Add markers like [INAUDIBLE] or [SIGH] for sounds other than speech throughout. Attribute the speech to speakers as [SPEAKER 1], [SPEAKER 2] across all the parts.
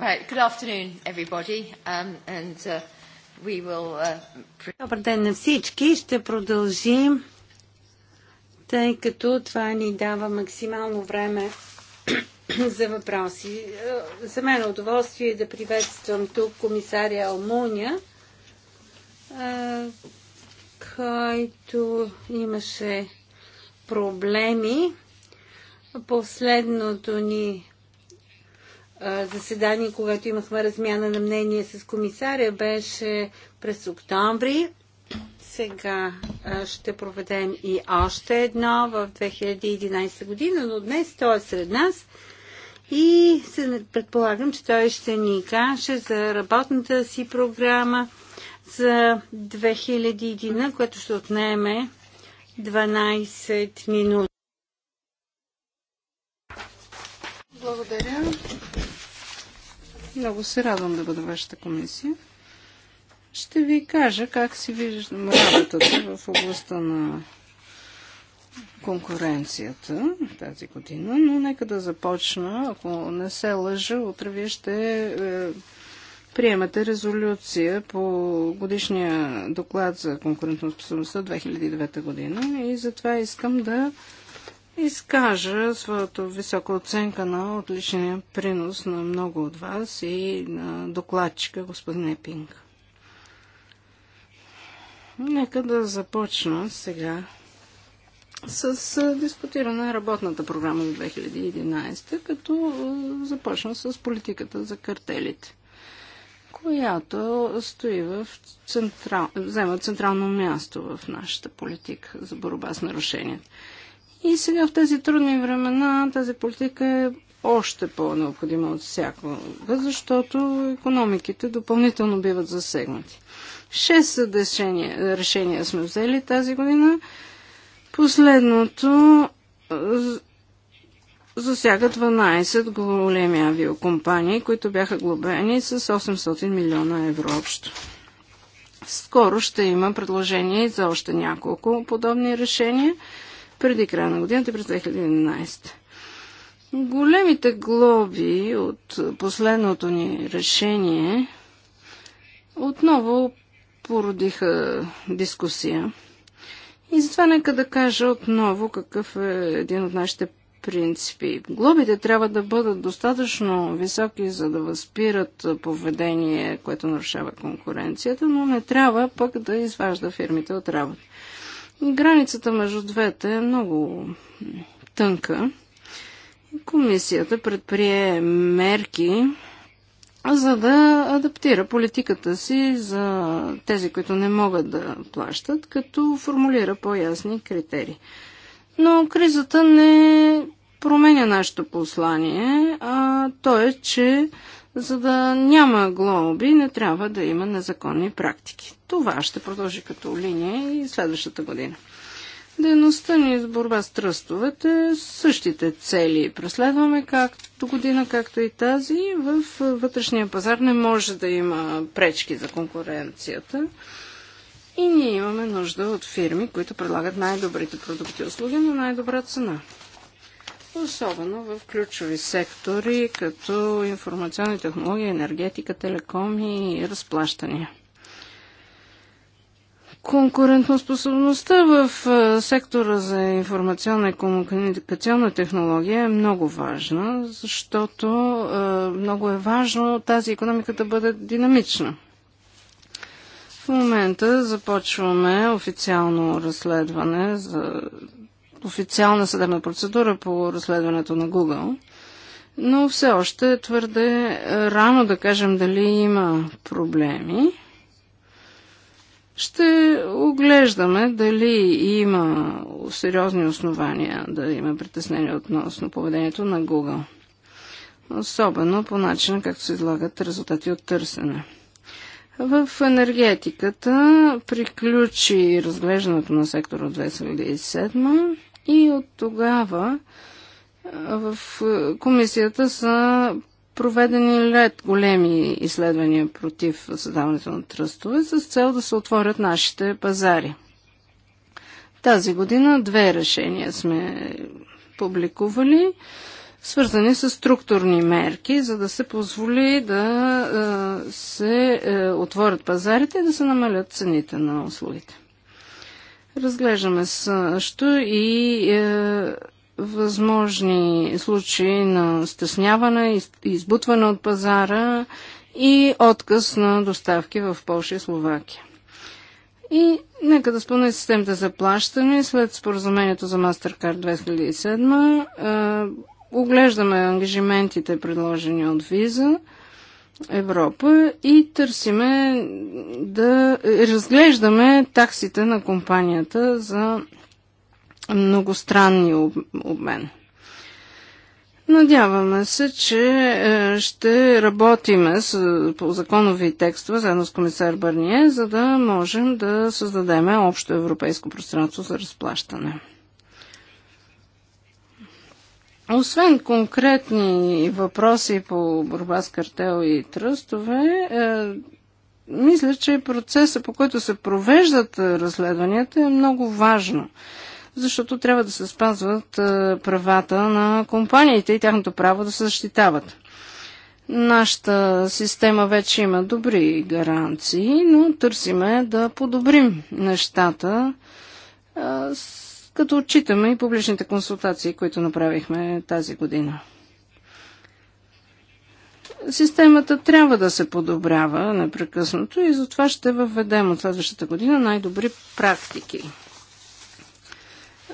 [SPEAKER 1] Right, good afternoon, everybody, um, and uh, we will... Uh, Добър ден на всички. Ще продължим, тъй като това ни дава максимално време [CLEARS THROAT] за въпроси. Е, за мен е удоволствие да приветствам тук комисаря Алмуня, е, който имаше проблеми. Последното ни заседание, когато имахме размяна на мнение с комисаря, беше през октомври. Сега ще проведем и още едно в 2011 година, но днес той е сред нас и се предполагам, че той ще ни каже за работната си програма за 2001, което ще отнеме 12 минути. Благодаря. Много се радвам да бъда вашата
[SPEAKER 2] комисия. Ще ви кажа как си виждам работата в областта на конкуренцията тази година, но нека да започна. Ако не се лъжа, утре вие ще е, приемате резолюция по годишния доклад за конкурентоспособността 2009 година и затова искам да изкажа своята висока оценка на отличния принос на много от вас и на докладчика господин Епинг. Нека да започна сега с дискутиране на работната програма за 2011, като започна с политиката за картелите, която стои в централ... взема централно място в нашата политика за борба с нарушенията. И сега в тези трудни времена тази политика е още по-необходима от всяко, защото економиките допълнително биват засегнати. Шест решения, решения сме взели тази година. Последното засяга 12 големи авиокомпании, които бяха глобени с 800 милиона евро общо. Скоро ще има предложение за още няколко подобни решения – преди края на годината през 2011. Големите глоби от последното ни решение отново породиха дискусия. И затова нека да кажа отново какъв е един от нашите принципи. Глобите трябва да бъдат достатъчно високи, за да възпират поведение, което нарушава конкуренцията, но не трябва пък да изважда фирмите от работа. Границата между двете е много тънка. Комисията предприе мерки, за да адаптира политиката си за тези, които не могат да плащат, като формулира по-ясни критерии. Но кризата не променя нашето послание, а то е, че за да няма глоби, не трябва да има незаконни практики. Това ще продължи като линия и следващата година. Дейността ни с борба с тръстовете, същите цели преследваме както година, както и тази. В вътрешния пазар не може да има пречки за конкуренцията. И ние имаме нужда от фирми, които предлагат най-добрите продукти и услуги на най-добра цена особено в ключови сектори, като информационни технологии, енергетика, телекоми и разплащания. Конкурентоспособността в сектора за информационна и комуникационна технология е много важна, защото много е важно тази економика да бъде динамична. В момента започваме официално разследване за официална съдебна процедура по разследването на Google. Но все още е твърде е, рано да кажем дали има проблеми. Ще оглеждаме дали има сериозни основания да има притеснение относно поведението на Google. Особено по начина както се излагат резултати от търсене. В енергетиката приключи разглеждането на сектора 2007 и от тогава в комисията са проведени ред големи изследвания против създаването на тръстове с цел да се отворят нашите пазари. Тази година две решения сме публикували, свързани с структурни мерки, за да се позволи да се е, отворят пазарите и да се намалят цените на услугите. Разглеждаме също и е, възможни случаи на стесняване, избутване от пазара и отказ на доставки в Польша и Словакия. И нека да спомня системата за плащане след споразумението за MasterCard 2007. Е, оглеждаме ангажиментите, предложени от виза. Европа и търсиме да разглеждаме таксите на компанията за многостранни обмен. Надяваме се, че е, ще работиме с, по законови текстове заедно с комисар Бърние, за да можем да създадем общо европейско пространство за разплащане. Освен конкретни въпроси по борба с картел и тръстове, е, мисля, че процеса, по който се провеждат разследванията, е много важно. Защото трябва да се спазват е, правата на компаниите и тяхното право да се защитават. Нашата система вече има добри гаранции, но търсиме да подобрим нещата е, като отчитаме и публичните консултации, които направихме тази година. Системата трябва да се подобрява непрекъснато и затова ще въведем от следващата година най-добри практики.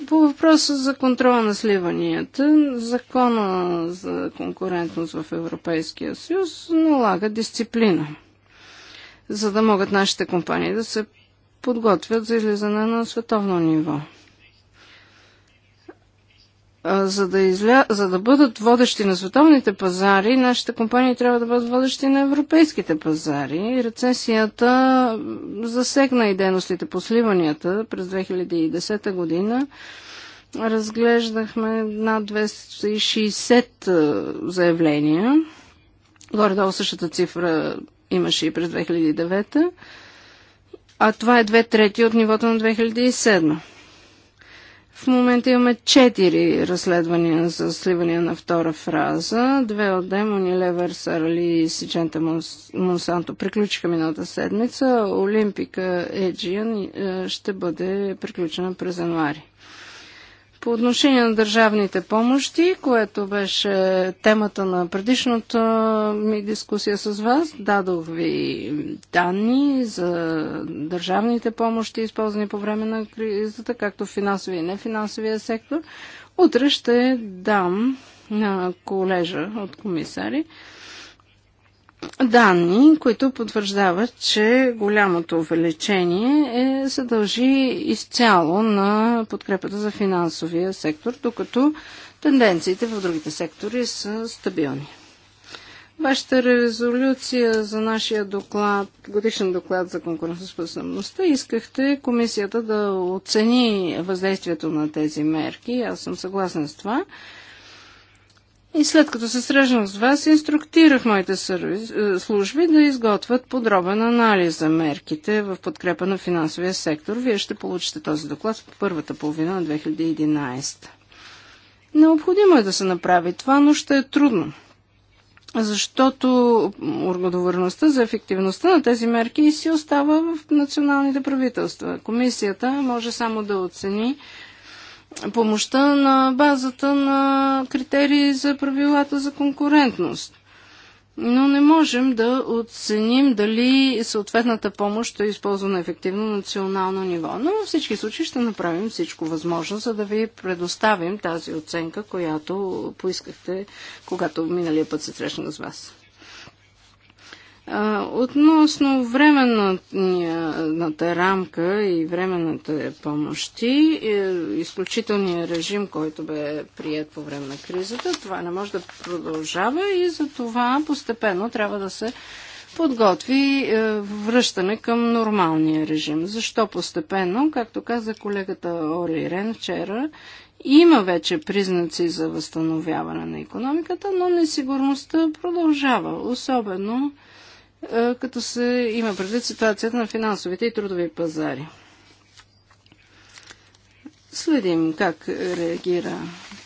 [SPEAKER 2] По въпроса за контрола на сливанията, закона за конкурентност в Европейския съюз налага дисциплина, за да могат нашите компании да се подготвят за излизане на световно ниво за да, изля... за да бъдат водещи на световните пазари, нашите компании трябва да бъдат водещи на европейските пазари. Рецесията засегна и дейностите по сливанията през 2010 година. Разглеждахме над 260 заявления. Горе-долу същата цифра имаше и през 2009. А това е две трети от нивото на 2007. В момента имаме четири разследвания за сливания на втора фраза. Две от Дем, Унилевър, Сарали и Сичента Монсанто приключиха миналата седмица. Олимпика Еджиан е, ще бъде приключена през януари. По отношение на държавните помощи, което беше темата на предишната ми дискусия с вас, дадох ви данни за държавните помощи, използвани по време на кризата, както финансовия и нефинансовия сектор. Утре ще дам на колежа от комисари данни, които потвърждават, че голямото увеличение е, се дължи изцяло на подкрепата за финансовия сектор, докато тенденциите в другите сектори са стабилни. Вашата резолюция за нашия доклад, годишен доклад за конкурентоспособността, искахте комисията да оцени въздействието на тези мерки. Аз съм съгласен с това. И след като се срещнах с вас, инструктирах моите сервис, е, служби да изготвят подробен анализ за мерките в подкрепа на финансовия сектор. Вие ще получите този доклад в първата половина на 2011. Необходимо е да се направи това, но ще е трудно. Защото отговорността за ефективността на тези мерки си остава в националните правителства. Комисията може само да оцени помощта на базата на критерии за правилата за конкурентност. Но не можем да оценим дали съответната помощ е използвана ефективно на национално ниво. Но във всички случаи ще направим всичко възможно, за да ви предоставим тази оценка, която поискахте, когато миналия път се срещнах с вас. Относно временната рамка и временната помощи, е, изключителният режим, който бе прият по време на кризата, това не може да продължава и за това постепенно трябва да се подготви е, връщане към нормалния режим. Защо постепенно? Както каза колегата Оли Рен вчера, има вече признаци за възстановяване на економиката, но несигурността продължава, особено е, като се има предвид ситуацията на финансовите и трудови пазари. Следим как реагира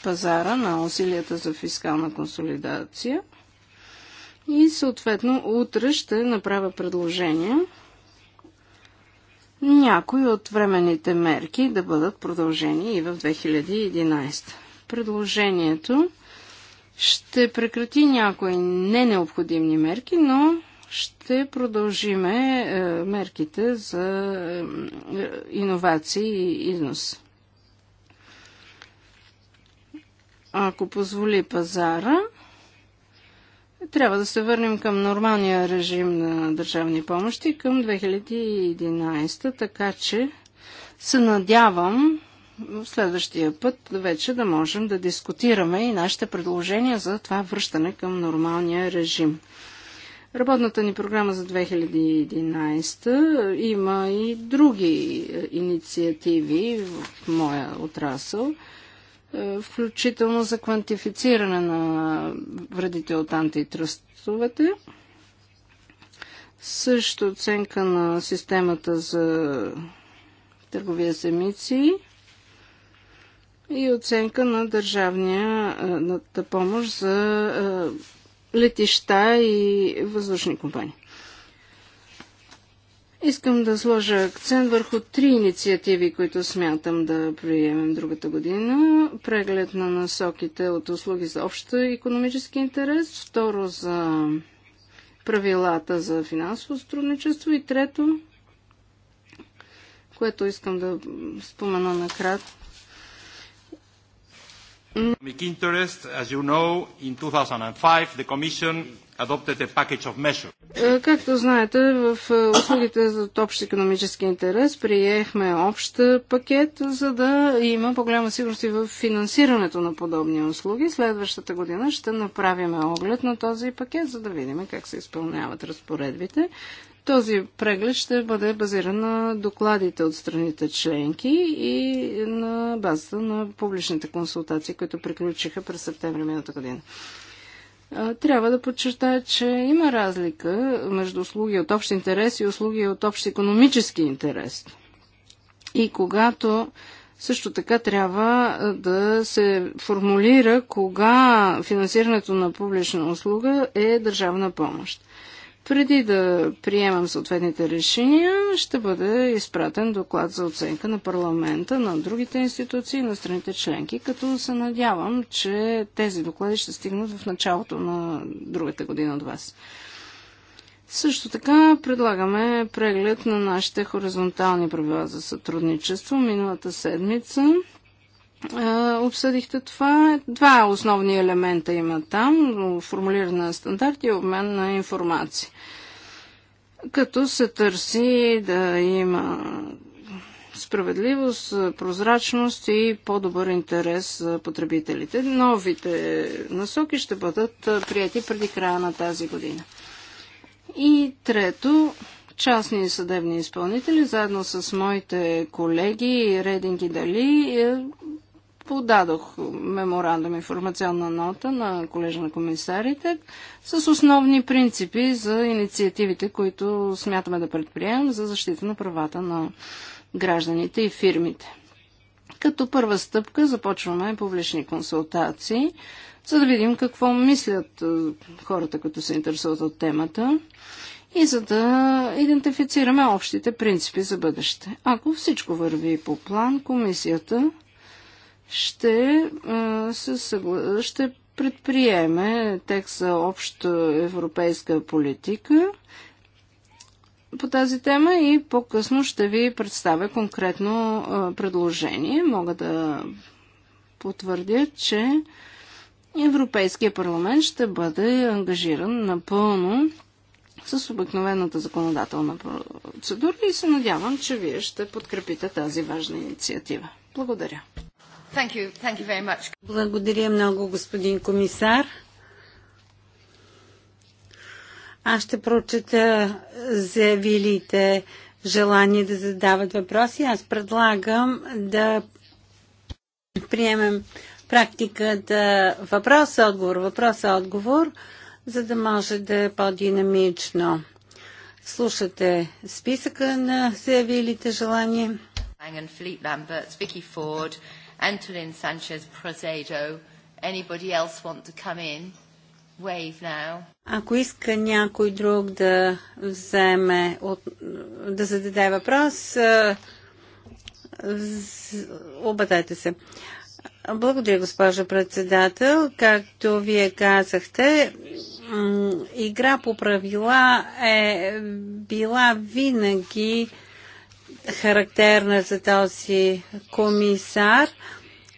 [SPEAKER 2] пазара на усилията за фискална консолидация и съответно утре ще направя предложение някои от временните мерки да бъдат продължени и в 2011. Предложението ще прекрати някои ненеобходими мерки, но ще продължиме е, мерките за е, иновации и износ. Ако позволи пазара, трябва да се върнем към нормалния режим на държавни помощи към 2011, така че се надявам в следващия път вече да можем да дискутираме и нашите предложения за това връщане към нормалния режим. Работната ни програма за 2011 има и други е, инициативи в моя отрасъл, е, включително за квантифициране на вредите от антитръстовете, също оценка на системата за търговия с емисии и оценка на държавния е, помощ за летища и въздушни компании. Искам да сложа акцент върху три инициативи, които смятам да приемем другата година. Преглед на насоките от услуги за общо економически интерес, второ за правилата за финансово сътрудничество и трето, което искам да спомена накратко,
[SPEAKER 3] Economic interest, as you know, in 2005 the Commission adopted a package of measures.
[SPEAKER 2] Е, както знаете, в е, услугите за общ економически интерес приехме общ е, пакет, за да има по-голяма сигурност и в финансирането на подобни услуги. Следващата година ще направим оглед на този пакет, за да видим как се изпълняват разпоредбите. Този преглед ще бъде базиран на докладите от страните членки и на базата на публичните консултации, които приключиха през септември миналата година. Трябва да подчертая, че има разлика между услуги от общ интерес и услуги от общ економически интерес. И когато също така трябва да се формулира кога финансирането на публична услуга е държавна помощ. Преди да приемам съответните решения, ще бъде изпратен доклад за оценка на парламента, на другите институции, на страните членки, като се надявам, че тези доклади ще стигнат в началото на другата година от вас. Също така предлагаме преглед на нашите хоризонтални правила за сътрудничество. Миналата седмица обсъдихте това. Два основни елемента има там. Формулиране на стандарти и обмен на информация. Като се търси да има справедливост, прозрачност и по-добър интерес за потребителите. Новите насоки ще бъдат прияти преди края на тази година. И трето, частни съдебни изпълнители, заедно с моите колеги Рединг и Дали, е, подадох меморандум информационна нота на колежа на комисарите с основни принципи за инициативите, които смятаме да предприемем за защита на правата на гражданите и фирмите. Като първа стъпка започваме публични консултации, за да видим какво мислят е, хората, които се интересуват от темата и за да идентифицираме общите принципи за бъдеще. Ако всичко върви по план, комисията ще, се съгла... ще предприеме текст за обща европейска политика по тази тема и по-късно ще ви представя конкретно предложение. Мога да потвърдя, че Европейския парламент ще бъде ангажиран напълно с обикновената законодателна процедура и се надявам, че вие ще подкрепите тази важна инициатива.
[SPEAKER 1] Благодаря. Thank you. Thank you Благодаря много, господин комисар. Аз ще прочета заявилите желание да задават въпроси. Аз предлагам да приемем практиката въпрос-отговор, въпрос-отговор, за да може да е по-динамично. Слушате списъка на заявилите желания. Ford, Antolin Sanchez Prozedo. Anybody else want to come in? Wave now. Ако иска някой друг да вземе, от, да зададе въпрос, е, обадете се. Благодаря, госпожа председател. Както вие казахте, игра по правила е била винаги характерна за този комисар,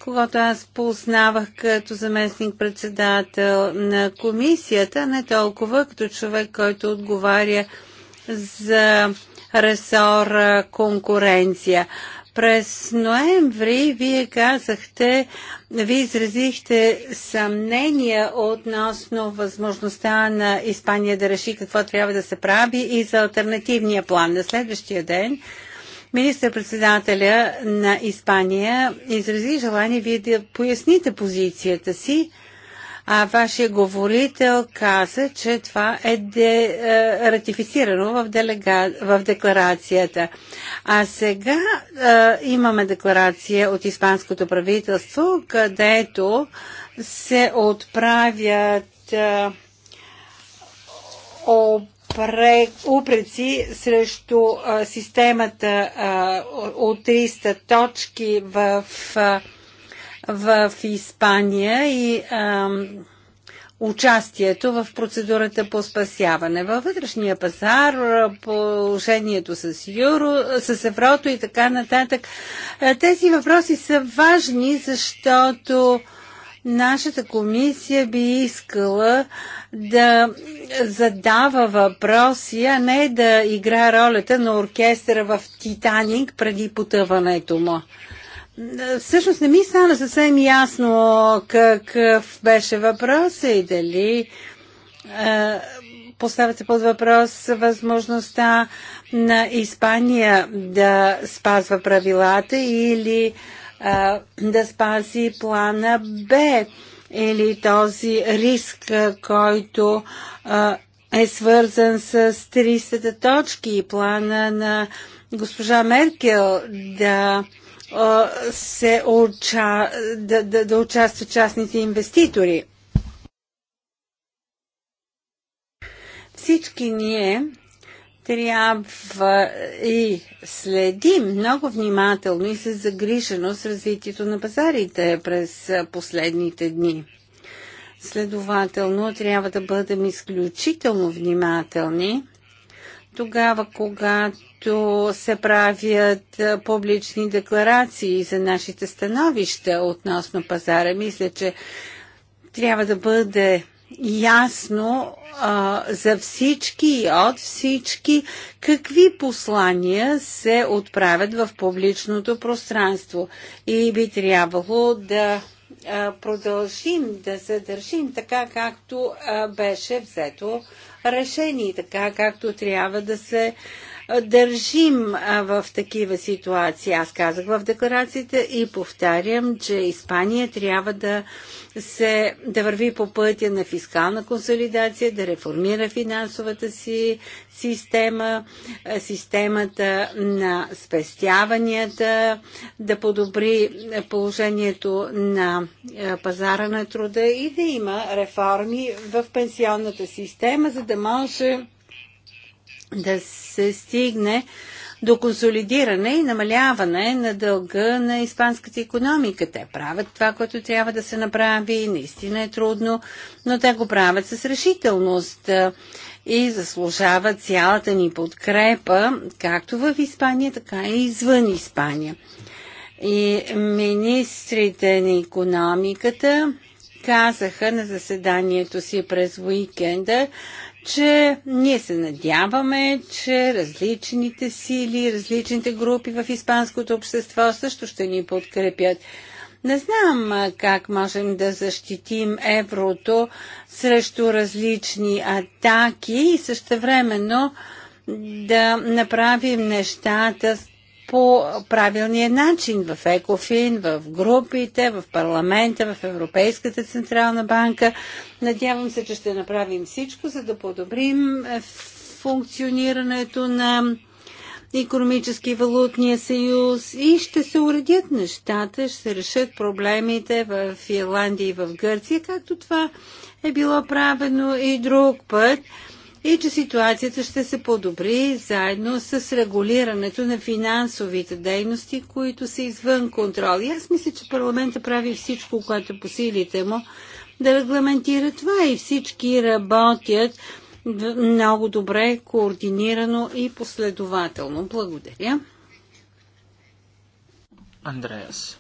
[SPEAKER 1] когато аз познавах като заместник-председател на комисията, не толкова като човек, който отговаря за ресор конкуренция. През ноември вие казахте, вие изразихте съмнения относно възможността на Испания да реши какво трябва да се прави и за альтернативния план. На следващия ден Министър-председателя на Испания изрази желание вие да поясните позицията си, а вашия говорител каза, че това е де, е, ратифицирано в, делега, в декларацията. А сега е, имаме декларация от Испанското правителство, където се отправят е, об упреци срещу а, системата а, от 300 точки в, в Испания и а, участието в процедурата по спасяване. Във вътрешния пазар, положението с, юро, с еврото и така нататък. Тези въпроси са важни, защото Нашата комисия би искала да задава въпроси, а не да играе ролята на оркестъра в Титаник преди потъването му. Всъщност не ми стана съвсем ясно какъв беше въпрос и дали поставят се под въпрос възможността на Испания да спазва правилата или а, да спази плана Б или този риск, който а, е свързан с 30-та точки и плана на госпожа Меркел да се уча, да, да, да участват частните инвеститори. Всички ние трябва и следим много внимателно и с загриженост развитието на пазарите през последните дни. Следователно, трябва да бъдем изключително внимателни тогава, когато се правят публични декларации за нашите становища относно пазара. Мисля, че трябва да бъде ясно а, за всички и от всички какви послания се отправят в публичното пространство. И би трябвало да а, продължим да се държим така, както а, беше взето решение, така, както трябва да се а, държим в такива ситуации. Аз казах в декларацията и повтарям, че Испания трябва да се да върви по пътя на фискална консолидация, да реформира финансовата си система, системата на спестяванията, да подобри положението на пазара на труда и да има реформи в пенсионната система, за да може да се стигне до консолидиране и намаляване на дълга на испанската економика. Те правят това, което трябва да се направи. Наистина е трудно, но те го правят с решителност и заслужават цялата ни подкрепа, както в Испания, така и извън Испания. И министрите на економиката казаха на заседанието си през уикенда, че ние се надяваме, че различните сили, различните групи в испанското общество също ще ни подкрепят. Не знам как можем да защитим еврото срещу различни атаки и същевременно да направим нещата по правилния начин в Екофин, в групите, в парламента, в Европейската централна банка. Надявам се, че ще направим всичко, за да подобрим е, функционирането на економически валутния съюз и ще се уредят нещата, ще се решат проблемите в Ирландия и в Гърция, както това е било правено и друг път и че ситуацията ще се подобри заедно с регулирането на финансовите дейности, които са извън контрол. И аз мисля, че парламента прави всичко, което е по силите му да регламентира това и всички работят много добре, координирано и последователно. Благодаря.
[SPEAKER 3] Андреас.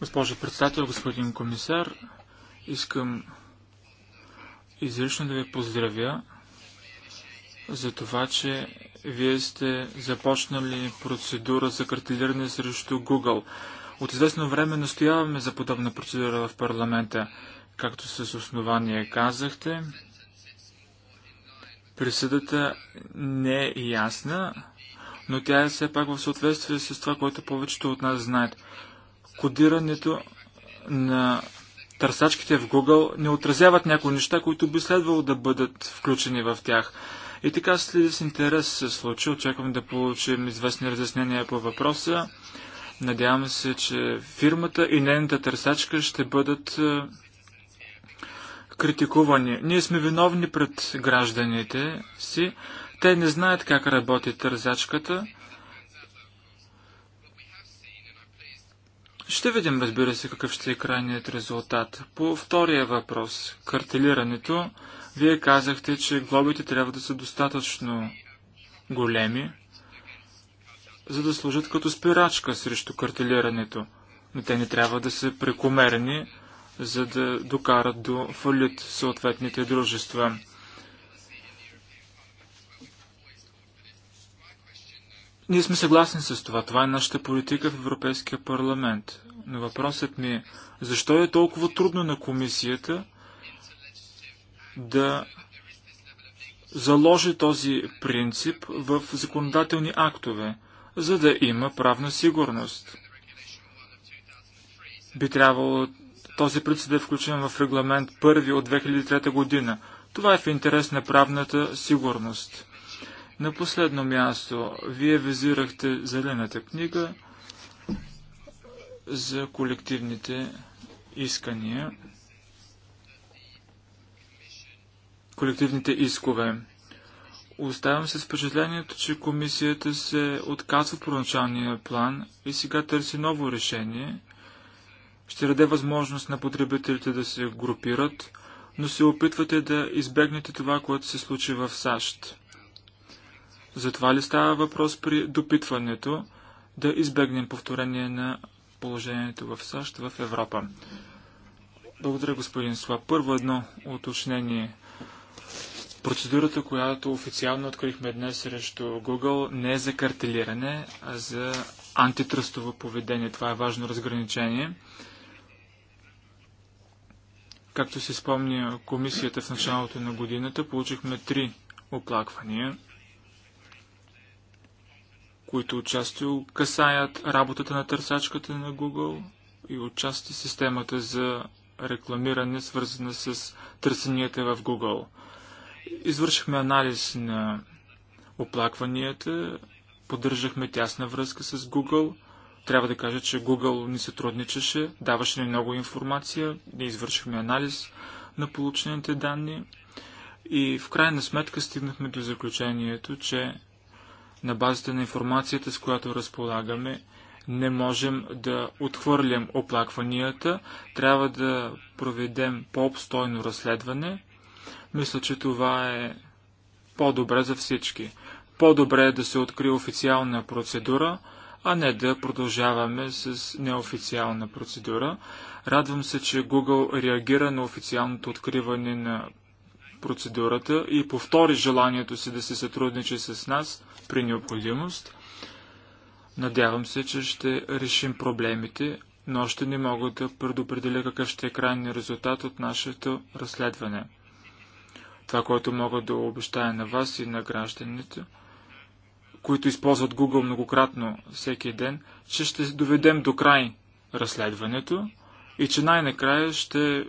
[SPEAKER 3] Госпожо председател, господин комисар, Искам изрично да ви поздравя за това, че вие сте започнали процедура за картелиране срещу Google. От известно време настояваме за подобна процедура в парламента. Както с основание казахте, присъдата не е ясна, но тя е все пак в съответствие с това, което повечето от нас знаят. Кодирането на търсачките в Google не отразяват някои неща, които би следвало да бъдат включени в тях. И така след с интерес се случи. Очаквам да получим известни разяснения по въпроса. Надявам се, че фирмата и нейната търсачка ще бъдат е, критикувани. Ние сме виновни пред гражданите си. Те не знаят как работи тързачката. Ще видим, разбира се, какъв ще е крайният резултат. По втория въпрос, картелирането, вие казахте, че глобите трябва да са достатъчно големи, за да служат като спирачка срещу картелирането. Но те не трябва да са прекомерени, за да докарат до фалит съответните дружества. Ние сме съгласни с това. Това е нашата политика в Европейския парламент. Но въпросът ми е, защо е толкова трудно на комисията да заложи този принцип в законодателни актове, за да има правна сигурност. Би трябвало този принцип да е включен в регламент първи от 2003 година. Това е в интерес на правната сигурност. На последно място, вие визирахте зелената книга за колективните искания, колективните искове. Оставам се с впечатлението, че комисията се отказва проначалния план и сега търси ново решение. Ще даде възможност на потребителите да се групират, но се опитвате да избегнете това, което се случи в САЩ. Затова ли става въпрос при допитването да избегнем повторение на положението в САЩ в Европа? Благодаря, господин Слаб. Първо едно уточнение. Процедурата, която официално открихме днес срещу Google, не е за картелиране, а за антитръстово поведение. Това е важно разграничение. Както се спомня комисията в началото на годината, получихме три оплаквания които отчасти касаят работата на търсачката на Google и отчасти системата за рекламиране, свързана с търсенията в Google. Извършихме анализ на оплакванията, поддържахме тясна връзка с Google. Трябва да кажа, че Google ни сътрудничаше, даваше ни много информация, не извършихме анализ на получените данни и в крайна сметка стигнахме до заключението, че на базата на информацията, с която разполагаме, не можем да отхвърлям оплакванията, трябва да проведем по-обстойно разследване. Мисля, че това е по-добре за всички. По-добре е да се открие официална процедура, а не да продължаваме с неофициална процедура. Радвам се, че Google реагира на официалното откриване на процедурата и повтори желанието си да се сътрудничи с нас при необходимост. Надявам се, че ще решим проблемите, но още не мога да предопределя какъв ще е крайният резултат от нашето разследване. Това, което мога да обещая на вас и на гражданите, които използват Google многократно всеки ден, че ще доведем до край разследването и че най-накрая ще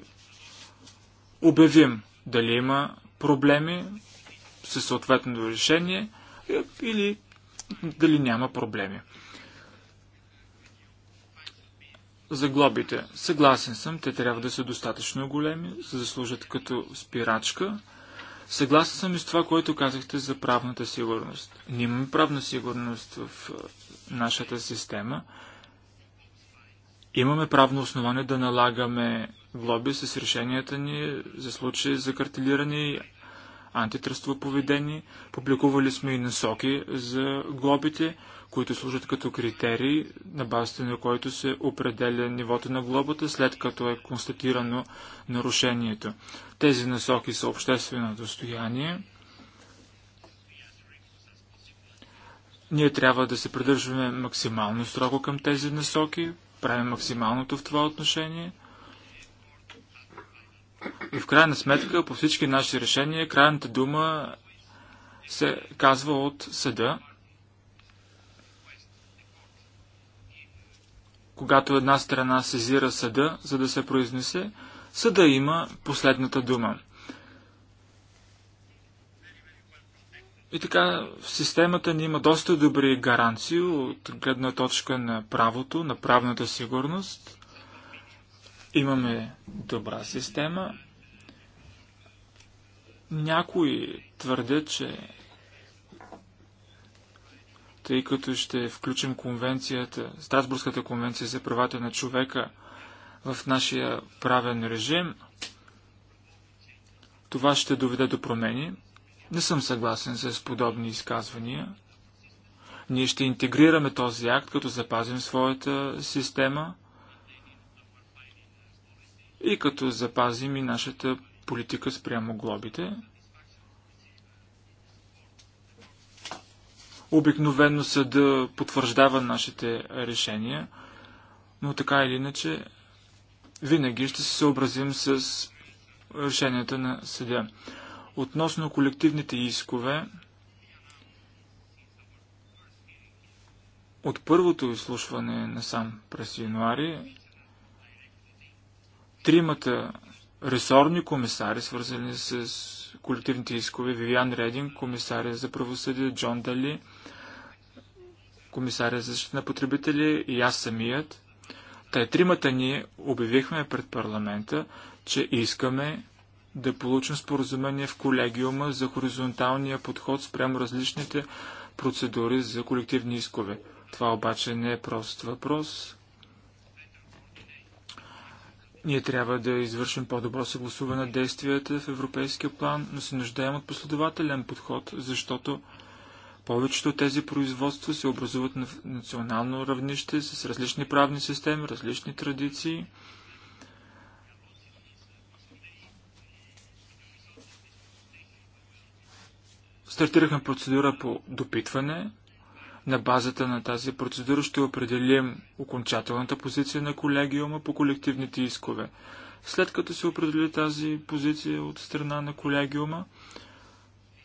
[SPEAKER 3] обявим дали има проблеми със съответното решение или дали няма проблеми. За глобите. Съгласен съм, те трябва да са достатъчно големи, за да служат като спирачка. Съгласен съм и с това, което казахте за правната сигурност. Ние имаме правна сигурност в нашата система. Имаме правно основание да налагаме глоби с решенията ни за случаи за картелиране и антитръстово поведение. Публикували сме и насоки за глобите, които служат като критерии, на базата на който се определя нивото на глобата, след като е констатирано нарушението. Тези насоки са обществено достояние. Ние трябва да се придържаме максимално строго към тези насоки, правим максималното в това отношение – и в крайна сметка, по всички наши решения, крайната дума се казва от съда. Когато една страна сезира съда, за да се произнесе, съда има последната дума. И така, в системата ни има доста добри гаранции от гледна точка на правото, на правната сигурност. Имаме добра система. Някои твърдят, че тъй като ще включим конвенцията, Страсбургската конвенция за правата на човека в нашия правен режим, това ще доведе до промени. Не съм съгласен с подобни изказвания. Ние ще интегрираме този акт, като запазим своята система и като запазим и нашата политика спрямо глобите. Обикновено да потвърждава нашите решения, но така или иначе винаги ще се съобразим с решенията на съдя. Относно колективните искове, от първото изслушване на сам през януари, тримата ресорни комисари, свързани с колективните искове, Вивиан Редин, комисаря за правосъдие, Джон Дали, комисаря за защита на потребители и аз самият. Тъй тримата ние обявихме пред парламента, че искаме да получим споразумение в колегиума за хоризонталния подход спрямо различните процедури за колективни искове. Това обаче не е прост въпрос, ние трябва да извършим по-добро съгласуване на действията в европейския план, но се нуждаем от последователен подход, защото повечето от тези производства се образуват на национално равнище с различни правни системи, различни традиции. Стартирахме процедура по допитване на базата на тази процедура ще определим окончателната позиция на колегиума по колективните искове. След като се определи тази позиция от страна на колегиума,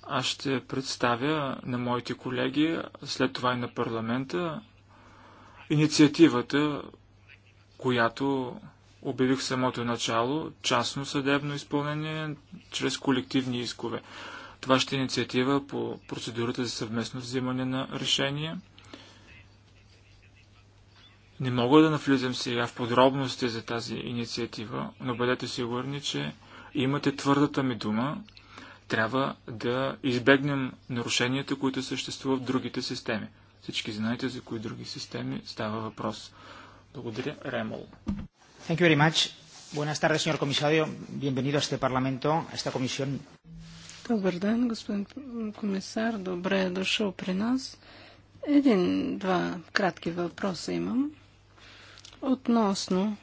[SPEAKER 3] аз ще представя на моите колеги, след това и на парламента, инициативата, която обявих самото начало, частно съдебно изпълнение чрез колективни искове. Това ще е инициатива по процедурата за съвместно взимане на решения. Не мога да навлизам сега в подробности за тази инициатива, но бъдете сигурни, че имате твърдата ми дума. Трябва да избегнем нарушенията, които съществуват в другите системи. Всички знаете за кои други системи става въпрос. Благодаря, Ремол. Thank you very much. Buenas tardes, señor comisario. Bienvenido a este Parlamento, a esta comisión. Добър
[SPEAKER 2] ден, господин комисар. Добре е дошъл при нас. Един-два кратки въпроса имам. Относно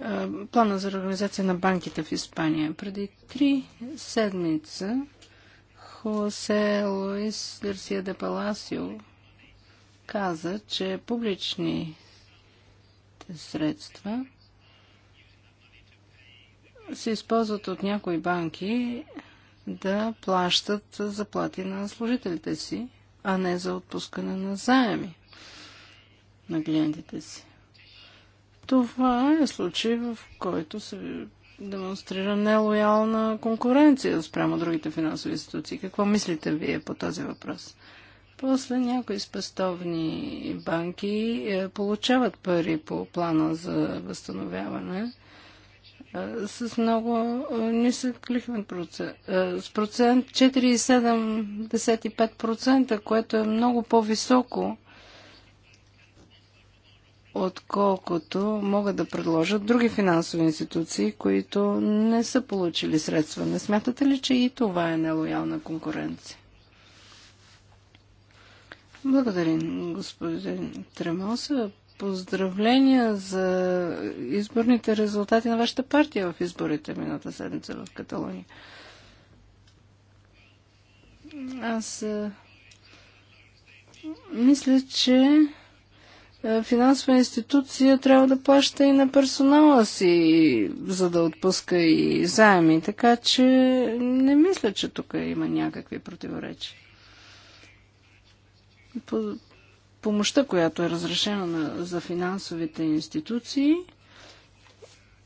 [SPEAKER 2] а, плана за организация на банките в Испания. Преди три седмица Хосе Луис Гарсия де Паласио каза, че публични средства се използват от някои банки да плащат заплати на служителите си, а не за отпускане на заеми на клиентите си. Това е случай, в който се демонстрира нелоялна конкуренция спрямо другите финансови институции. Какво мислите вие по този въпрос? После някои спестовни банки е, получават пари по плана за възстановяване – с много нисък лихвен процент, с процент 4,75%, което е много по-високо, отколкото могат да предложат други финансови институции, които не са получили средства. Не смятате ли, че и това е нелоялна конкуренция? Благодарим господин Тремоса. Поздравления за изборните резултати на вашата партия в изборите миналата седмица в Каталония. Аз мисля, че финансова институция трябва да плаща и на персонала си, за да отпуска и заеми. Така че не мисля, че тук има някакви противоречия помощта, която е разрешена на, за финансовите институции.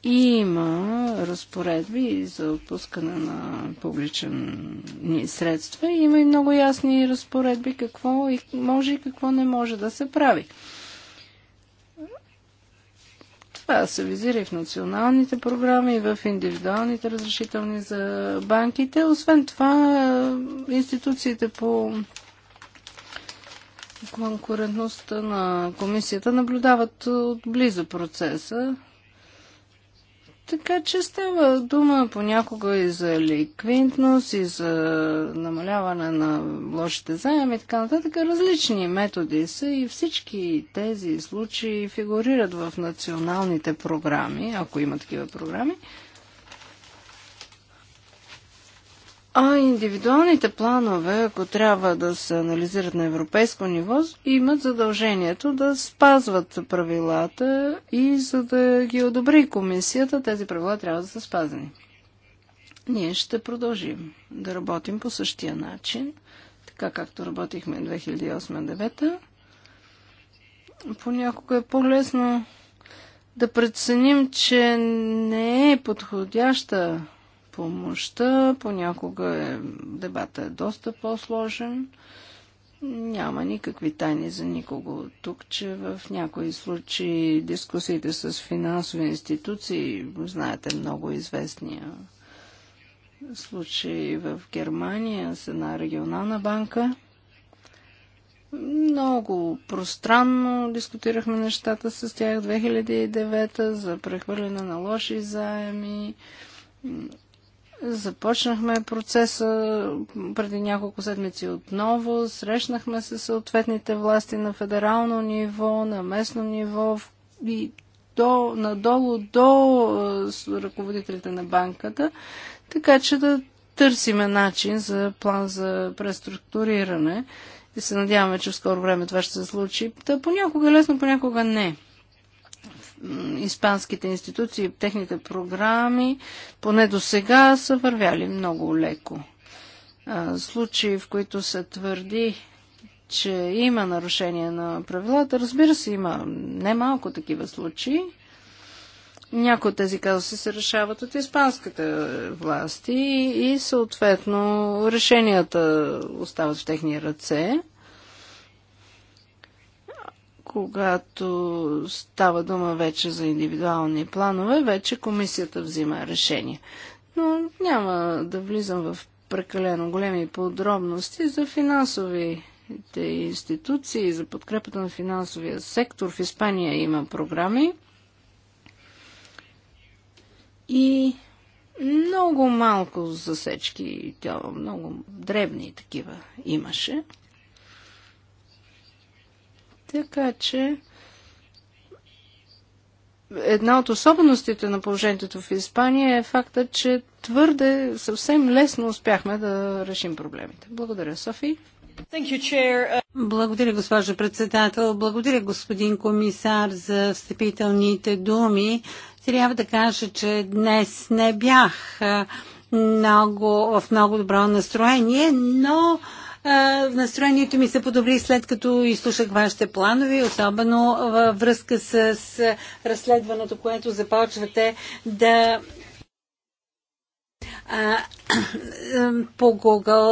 [SPEAKER 2] И има разпоредби за отпускане на публични средства. И има и много ясни разпоредби какво и може и какво не може да се прави. Това се визира и в националните програми, и в индивидуалните разрешителни за банките. Освен това, институциите по конкурентността на комисията наблюдават отблизо процеса. Така че става дума понякога и за ликвидност, и за намаляване на лошите заеми и така нататък. Различни методи са и всички тези случаи фигурират в националните програми, ако има такива програми. А индивидуалните планове, ако трябва да се анализират на европейско ниво, имат задължението да спазват правилата и за да ги одобри комисията, тези правила трябва да са спазени. Ние ще продължим да работим по същия начин, така както работихме 2008-2009. Понякога е по-лесно да преценим, че не е подходяща помощта. Понякога е, дебата е доста по-сложен. Няма никакви тайни за никого тук, че в някои случаи дискусиите с финансови институции, знаете, много известния случай в Германия с една регионална банка. Много пространно дискутирахме нещата с тях 2009 за прехвърляне на лоши заеми Започнахме процеса преди няколко седмици отново, срещнахме се съответните власти на федерално ниво, на местно ниво и до, надолу до е, ръководителите на банката, така че да търсиме начин за план за преструктуриране и се надяваме, че в скоро време това ще се случи. Та понякога е лесно, понякога не испанските институции, техните програми, поне до сега са вървяли много леко. случаи, в които се твърди, че има нарушение на правилата, разбира се, има немалко такива случаи. Някои от тези казуси се решават от испанската власти и съответно решенията остават в техни ръце когато става дума вече за индивидуални планове, вече комисията взима решение. Но няма да влизам в прекалено големи подробности за финансовите институции, за подкрепата на финансовия сектор. В Испания има програми. И много малко засечки, много дребни такива имаше. Така че една от особеностите на положението в Испания е факта, че твърде съвсем лесно успяхме да решим проблемите.
[SPEAKER 1] Благодаря, Софи. Благодаря, госпожо председател. Благодаря, господин комисар, за встъпителните думи. Трябва да кажа, че днес не бях много, в много добро настроение, но настроението ми се подобри след като изслушах вашите планове, особено във връзка с разследването, което започвате да [CLEARS THROAT] по Google.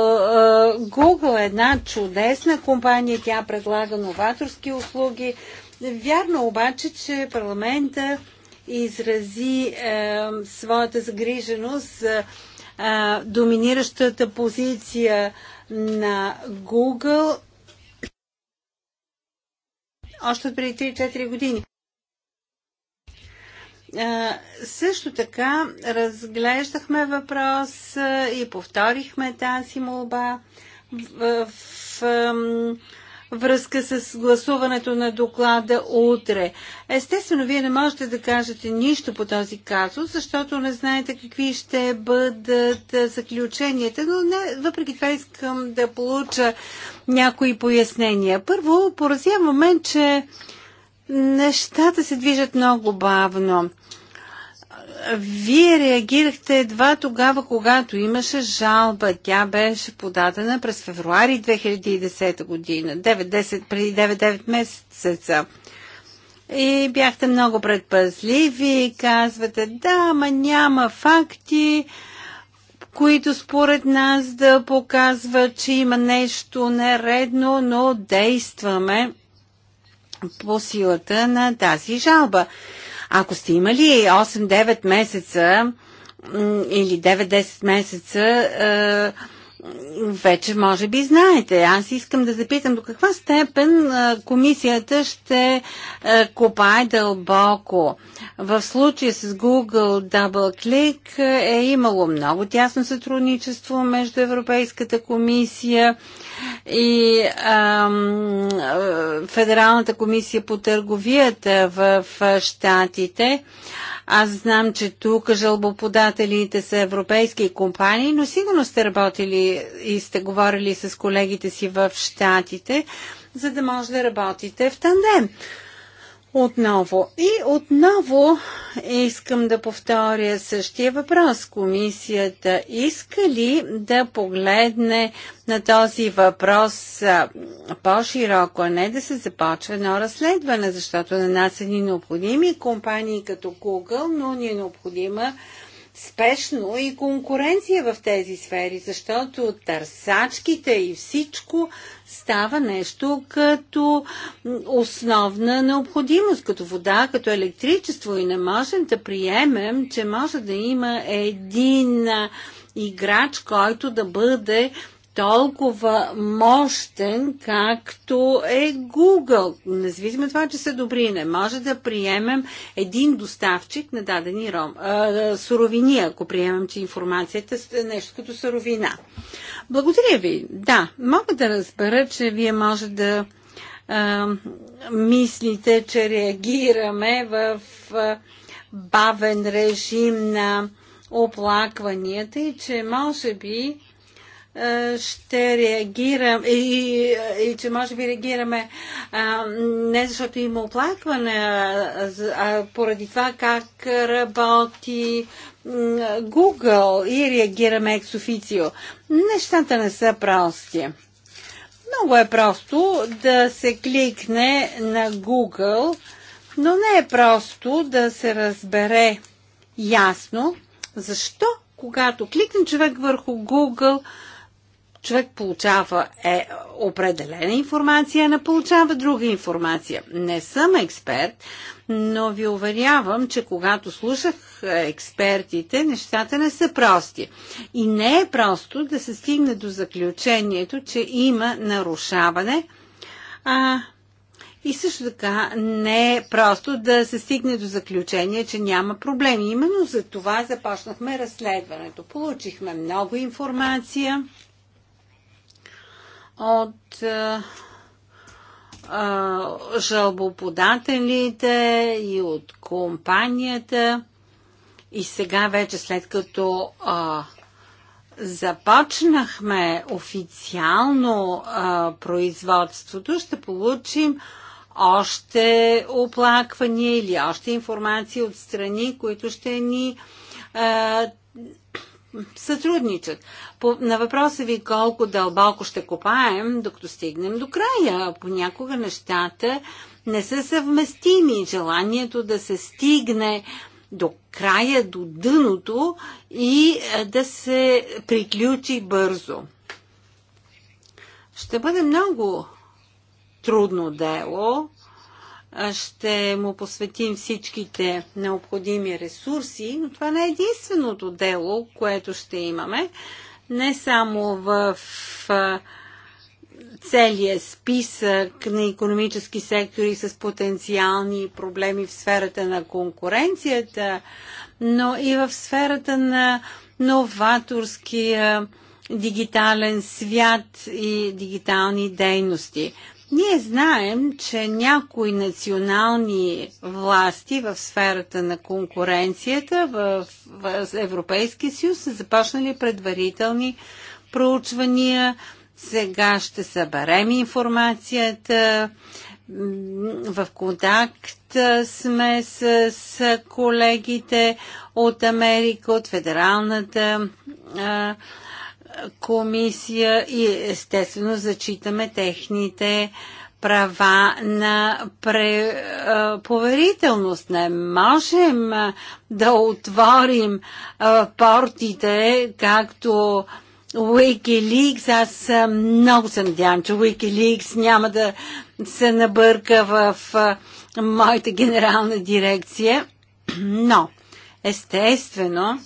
[SPEAKER 1] Google е една чудесна компания, тя предлага новаторски услуги. Вярно обаче, че парламента изрази своята загриженост за доминиращата позиция на Google още преди 3-4 години. също така разглеждахме въпрос и повторихме тази молба в, в, в връзка с гласуването на доклада утре. Естествено, вие не можете да кажете нищо по този казус, защото не знаете какви ще бъдат заключенията, но не, въпреки това искам да получа някои пояснения. Първо, поразявам момент, че нещата се движат много бавно вие реагирахте едва тогава, когато имаше жалба. Тя беше подадена през февруари 2010 година, 9, 10, преди 9-9 месеца. И бяхте много предпазливи, казвате, да, ма няма факти, които според нас да показват, че има нещо нередно, но действаме по силата на тази жалба. Ако сте имали 8-9 месеца или 9-10 месеца, е, вече може би знаете. Аз искам да запитам до каква степен е, комисията ще е, копае дълбоко. В случая с Google Double Click е имало много тясно сътрудничество между Европейската комисия и ам, Федералната комисия по търговията в Штатите. Аз знам, че тук жалбоподателите са европейски компании, но сигурно сте работили и сте говорили с колегите си в Штатите, за да може да работите в тандем. Отново. И отново искам да повторя същия въпрос. Комисията иска ли да погледне на този въпрос по-широко, а не да се започва едно разследване, защото на нас са е ни необходими компании като Google, но ни е необходима спешно и конкуренция в тези сфери, защото търсачките и всичко става нещо като основна необходимост, като вода, като електричество и не можем да приемем, че може да има един играч, който да бъде толкова мощен, както е Google. Независимо това, че са добри, не може да приемем един доставчик на дадени ром, а, суровини, ако приемем, че информацията е нещо като суровина. Благодаря ви. Да, мога да разбера, че вие може да а, мислите, че реагираме в а, бавен режим на оплакванията и че може би ще реагирам и, и, и че може би реагираме а, не защото има оплакване, а, а поради това как работи Google и реагираме екс-официо. Нещата не са прости. Много е просто да се кликне на Google, но не е просто да се разбере ясно защо, когато кликне човек върху Google, човек получава е, определена информация, не получава друга информация. Не съм експерт, но ви уверявам, че когато слушах експертите, нещата не са прости. И не е просто да се стигне до заключението, че има нарушаване, а и също така не е просто да се стигне до заключение, че няма проблеми. Именно за това започнахме разследването. Получихме много информация от а, а, жалбоподателите и от компанията. И сега вече след като а, започнахме официално а, производството, ще получим още оплаквания или още информация от страни, които ще ни а, сътрудничат. По, на въпроса ви колко дълбоко ще копаем, докато стигнем до края, понякога нещата не са съвместими. Желанието да се стигне до края, до дъното и е, да се приключи бързо. Ще бъде много трудно дело. Е, ще му посветим всичките необходими ресурси, но това не е единственото дело, което ще имаме. Не само в е, Целия списък на економически сектори с потенциални проблеми в сферата на конкуренцията, но и в сферата на новаторския дигитален свят и дигитални дейности. Ние знаем, че някои национални власти в сферата на конкуренцията в Европейския съюз са започнали предварителни проучвания, сега ще съберем информацията. В контакт сме с, колегите от Америка, от Федералната комисия и естествено зачитаме техните права на пре, а, поверителност. Не можем да отворим а, портите, както а, Wikileaks, аз много се надявам, че Wikileaks няма да се набърка в моята генерална дирекция, [CLEARS THROAT] но естествено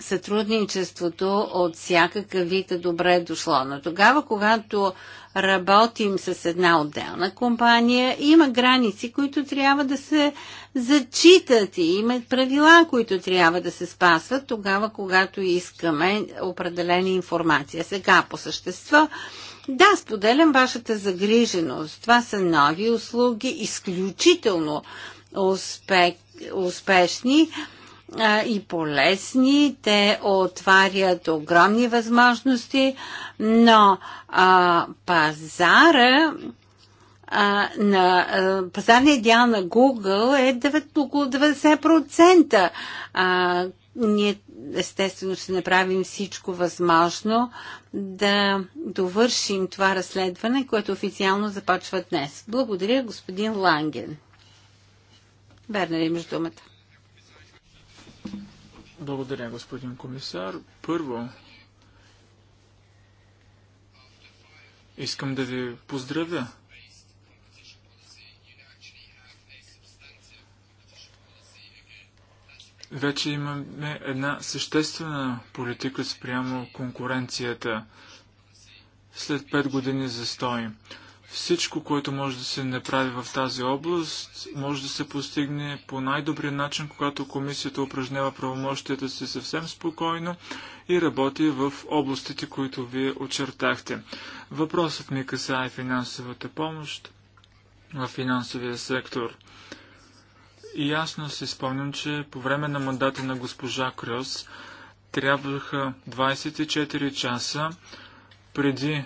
[SPEAKER 1] сътрудничеството от всякакъв вид е добре дошло. Но тогава, когато работим с една отделна компания, има граници, които трябва да се зачитат и има правила, които трябва да се спасват тогава, когато искаме определена информация. Сега по същество. Да, споделям вашата загриженост. Това са нови услуги, изключително успех, успешни а, и полезни. Те отварят огромни възможности, но а, пазара а, на а, пазарния дял на Google е 9, около 90%. А, ние естествено ще направим всичко възможно да довършим това разследване, което официално започва днес. Благодаря, господин Ланген. Верна ли имаш думата?
[SPEAKER 3] Благодаря, господин комисар. Първо, искам да ви поздравя. Вече имаме една съществена политика спрямо конкуренцията след 5 години застой. Всичко, което може да се направи в тази област, може да се постигне по най-добрия начин, когато комисията упражнява правомощията си съвсем спокойно и работи в областите, които вие очертахте. Въпросът ми касае финансовата помощ в финансовия сектор. И ясно се спомням, че по време на мандата на госпожа Крюс трябваха 24 часа преди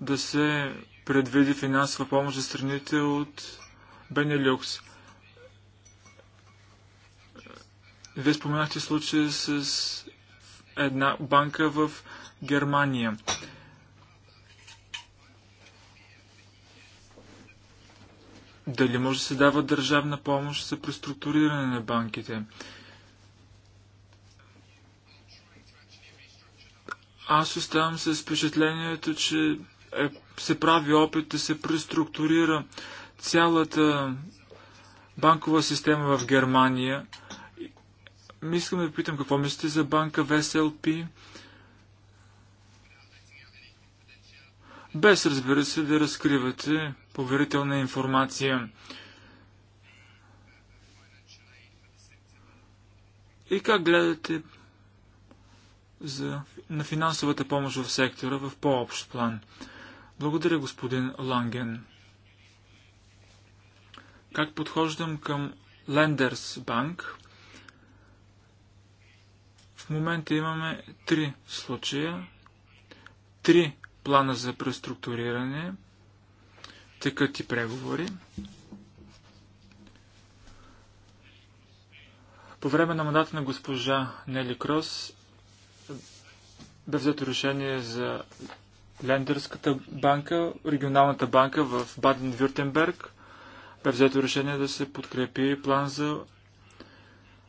[SPEAKER 3] да се предвиди финансова помощ за страните от Бенелюкс. Вие споменахте случая с една банка в Германия. Дали може да се дава държавна помощ за преструктуриране на банките? Аз оставам с впечатлението, че е, се прави опит да се преструктурира цялата банкова система в Германия. Искам да питам какво мислите за банка в SLP. Без, разбира се, да разкривате поверителна информация. И как гледате за, на финансовата помощ в сектора в по-общ план? Благодаря, господин Ланген. Как подхождам към Lenders Bank? В момента имаме три случая, три плана за преструктуриране, тъкът и преговори. По време на мандата на госпожа Нели Крос бе взето решение за Лендерската банка, регионалната банка в Баден-Вюртенберг бе взето решение да се подкрепи план за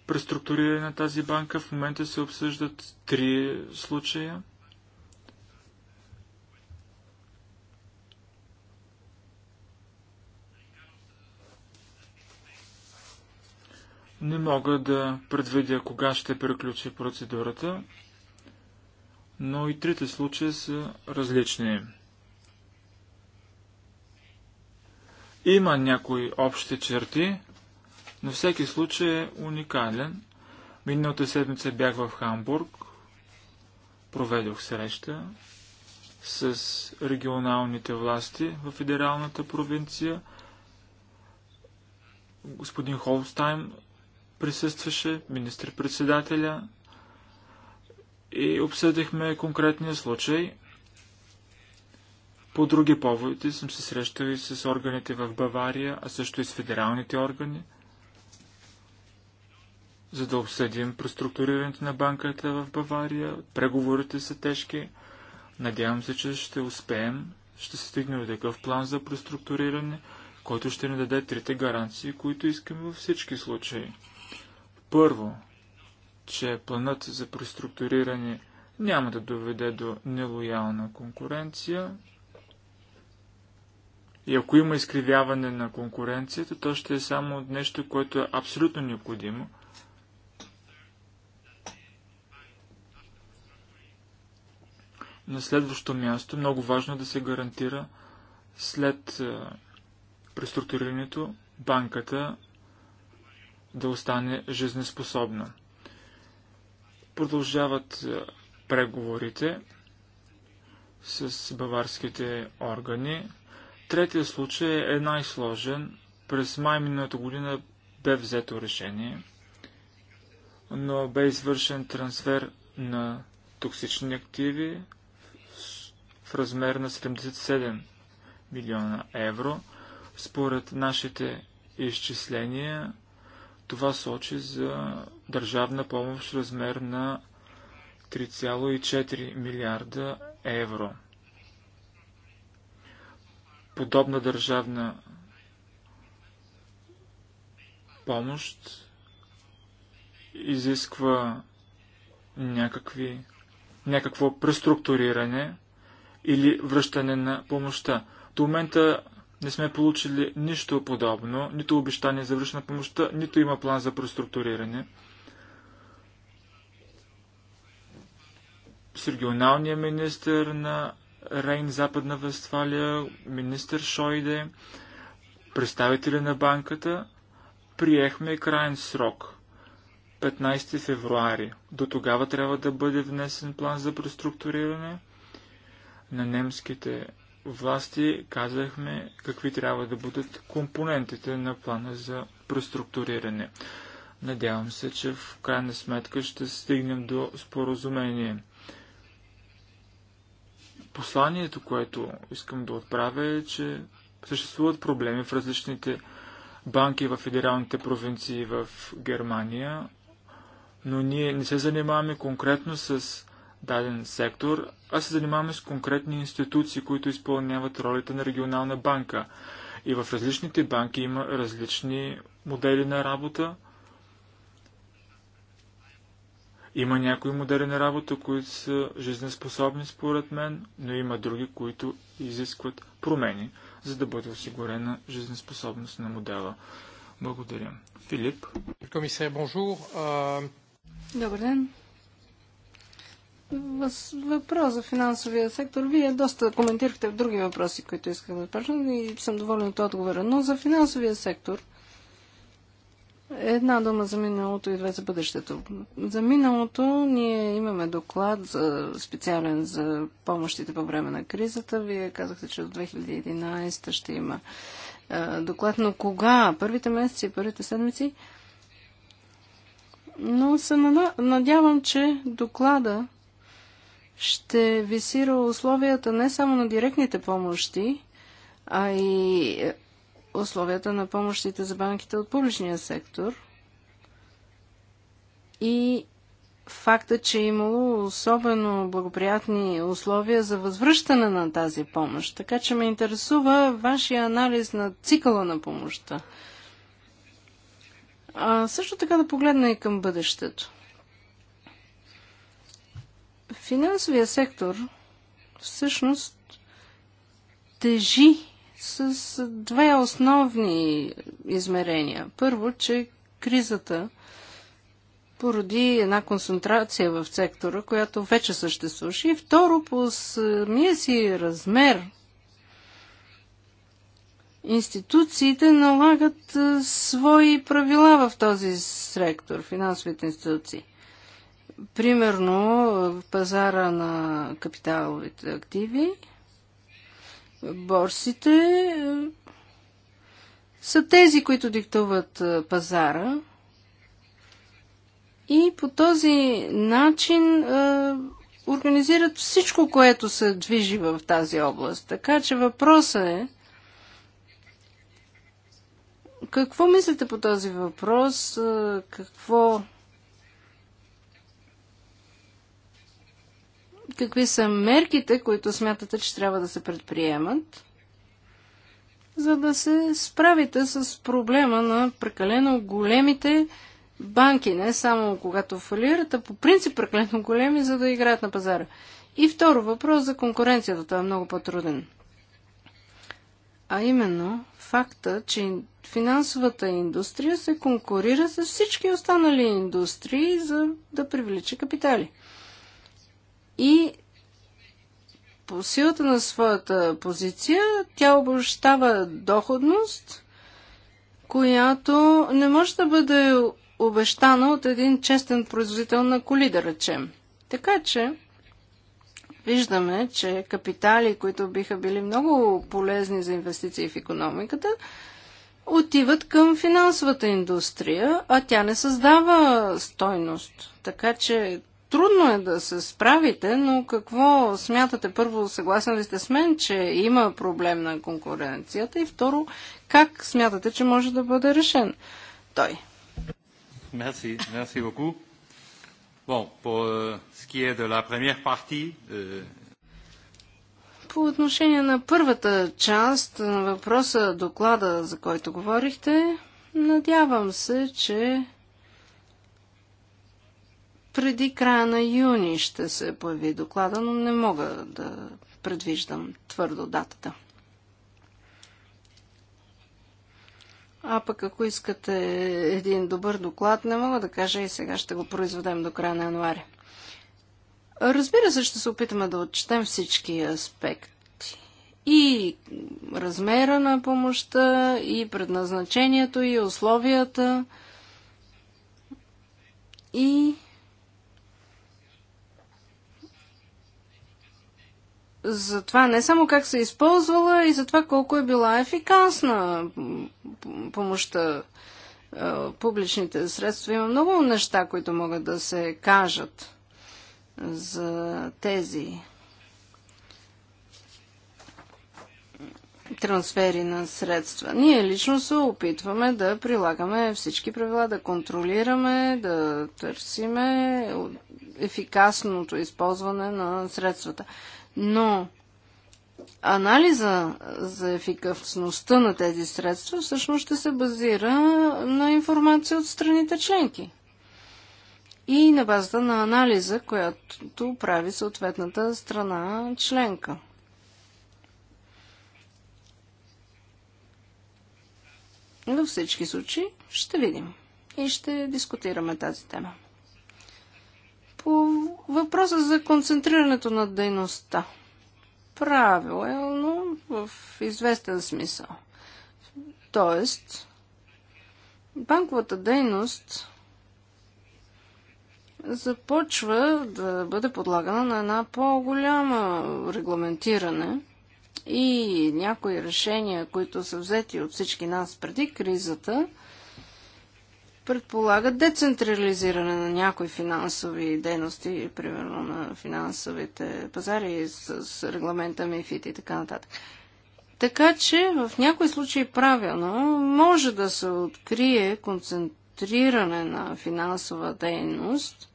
[SPEAKER 3] преструктуриране на тази банка. В момента се обсъждат три случая. Не мога да предвидя кога ще приключи процедурата но и трите случая са различни. Има някои общи черти, но всеки случай е уникален. Миналата седмица бях в Хамбург, проведох среща с регионалните власти в федералната провинция. Господин Холстайм присъстваше, министр-председателя и обсъдихме конкретния случай. По други поводи съм се срещал и с органите в Бавария, а също и с федералните органи, за да обсъдим преструктурирането на банката в Бавария. Преговорите са тежки. Надявам се, че ще успеем. Ще се стигне до такъв план за преструктуриране, който ще ни даде трите гаранции, които искаме във всички случаи. Първо, че планът за преструктуриране няма да доведе до нелоялна конкуренция. И ако има изкривяване на конкуренцията, то ще е само нещо, което е абсолютно необходимо. На следващо място, много важно да се гарантира след е, преструктурирането банката да остане жизнеспособна. Продължават е, преговорите с баварските органи. Третия случай е най-сложен. През май миналата година бе взето решение, но бе извършен трансфер на токсични активи в размер на 77 милиона евро. Според нашите изчисления, това сочи за държавна помощ в размер на 3,4 милиарда евро. Подобна държавна помощ изисква някакви, някакво преструктуриране или връщане на помощта. До момента не сме получили нищо подобно, нито обещание за връщане помощта, нито има план за преструктуриране. С регионалния министр на Рейн, Западна Вестфалия, министър Шойде, представители на банката, приехме крайен срок 15 февруари. До тогава трябва да бъде внесен план за преструктуриране на немските власти казахме какви трябва да бъдат компонентите на плана за преструктуриране. Надявам се, че в крайна сметка ще стигнем до споразумение. Посланието, което искам да отправя е, че съществуват проблеми в различните банки в федералните провинции в Германия, но ние не се занимаваме конкретно с даден сектор, а се занимаваме с конкретни институции, които изпълняват ролята на регионална банка. И в различните банки има различни модели на работа. Има някои модели на работа, които са жизнеспособни според мен, но има други, които изискват промени, за да бъде осигурена жизнеспособност на модела. Благодаря. Филип. Комисар, бонжур. Euh,
[SPEAKER 2] Добър ден въпрос за финансовия сектор. Вие доста коментирахте в други въпроси, които искам да започна и съм доволен от отговора. Но за финансовия сектор една дума за миналото и две за бъдещето. За миналото ние имаме доклад за, специален за помощите по време на кризата. Вие казахте, че от 2011 ще има е, доклад. Но кога? Първите месеци, първите седмици? Но се надявам, че доклада ще висира условията не само на директните помощи, а и условията на помощите за банките от публичния сектор и факта, че е имало особено благоприятни условия за възвръщане на тази помощ. Така че ме интересува вашия анализ на цикъла на помощта. А, също така да погледна и към бъдещето. Финансовия сектор всъщност тежи с две основни измерения. Първо, че кризата поради една концентрация в сектора, която вече съществуваше. И второ, по самия си размер институциите налагат свои правила в този сектор, финансовите институции. Примерно пазара на капиталовите активи, борсите е, са тези, които диктуват е, пазара. И по този начин е, организират всичко, което се движи в тази област. Така че въпросът е какво мислите по този въпрос? Какво Какви са мерките, които смятате, че трябва да се предприемат, за да се справите с проблема на прекалено големите банки, не само когато фалират, а по принцип прекалено големи, за да играят на пазара. И второ въпрос за конкуренцията, това е много по-труден. А именно факта, че финансовата индустрия се конкурира с всички останали индустрии, за да привлича капитали и по силата на своята позиция тя обощава доходност, която не може да бъде обещана от един честен производител на коли, да речем. Така че виждаме, че капитали, които биха били много полезни за инвестиции в економиката, отиват към финансовата индустрия, а тя не създава стойност. Така че Трудно е да се справите, но какво смятате? Първо, съгласен ли сте с мен, че има проблем на конкуренцията? И второ, как смятате, че може да бъде решен
[SPEAKER 3] той? Merci, merci beaucoup. Bon, pour euh, ce qui est de la première partie, euh,
[SPEAKER 2] по отношение на първата част на въпроса доклада, за който говорихте, надявам се, че преди края на юни ще се появи доклада, но не мога да предвиждам твърдо датата. А пък ако искате един добър доклад, не мога да кажа и сега ще го произведем до края на януаря. Разбира се, ще се опитаме да отчетем всички аспекти. И размера на помощта, и предназначението, и условията, и за това не само как се е използвала и за това колко е била ефикасна помощта. Е, публичните средства има много неща, които могат да се кажат за тези трансфери на средства. Ние лично се опитваме да прилагаме всички правила, да контролираме, да търсиме ефикасното използване на средствата. Но анализа за ефикасността на тези средства всъщност ще се базира на информация от страните членки и на базата на анализа, която прави съответната страна членка. Във всички случаи ще видим и ще дискутираме тази тема. По въпроса за концентрирането на дейността. Правилно, в известен смисъл. Тоест, банковата дейност започва да бъде подлагана на една по-голяма регламентиране и някои решения, които са взети от всички нас преди кризата, Предполага децентрализиране на някои финансови дейности, примерно на финансовите пазари с, с регламента МИФИТ и така нататък. Така че в някои случаи правилно може да се открие концентриране на финансова дейност,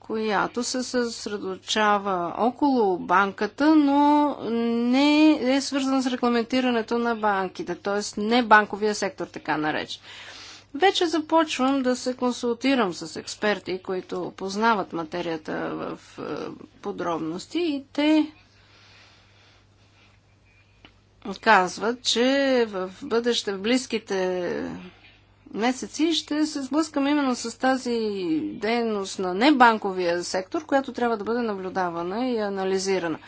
[SPEAKER 2] която се съсредочава около банката, но не е свързана с регламентирането на банките, т.е. не банковия сектор, така нареч. Вече започвам да се консултирам с експерти, които познават материята в е, подробности и те казват, че в бъдеще, в близките месеци ще се сблъскам именно с тази дейност на небанковия сектор, която трябва да бъде наблюдавана и анализирана.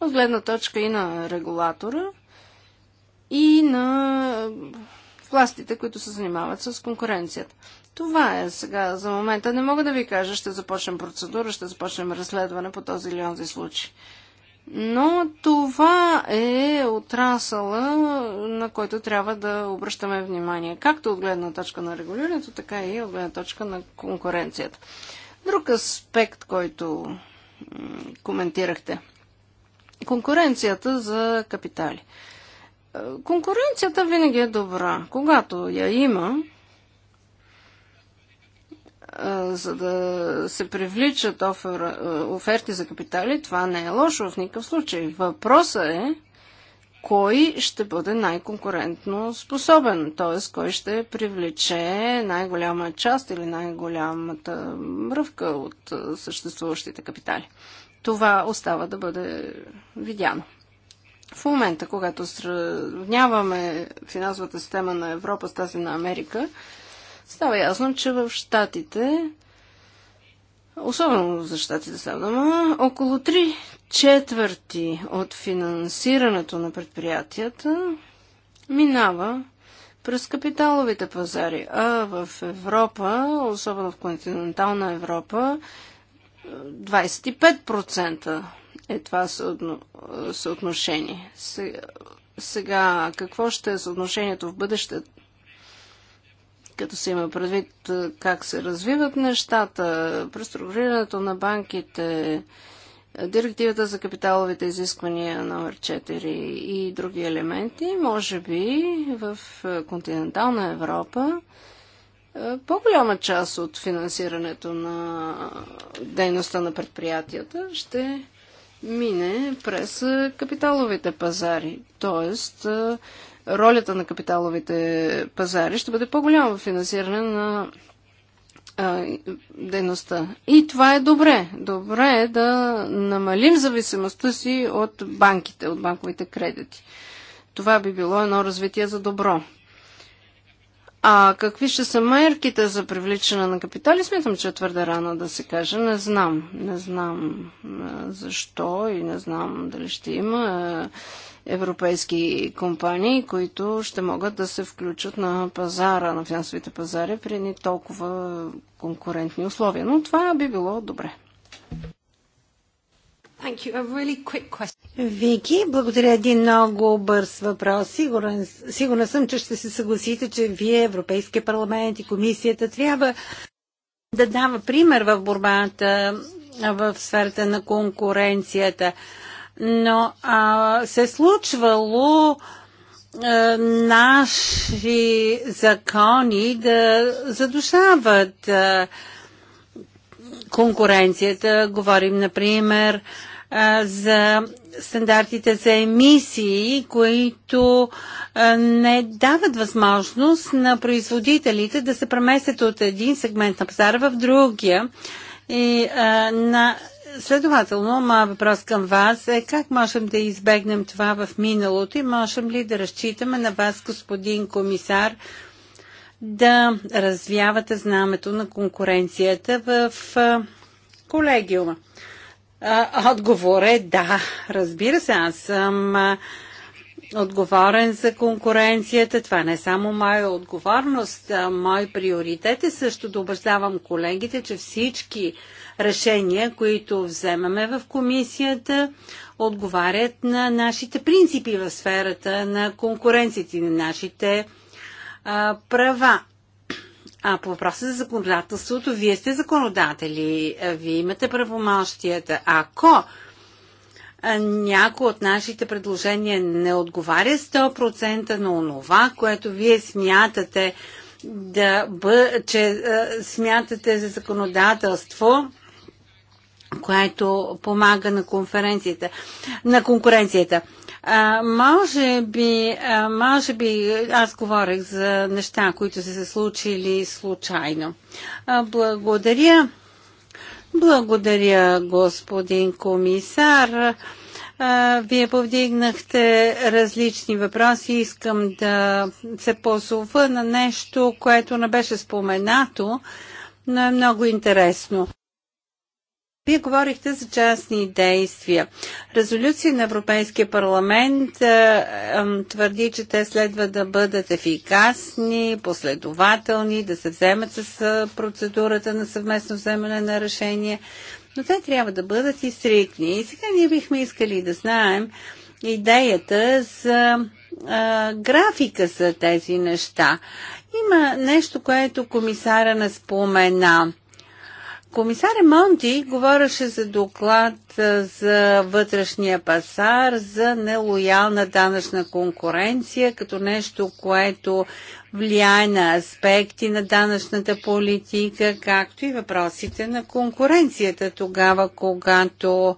[SPEAKER 2] От гледна точка и на регулатора, и на властите, които се занимават с конкуренцията. Това е сега за момента. Не мога да ви кажа, ще започнем процедура, ще започнем разследване по този или онзи случай. Но това е отрасъла, на който трябва да обръщаме внимание, както от гледна точка на регулирането, така и от гледна точка на конкуренцията. Друг аспект, който коментирахте. Конкуренцията за капитали. Конкуренцията винаги е добра. Когато я има, за да се привличат офер, оферти за капитали, това не е лошо в никакъв случай. Въпросът е кой ще бъде най-конкурентно способен, т.е. кой ще привлече най-голяма част или най-голямата мръвка от съществуващите капитали. Това остава да бъде видяно. В момента, когато сравняваме финансовата система на Европа с тази на Америка, става ясно, че в Штатите, особено за Штатите става дума, около 3 четвърти от финансирането на предприятията минава през капиталовите пазари. А в Европа, особено в континентална Европа, 25% е това съотношение. Сега, какво ще е съотношението в бъдеще, като се има предвид е, как се развиват нещата, преструктурирането на банките, директивата за капиталовите изисквания номер 4 и други елементи, може би в е, континентална Европа е, по-голяма част от финансирането на дейността на предприятията ще мине през капиталовите пазари. Тоест, ролята на капиталовите пазари ще бъде по-голяма в финансиране на дейността. И това е добре. Добре е да намалим зависимостта си от банките, от банковите кредити. Това би било едно развитие за добро. А какви ще са мерките за привличане на капитали? Смятам, че е твърде рано да се каже. Не знам. Не знам защо и не знам дали ще има европейски компании, които ще могат да се включат на пазара, на финансовите пазари при ни толкова конкурентни условия. Но това би било добре.
[SPEAKER 1] Really Вики, благодаря един много бърз въпрос. Сигурен, сигурна съм, че ще се съгласите, че вие, Европейския парламент и комисията трябва да дава пример в борбата в сферата на конкуренцията. Но а, се е случвало а, наши закони да задушават а, конкуренцията. Говорим, например, за стандартите за емисии, които не дават възможност на производителите да се преместят от един сегмент на пазара в другия. И, а, на... Следователно, моят въпрос към вас е как можем да избегнем това в миналото и можем ли да разчитаме на вас, господин комисар, да развявате знамето на конкуренцията в колегиума? Отговоре, отговор е да. Разбира се, аз съм отговорен за конкуренцията. Това не е само моя отговорност, а мой приоритет е също да убеждавам колегите, че всички решения, които вземаме в комисията, отговарят на нашите принципи в сферата на конкуренцията и на нашите а, права. А по въпроса за законодателството, вие сте законодатели, вие имате правомощията. Ако някои от нашите предложения не отговаря 100% на онова, което вие смятате да бъ, че смятате за законодателство, което помага на конференцията, на конкуренцията. А, може би, а, може би аз говорех за неща, които са се случили случайно. А, благодаря. Благодаря, господин комисар. Вие повдигнахте различни въпроси. Искам да се позова на нещо, което не беше споменато, но е много интересно. Вие говорихте за частни действия. Резолюция на Европейския парламент е, е, твърди, че те следва да бъдат ефикасни, последователни, да се вземат с е, процедурата на съвместно вземане на решение, но те трябва да бъдат и стрикни. И сега ние бихме искали да знаем идеята за е, графика за тези неща. Има нещо, което комисара не спомена Комисаря Монти говореше за доклад за вътрешния пазар, за нелоялна данъчна конкуренция, като нещо, което влияе на аспекти на данъчната политика, както и въпросите на конкуренцията тогава, когато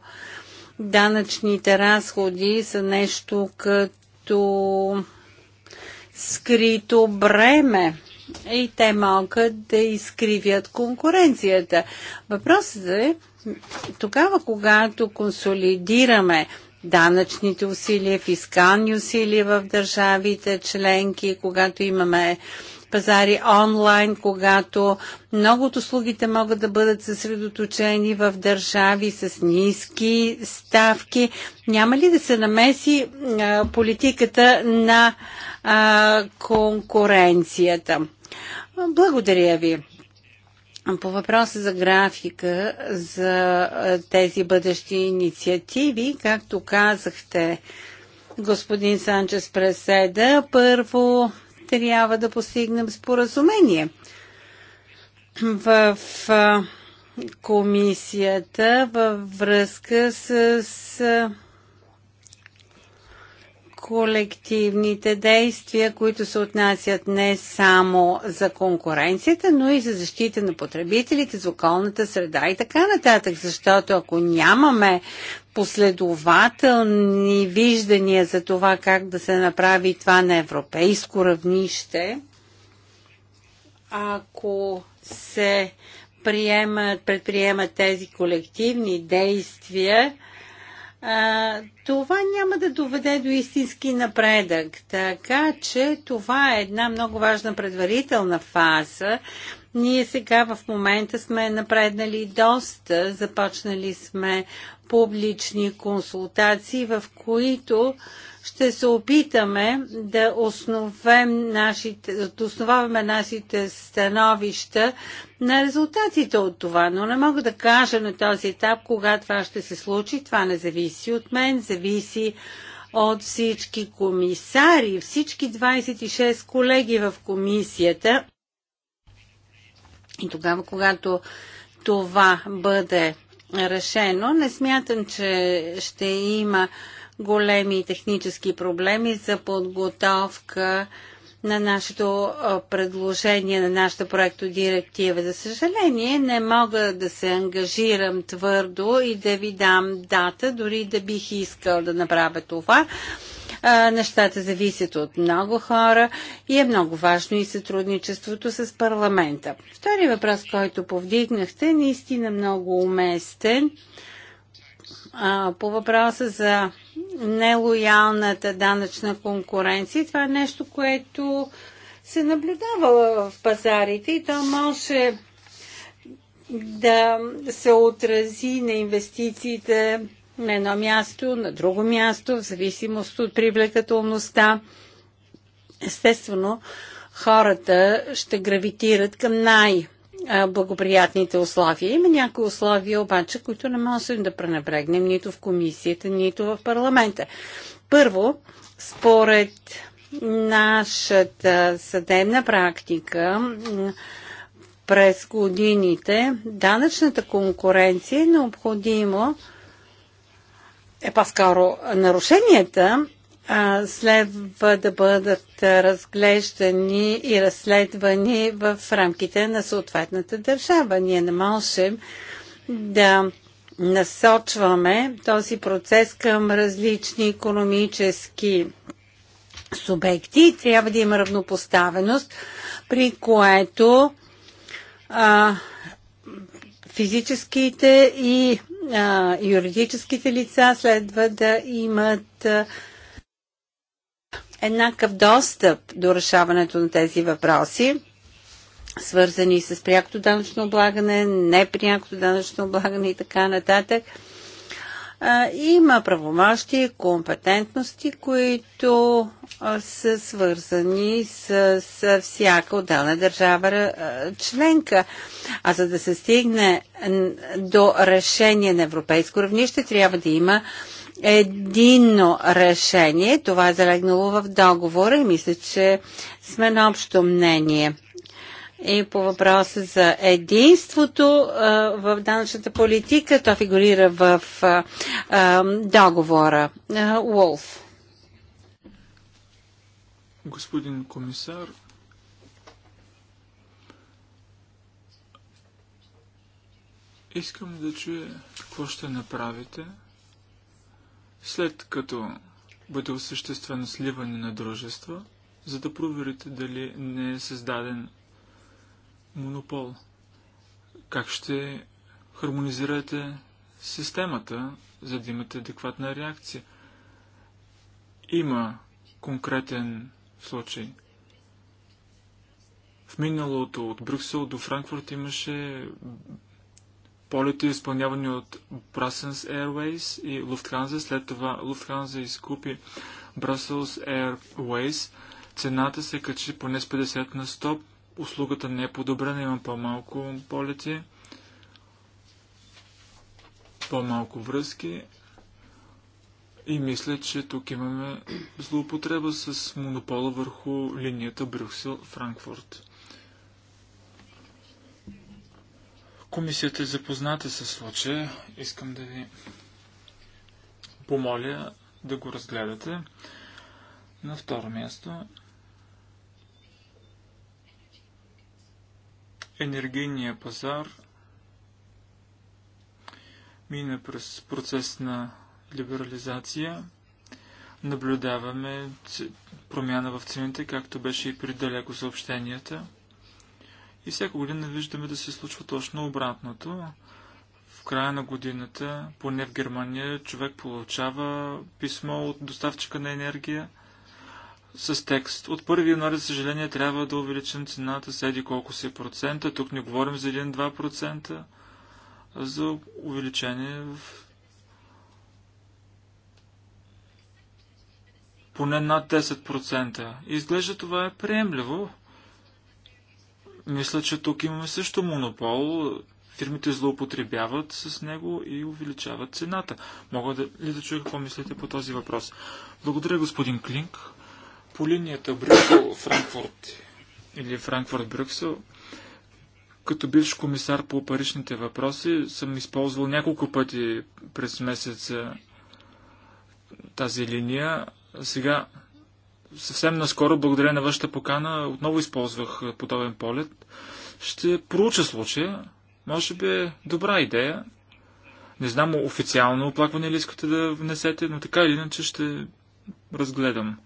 [SPEAKER 1] данъчните разходи са нещо като скрито бреме и те могат да изкривят конкуренцията. Въпросът е тогава, когато консолидираме данъчните усилия, фискални усилия в държавите членки, когато имаме пазари онлайн, когато много от услугите могат да бъдат съсредоточени в държави с ниски ставки. Няма ли да се намеси а, политиката на а, конкуренцията? Благодаря ви. По въпроса за графика, за е, тези бъдещи инициативи, както казахте, господин Санчес Преседа, първо трябва да постигнем споразумение. В е, комисията във връзка с е, колективните действия, които се отнасят не само за конкуренцията, но и за защита на потребителите, за околната среда и така нататък. Защото ако нямаме последователни виждания за това как да се направи това на европейско равнище, ако се приемат, предприемат тези колективни действия, а, това няма да доведе до истински напредък. Така че това е една много важна предварителна фаза. Ние сега в момента сме напреднали доста, започнали сме публични консултации, в които ще се опитаме да, основем нашите, да основаваме нашите становища на резултатите от това, но не мога да кажа на този етап кога това ще се случи. Това не зависи от мен, зависи от всички комисари, всички 26 колеги в комисията. И тогава, когато това бъде решено, не смятам, че ще има големи технически проблеми за подготовка на нашето предложение, на нашата проекто директива. За съжаление, не мога да се ангажирам твърдо и да ви дам дата, дори да бих искал да направя това. нещата зависят от много хора и е много важно и сътрудничеството с парламента. Втори въпрос, който повдигнахте, наистина много уместен. А, по въпроса за нелоялната данъчна конкуренция, това е нещо, което се наблюдава в пазарите и то може да се отрази на инвестициите на едно място, на друго място, в зависимост от привлекателността. Естествено, хората ще гравитират към най- благоприятните условия. Има някои условия обаче, които не можем да пренебрегнем нито в комисията, нито в парламента. Първо, според нашата съдебна практика през годините, данъчната конкуренция е необходимо е по-скоро нарушенията следва да бъдат разглеждани и разследвани в рамките на съответната държава. Ние не можем да насочваме този процес към различни економически субекти. Трябва да има равнопоставеност, при което а, физическите и а, юридическите лица следва да имат а, еднакъв достъп до решаването на тези въпроси, свързани с прякото данъчно облагане, непрякото данъчно облагане и така нататък. има правомощи и компетентности, които са свързани с, всяка отделна държава членка. А за да се стигне до решение на европейско равнище, трябва да има единно решение. Това е залегнало в договора и мисля, че сме на общо мнение. И по въпроса за единството в данъчната политика, то фигурира в договора. Уолф.
[SPEAKER 3] Господин комисар, искам да чуя какво ще направите – след като бъде осъществено сливане на дружества, за да проверите дали не е създаден монопол. Как ще хармонизирате системата, за да имате адекватна реакция? Има конкретен случай. В миналото от Брюксел до Франкфурт имаше полети, изпълнявани от Brussels Airways и Lufthansa. След това Lufthansa изкупи Brussels Airways. Цената се качи поне с 50 на 100. Услугата не е подобрена, има по-малко полети, по-малко връзки. И мисля, че тук имаме злоупотреба с монопола върху линията Брюксел-Франкфурт. Комисията е запозната със случая. Искам да ви помоля да го разгледате. На второ място енергийния пазар мина през процес на либерализация. Наблюдаваме промяна в цените, както беше и при далеко съобщенията. И всяка година виждаме да се случва точно обратното. В края на годината, поне в Германия, човек получава писмо от доставчика на енергия с текст. От 1 януари, за съжаление, трябва да увеличим цената с еди колко си процента. Тук не говорим за 1-2%, а за увеличение в поне над 10%. И изглежда това е приемливо. Мисля, че тук имаме също монопол. Фирмите злоупотребяват с него и увеличават цената. Мога да, ли да чуя какво мислите по този въпрос? Благодаря, господин Клинк. По линията Брюксел-Франкфурт или Франкфурт-Брюксел, като бивш комисар по паричните въпроси, съм използвал няколко пъти през месеца тази линия. Сега съвсем наскоро, благодаря на вашата покана, отново използвах подобен полет. Ще проуча случая. Може би е добра идея. Не знам официално оплакване ли искате да внесете, но така или иначе ще разгледам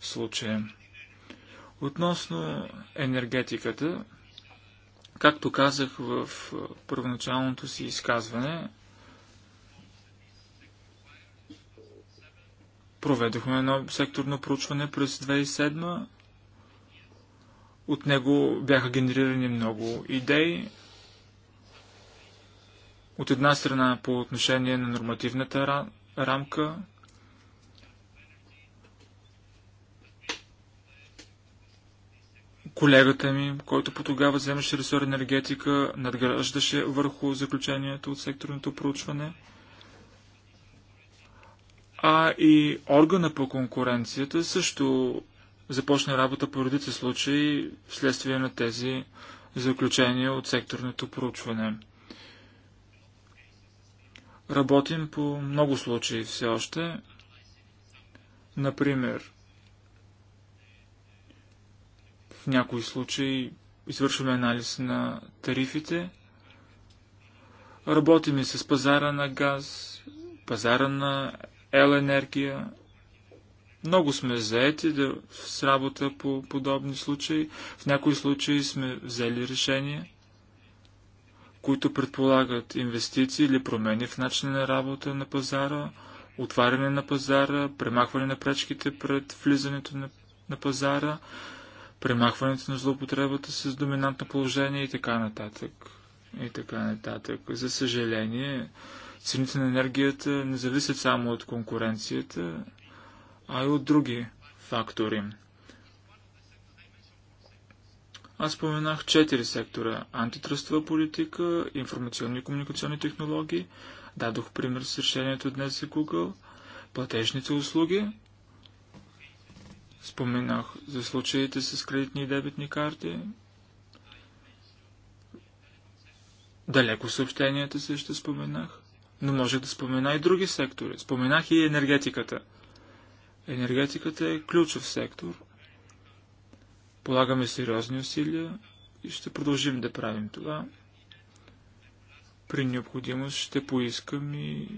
[SPEAKER 3] случая. Относно енергетиката, както казах в първоначалното си изказване, Проведохме едно секторно проучване през 2007. От него бяха генерирани много идеи. От една страна по отношение на нормативната рамка, колегата ми, който по тогава вземаше ресор енергетика, надграждаше върху заключението от секторното проучване – а и органа по конкуренцията също започна работа по редица случаи вследствие на тези заключения от секторното проучване. Работим по много случаи все още. Например, в някои случаи извършваме анализ на тарифите. Работим и с пазара на газ, пазара на ел енергия. Много сме заети да, с работа по подобни случаи. В някои случаи сме взели решения, които предполагат инвестиции или промени в начина на работа на пазара, отваряне на пазара, премахване на пречките пред влизането на, на пазара, премахването на злоупотребата с доминантно положение и така нататък. И така нататък. За съжаление, цените на енергията не зависят само от конкуренцията, а и от други фактори. Аз споменах четири сектора – антитръстова политика, информационни и комуникационни технологии, дадох пример с решението днес за Google, платежните услуги, споменах за случаите с кредитни и дебетни карти, далеко съобщенията също споменах, но може да спомена и други сектори. Споменах и енергетиката. Енергетиката е ключов сектор. Полагаме сериозни усилия и ще продължим да правим това. При необходимост ще поискам и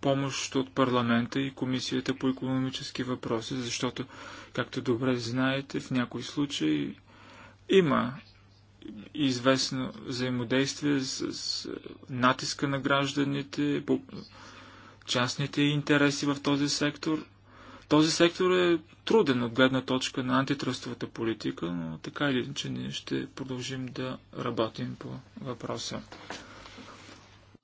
[SPEAKER 3] помощ от парламента и комисията по економически въпроси, защото, както добре знаете, в някои случаи има известно взаимодействие с натиска на гражданите, по частните интереси в този сектор. Този сектор е труден от гледна точка на антитръстовата политика, но така или иначе ние ще продължим да работим по въпроса.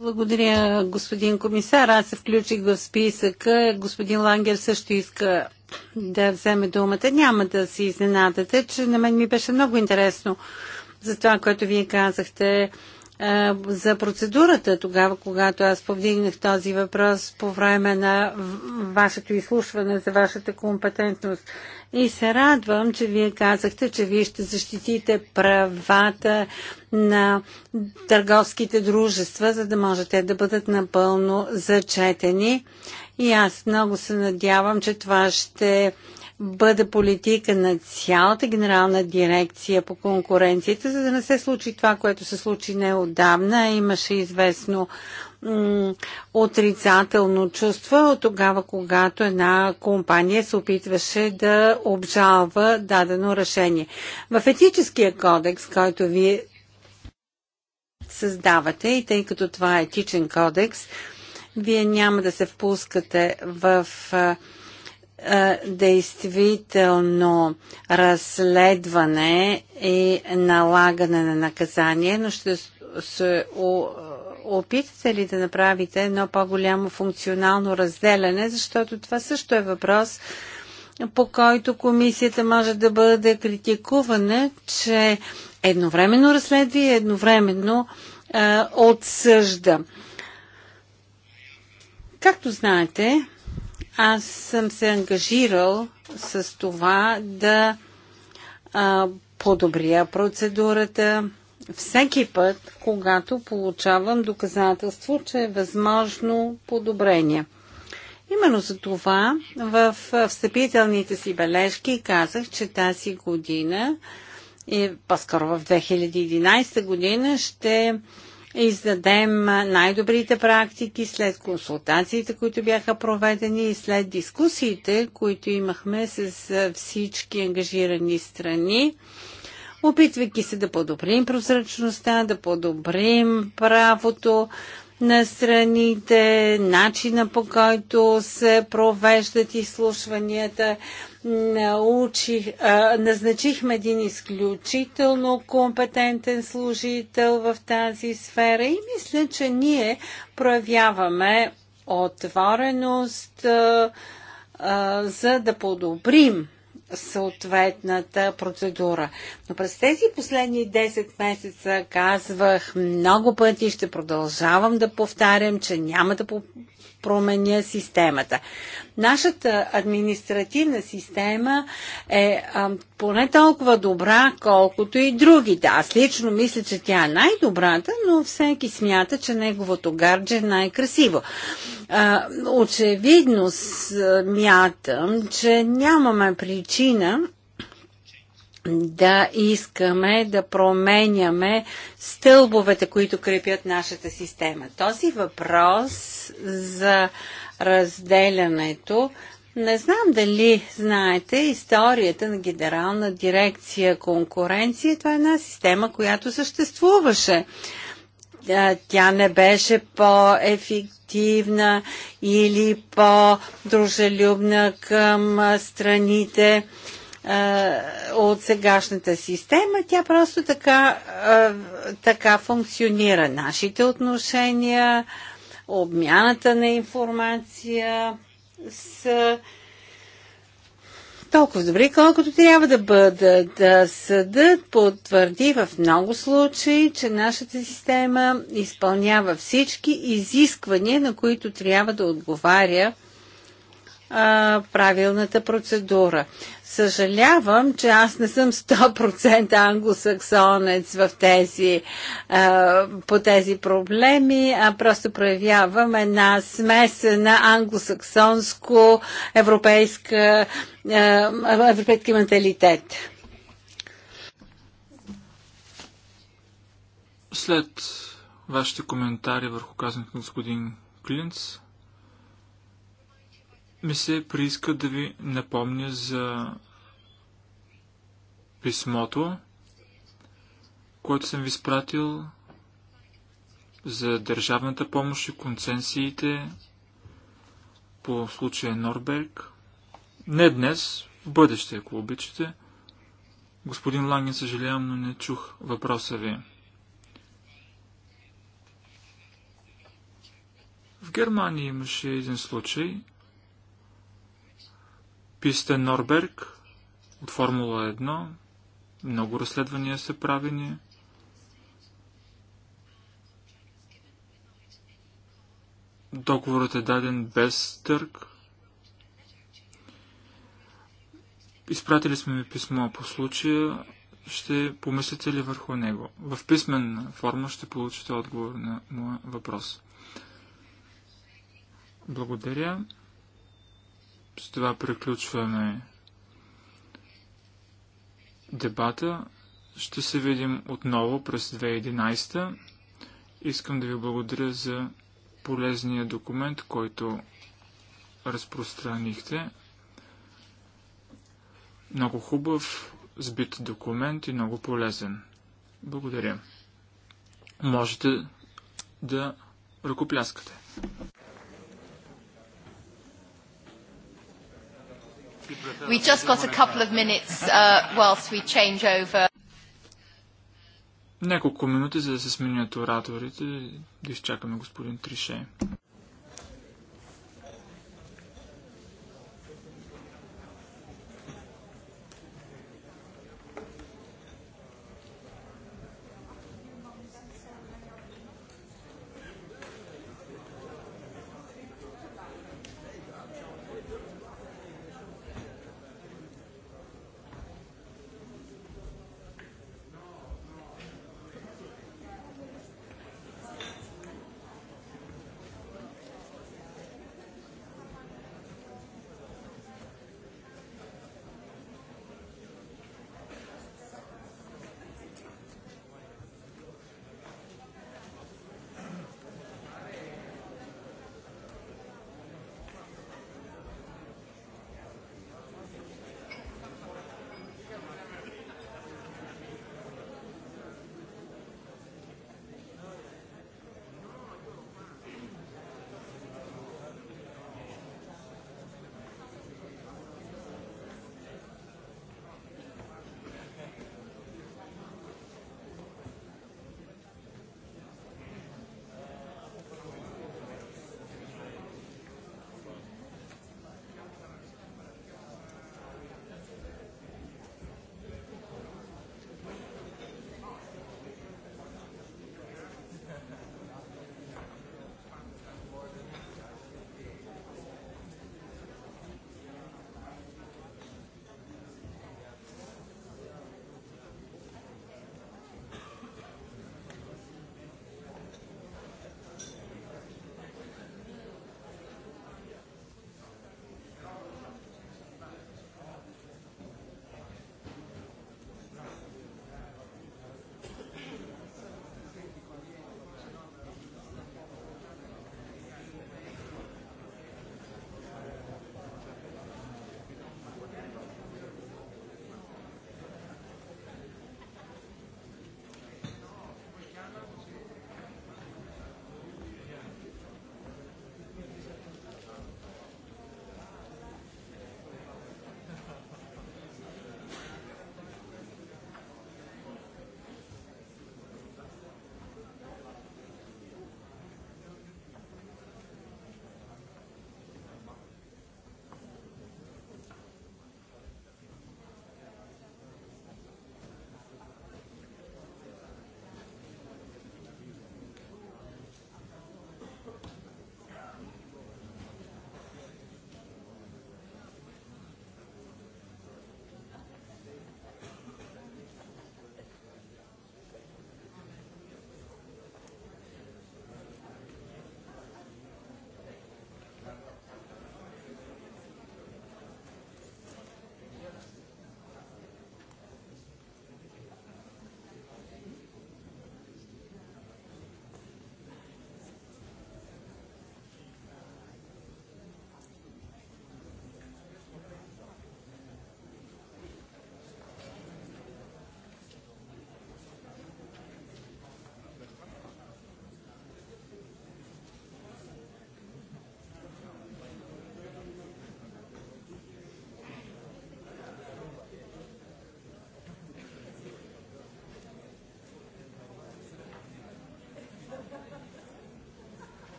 [SPEAKER 1] Благодаря, господин комисар. Аз се включих в списъка. Господин Лангер също иска да вземе думата. Няма да се изненадате, че на мен ми беше много интересно за това, което вие казахте за процедурата тогава, когато аз повдигнах този въпрос по време на вашето изслушване за вашата компетентност. И се радвам, че вие казахте, че вие ще защитите правата на търговските дружества, за да можете да бъдат напълно зачетени. И аз много се надявам, че това ще бъде политика на цялата генерална дирекция по конкуренцията, за да не се случи това, което се случи неодавна. Имаше известно отрицателно чувство от тогава, когато една компания се опитваше да обжалва дадено решение. В етическия кодекс, който вие създавате, и тъй като това е етичен кодекс, вие няма да се впускате в а, е, действително разследване и налагане на наказание, но ще се опитате ли да направите едно по-голямо функционално разделяне, защото това също е въпрос, по който комисията може да бъде критикувана, че едновременно разследва и едновременно е, отсъжда. Както знаете, аз съм се ангажирал с това да а, подобря процедурата всеки път, когато получавам доказателство, че е възможно подобрение. Именно за това в встъпителните си бележки казах, че тази година и е, по-скоро в 2011 година ще издадем най-добрите практики след консултациите, които бяха проведени и след дискусиите, които имахме с всички ангажирани страни, опитвайки се да подобрим прозрачността, да подобрим правото на страните, начина по който се провеждат изслушванията, научих, а, назначихме един изключително компетентен служител в тази сфера и мисля, че ние проявяваме отвореност а, а, за да подобрим съответната процедура. Но през тези последни 10 месеца казвах много пъти, ще продължавам да повтарям, че няма да променя системата. Нашата административна система е а, поне толкова добра, колкото и другите. Аз лично мисля, че тя е най-добрата, но всеки смята, че неговото гардже е най-красиво. очевидно смятам, че нямаме причина да искаме да променяме стълбовете, които крепят нашата система. Този въпрос за разделянето не знам дали знаете историята на Генерална дирекция конкуренция. Това е една система, която съществуваше. Тя не беше по-ефективна или по-дружелюбна към страните е, от сегашната система, тя просто така, е, така функционира. Нашите отношения, обмяната на информация са толкова добри, колкото трябва да бъдат. Съдът потвърди в много случаи, че нашата система изпълнява всички изисквания, на които трябва да отговаря а, правилната процедура. Съжалявам, че аз не съм 100% англосаксонец в тези, а, по тези проблеми, а просто проявявам една смесена англосаксонско-европейска европейски менталитет.
[SPEAKER 3] След вашите коментари върху на господин Клинц, ми се прииска да ви напомня за писмото, което съм ви спратил за държавната помощ и консенсиите по случая Норберг. Не днес, в бъдеще, ако обичате. Господин Ланген, съжалявам, но не чух въпроса ви. В Германия имаше един случай – Писте Норберг от Формула 1. Много разследвания са правени. Договорът е даден без търг. Изпратили сме ми писмо по случая. Ще помислите ли върху него? В писменна форма ще получите отговор на моя въпрос. Благодаря това приключваме дебата. Ще се видим отново през 2011. Искам да ви благодаря за полезния документ, който разпространихте. Много хубав, сбит документ и много полезен. Благодаря. Можете да ръкопляскате. We just got a couple of minutes uh, whilst we change over. Няколко минути, за да се сменят ораторите, да изчакаме господин Трише.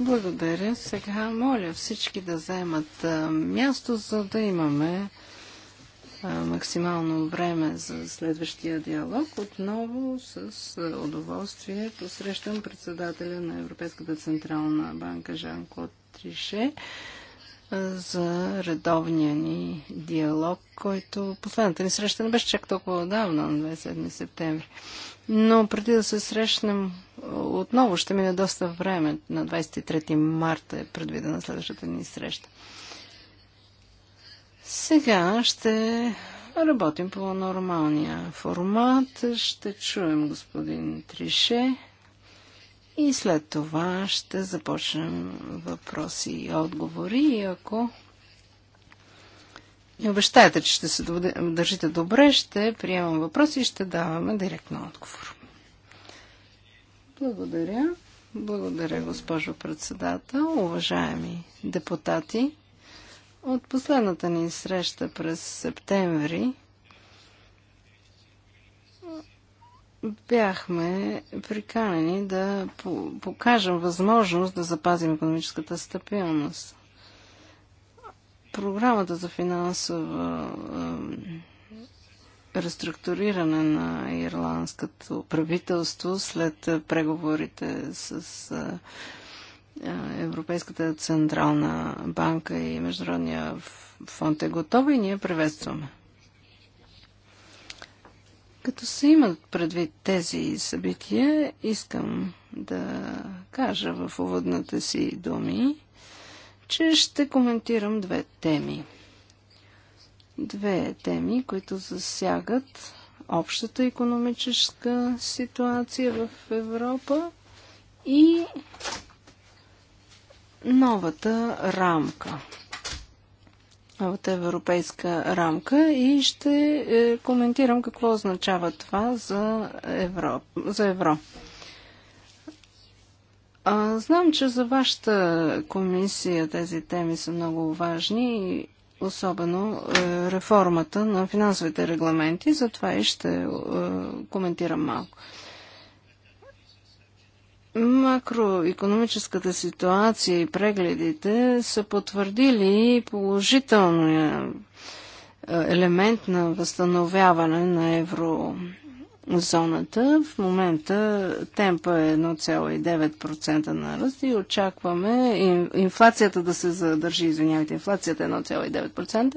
[SPEAKER 2] Благодаря. Сега моля всички да заемат място, за да имаме максимално време за следващия диалог. Отново с удоволствие посрещам председателя на Европейската централна банка Жан-Клод Трише за редовния ни диалог, който последната ни среща не беше чак толкова отдавна, на 27 септември. Но преди да се срещнем отново ще мине доста време. На 23 марта е предвидена следващата ни среща. Сега ще работим по нормалния формат. Ще чуем господин Трише и след това ще започнем въпроси и отговори. И ако и обещаете, че ще се държите добре, ще приемам въпроси и ще даваме директно отговор. Благодаря. Благодаря, госпожо председател, уважаеми депутати. От последната ни среща през септември бяхме приканени да покажем възможност да запазим економическата стабилност. Програмата за финансова реструктуриране на ирландското правителство след преговорите с Европейската централна банка и Международния фонд е готова и ние приветстваме. Като се имат предвид тези събития, искам да кажа в уводната си думи, че ще коментирам две теми – Две теми, които засягат общата економическа ситуация в Европа и новата рамка. Новата европейска рамка и ще е, коментирам какво означава това за евро. За евро. А, знам, че за вашата комисия тези теми са много важни и особено е, реформата на финансовите регламенти, затова и ще е, коментирам малко. Макроекономическата ситуация и прегледите са потвърдили положителния е, елемент на възстановяване на евро зоната. В момента темпа е 1,9% на ръст и очакваме инфлацията да се задържи, извинявайте, инфлацията е 1,9%,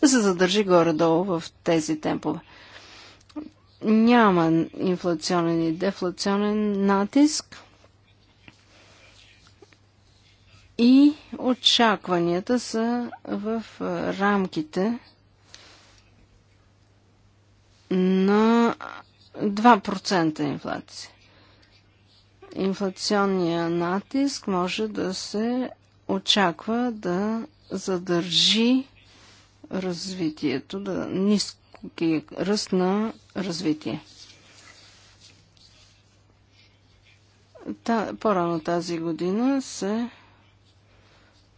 [SPEAKER 2] да се задържи горе-долу в тези темпове. Няма инфлационен и дефлационен натиск и очакванията са в рамките на 2% инфлация. Инфлационният натиск може да се очаква да задържи развитието, да ниски ръст на развитие. Та, по-рано тази година се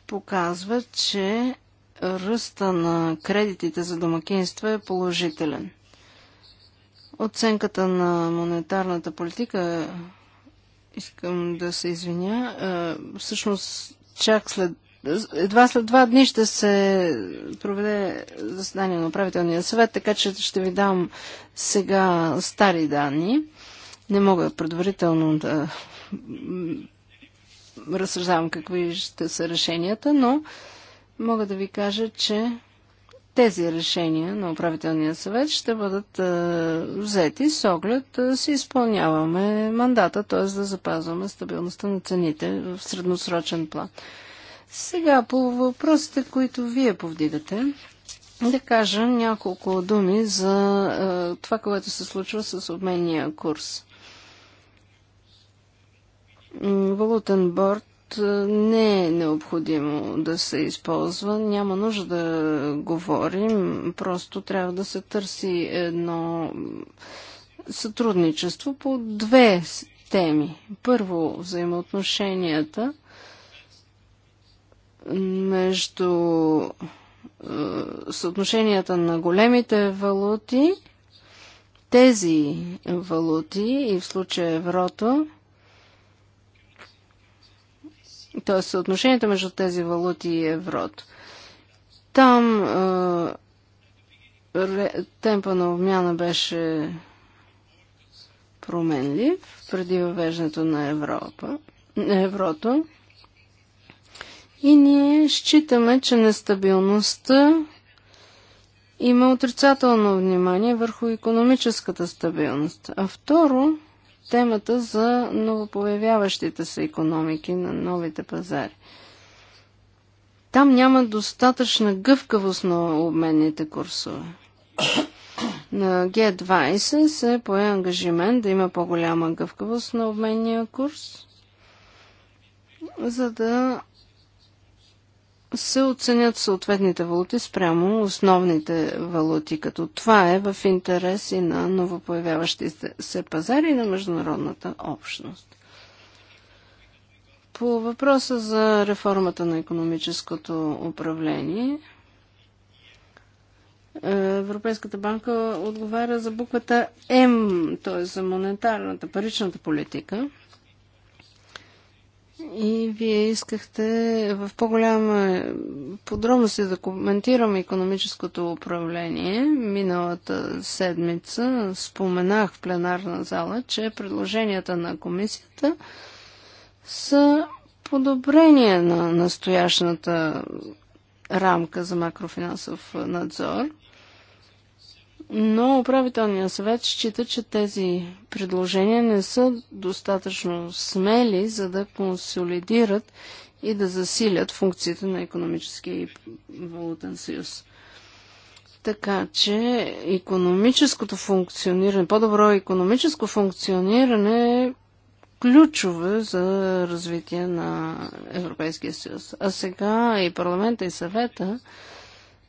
[SPEAKER 2] показва, че ръста на кредитите за домакинства е положителен – Оценката на монетарната политика, искам да се извиня, всъщност чак след едва след два дни ще се проведе заседание на управителния съвет, така че ще ви дам сега стари данни. Не мога предварително да разсъждавам какви ще са решенията, но мога да ви кажа, че тези решения на управителния съвет ще бъдат взети с оглед да си изпълняваме мандата, т.е. да запазваме стабилността на цените в средносрочен план. Сега по въпросите, които вие повдигате, да кажа няколко думи за е, това, което се случва с обменния курс. Валутен борт е, не е необходимо да се използва. Няма нужда да говорим, просто трябва да се търси едно сътрудничество по две теми. Първо, взаимоотношенията между е, съотношенията на големите валути, тези валути и в случая еврото, т.е. съотношението между тези валути и еврото. Там е, темпа на обмяна беше променлив преди въвеждането на Европа, на еврото. И ние считаме, че нестабилността има отрицателно внимание върху економическата стабилност. А второ, темата за новопоявяващите се економики на новите пазари. Там няма достатъчна гъвкавост на обменните курсове. На Г20 се пое ангажимент да има по-голяма гъвкавост на обменния курс, за да се оценят съответните валути спрямо основните валути, като това е в интерес и на новопоявяващи се пазари и на международната общност. По въпроса за реформата на економическото управление, Европейската банка отговаря за буквата М, т.е. за монетарната, паричната политика – и вие искахте в по-голяма подробност да коментирам економическото управление. Миналата седмица споменах в пленарна зала, че предложенията на комисията са подобрение на настоящата рамка за макрофинансов надзор – но управителният съвет счита, че тези предложения не са достатъчно смели, за да консолидират и да засилят функциите на економическия и валутен съюз. Така че економическото функциониране, по-добро економическо функциониране е ключове за развитие на Европейския съюз. А сега и парламента и съвета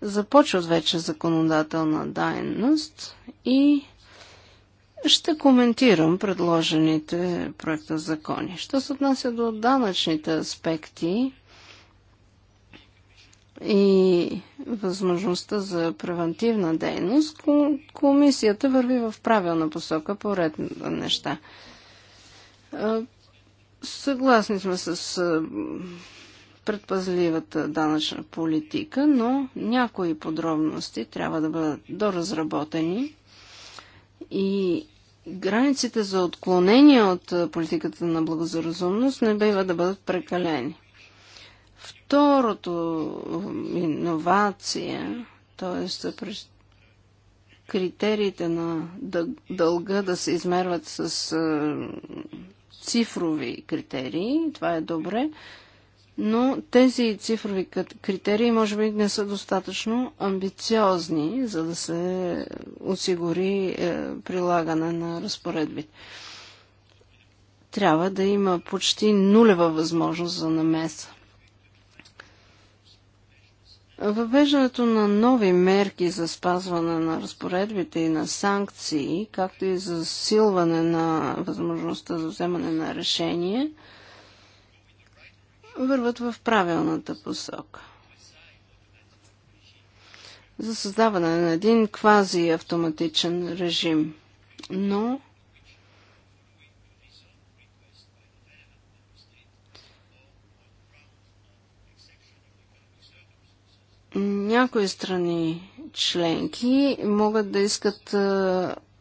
[SPEAKER 2] започват вече законодателна дайност и ще коментирам предложените проекта закони. Що се отнася до данъчните аспекти и възможността за превентивна дейност, комисията върви в правилна посока по ред на неща. Съгласни сме с предпазливата данъчна политика, но някои подробности трябва да бъдат доразработени и границите за отклонение от политиката на благозаразумност не бива да бъдат прекалени. Второто иновация, т.е. критериите на дълга да се измерват с цифрови критерии, това е добре, но тези цифрови критерии може би не са достатъчно амбициозни, за да се осигури е, прилагане на разпоредбите. Трябва да има почти нулева възможност за намеса. Въвеждането на нови мерки за спазване на разпоредбите и на санкции, както и за засилване на възможността за вземане на решение – върват в правилната посока. За създаване на един квази автоматичен режим. Но някои страни членки могат да искат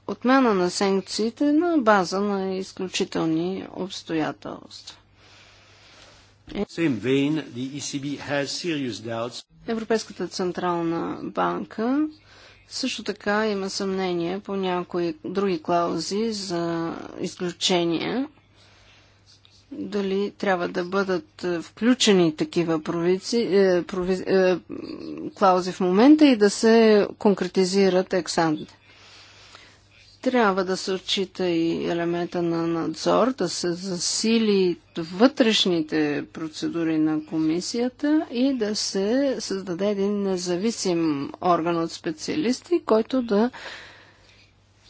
[SPEAKER 2] отмяна на санкциите на база на изключителни обстоятелства. E Европейската централна банка също така има съмнение по някои други клаузи за изключения. Дали трябва да бъдат е, включени такива провици, е, провиз, е, клаузи в момента и да се конкретизират ексанте. Трябва да се отчита и елемента на надзор, да се засили вътрешните процедури на комисията и да се създаде един независим орган от специалисти, който да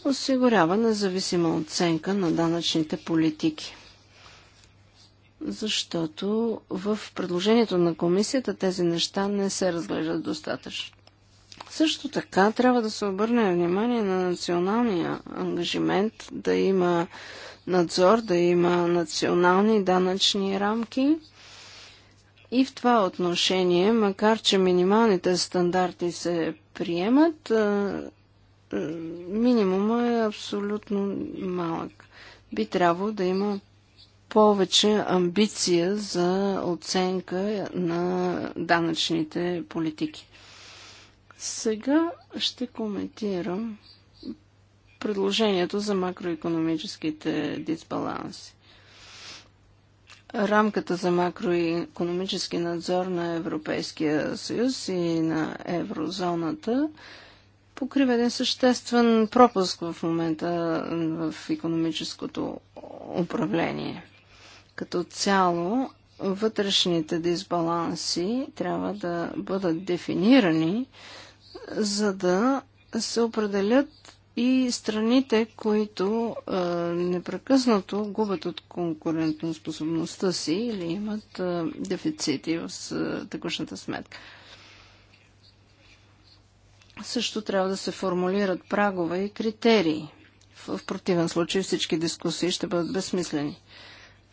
[SPEAKER 2] осигурява независима оценка на данъчните политики. Защото в предложението на комисията тези неща не се разглеждат достатъчно. Също така трябва да се обърне внимание на националния ангажимент да има надзор, да има национални данъчни рамки. И в това отношение, макар че минималните стандарти се приемат, минимума е абсолютно малък. Би трябвало да има повече амбиция за оценка на данъчните политики. Сега ще коментирам предложението за макроекономическите дисбаланси. Рамката за макроекономически надзор на Европейския съюз и на еврозоната покрива един съществен пропуск в момента в економическото управление. Като цяло, вътрешните дисбаланси трябва да бъдат дефинирани за да се определят и страните, които а, непрекъснато губят от конкурентоспособността си или имат а, дефицити в а, текущата сметка. Също трябва да се формулират прагове и критерии. В, в противен случай всички дискусии ще бъдат безсмислени.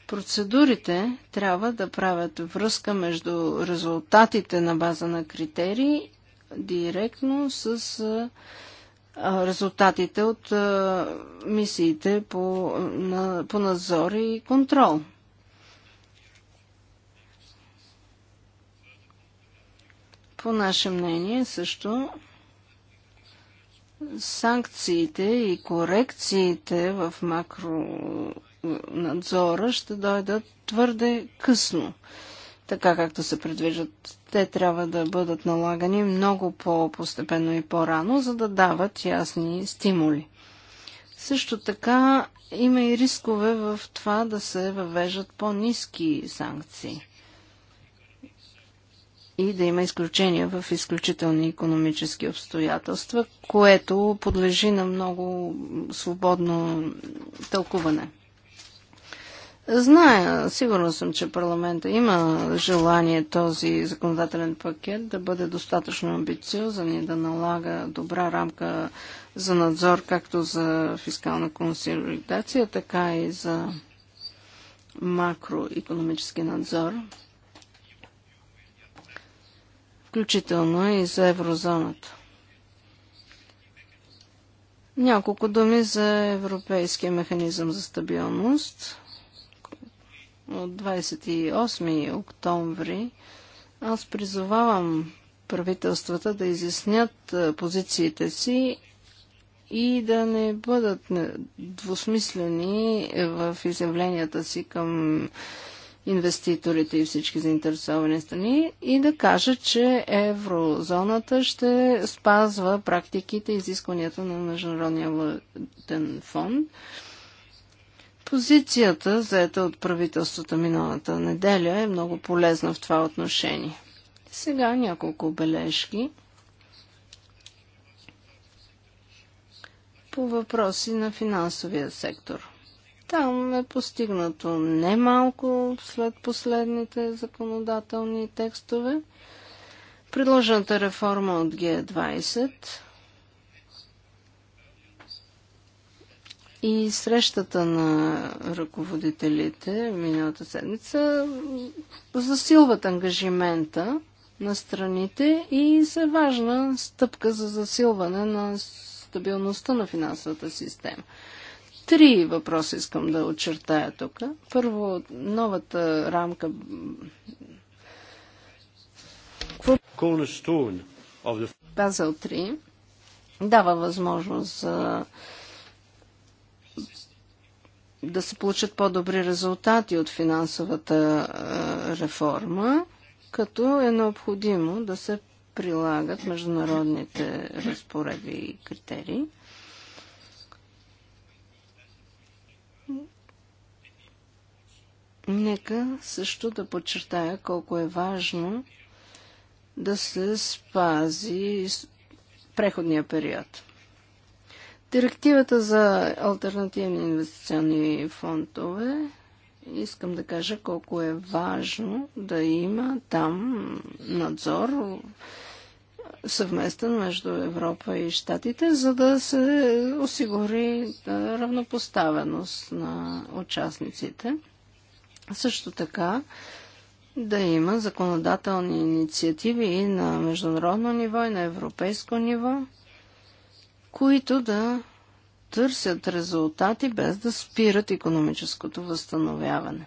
[SPEAKER 2] Процедурите трябва да правят връзка между резултатите на база на критерии директно с резултатите от мисиите по, на, по надзор и контрол. По наше мнение също санкциите и корекциите в макронадзора ще дойдат твърде късно така както се предвиждат, те трябва да бъдат налагани много по-постепенно и по-рано, за да дават ясни стимули. Също така има и рискове в това да се въвеждат по-низки санкции и да има изключения в изключителни економически обстоятелства, което подлежи на много свободно тълкуване. Зная, сигурно съм, че парламента има желание този законодателен пакет да бъде достатъчно амбициозен и да налага добра рамка за надзор, както за фискална консолидация, така и за макроекономически надзор, включително и за еврозоната. Няколко думи за Европейския механизъм за стабилност от 28 октомври, аз призовавам правителствата да изяснят позициите си и да не бъдат двусмислени в изявленията си към инвеститорите и всички заинтересовани страни и да кажа, че еврозоната ще спазва практиките и изискванията на Международния валутен фонд Позицията, заета от правителството миналата неделя, е много полезна в това отношение. Сега няколко бележки по въпроси на финансовия сектор. Там е постигнато немалко след последните законодателни текстове. Предложената реформа от Г20 И срещата на ръководителите миналата седмица засилват ангажимента на страните и са важна стъпка за засилване на стабилността на финансовата система. Три въпроса искам да очертая тук. Първо, новата рамка. Базел 3 дава възможност за да се получат по-добри резултати от финансовата реформа, като е необходимо да се прилагат международните разпоредби и критерии. Нека също да подчертая колко е важно да се спази преходния период. Директивата за альтернативни инвестиционни фондове искам да кажа колко е важно да има там надзор съвместен между Европа и Штатите, за да се осигури равнопоставеност на участниците. Също така да има законодателни инициативи и на международно ниво, и на европейско ниво, които да търсят резултати без да спират економическото възстановяване.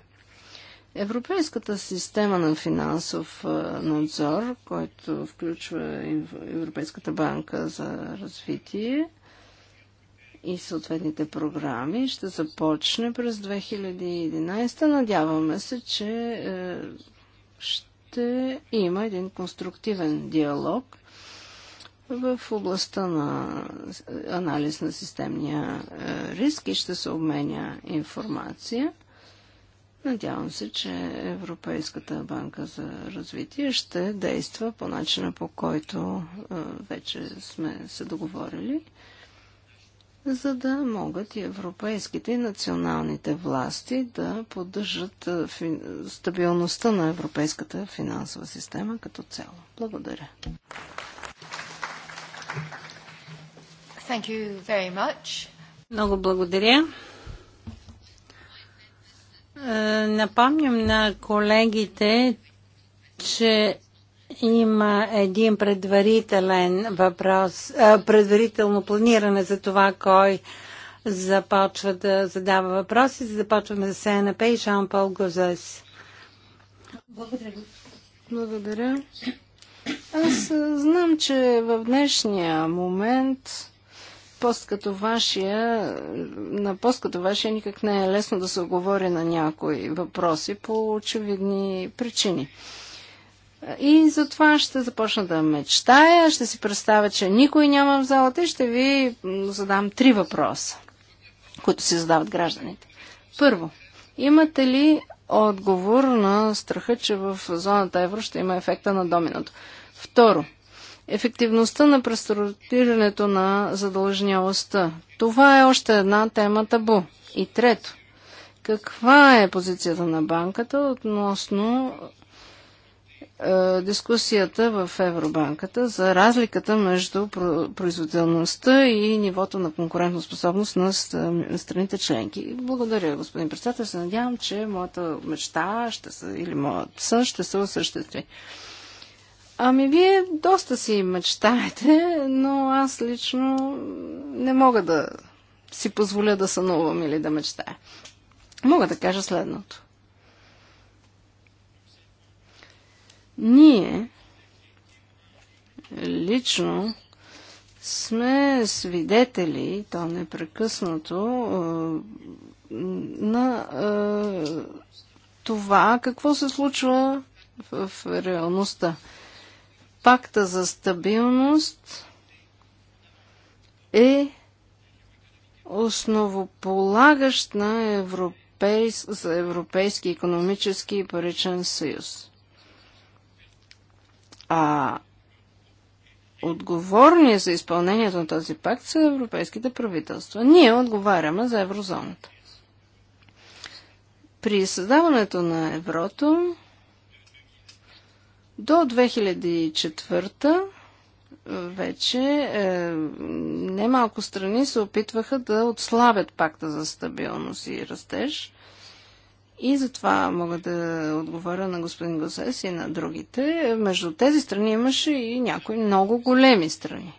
[SPEAKER 2] Европейската система на финансов е, надзор, който включва Европейската банка за развитие и съответните програми, ще започне през 2011. Надяваме се, че е, ще има един конструктивен диалог в областта на анализ на системния е, риск и ще се обменя информация. Надявам се, че Европейската банка за развитие ще действа по начина по който е, вече сме се договорили, за да могат и европейските и националните власти да поддържат е, стабилността на европейската финансова система като цяло. Благодаря.
[SPEAKER 1] Thank you very much. Много благодаря. Е, напомням на колегите, че има един предварителен въпрос, е, предварително планиране за това, кой започва да задава въпроси. Започваме с СНП и Шан Пол Гозес. Благодаря.
[SPEAKER 2] Благодаря. Аз знам, че в днешния момент пост като вашия, на пост като вашия никак не е лесно да се оговори на някои въпроси по очевидни причини. И затова ще започна да мечтая, ще си представя, че никой няма в залата и ще ви задам три въпроса, които си задават гражданите. Първо, имате ли отговор на страха, че в зоната евро ще има ефекта на доминото. Второ, ефективността на преструктурирането на задължнялостта. Това е още една тема табу. И трето, каква е позицията на банката относно е, дискусията в Евробанката за разликата между производителността и нивото на конкурентоспособност на страните членки. Благодаря, господин председател. Се надявам, че моята мечта ще се, или моят сън ще се осъществи. Ами вие доста си мечтаете, но аз лично не мога да си позволя да сънувам или да мечтая. Мога да кажа следното. Ние лично сме свидетели, то непрекъснато, на това какво се случва в реалността. Пакта за стабилност е основополагащ на европейс, за Европейски економически и паричен съюз. А отговорни за изпълнението на този пакт са европейските правителства. Ние отговаряме за еврозоната. При създаването на еврото до 2004 вече е, немалко страни се опитваха да отслабят пакта за стабилност и растеж. И затова мога да отговоря на господин Госес и на другите. Между тези страни имаше и някои много големи страни.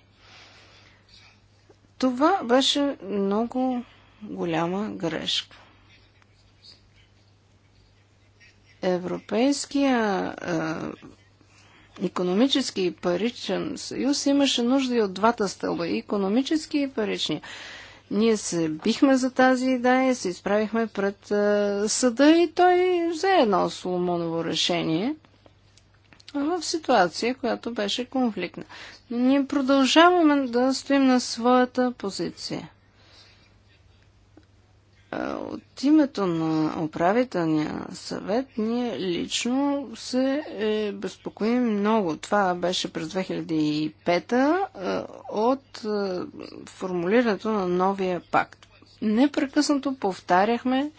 [SPEAKER 2] Това беше много голяма грешка. Европейския е, економически и паричен съюз имаше нужда и от двата стълба, и економически и паричния. Ние се бихме за тази идея, се изправихме пред а, съда и той взе едно Соломоново решение в ситуация, която беше конфликтна. Но ние продължаваме да стоим на своята позиция. От името на управителния съвет ние лично се е безпокоим много. Това беше през 2005 от формулирането на новия пакт. Непрекъснато повтаряхме,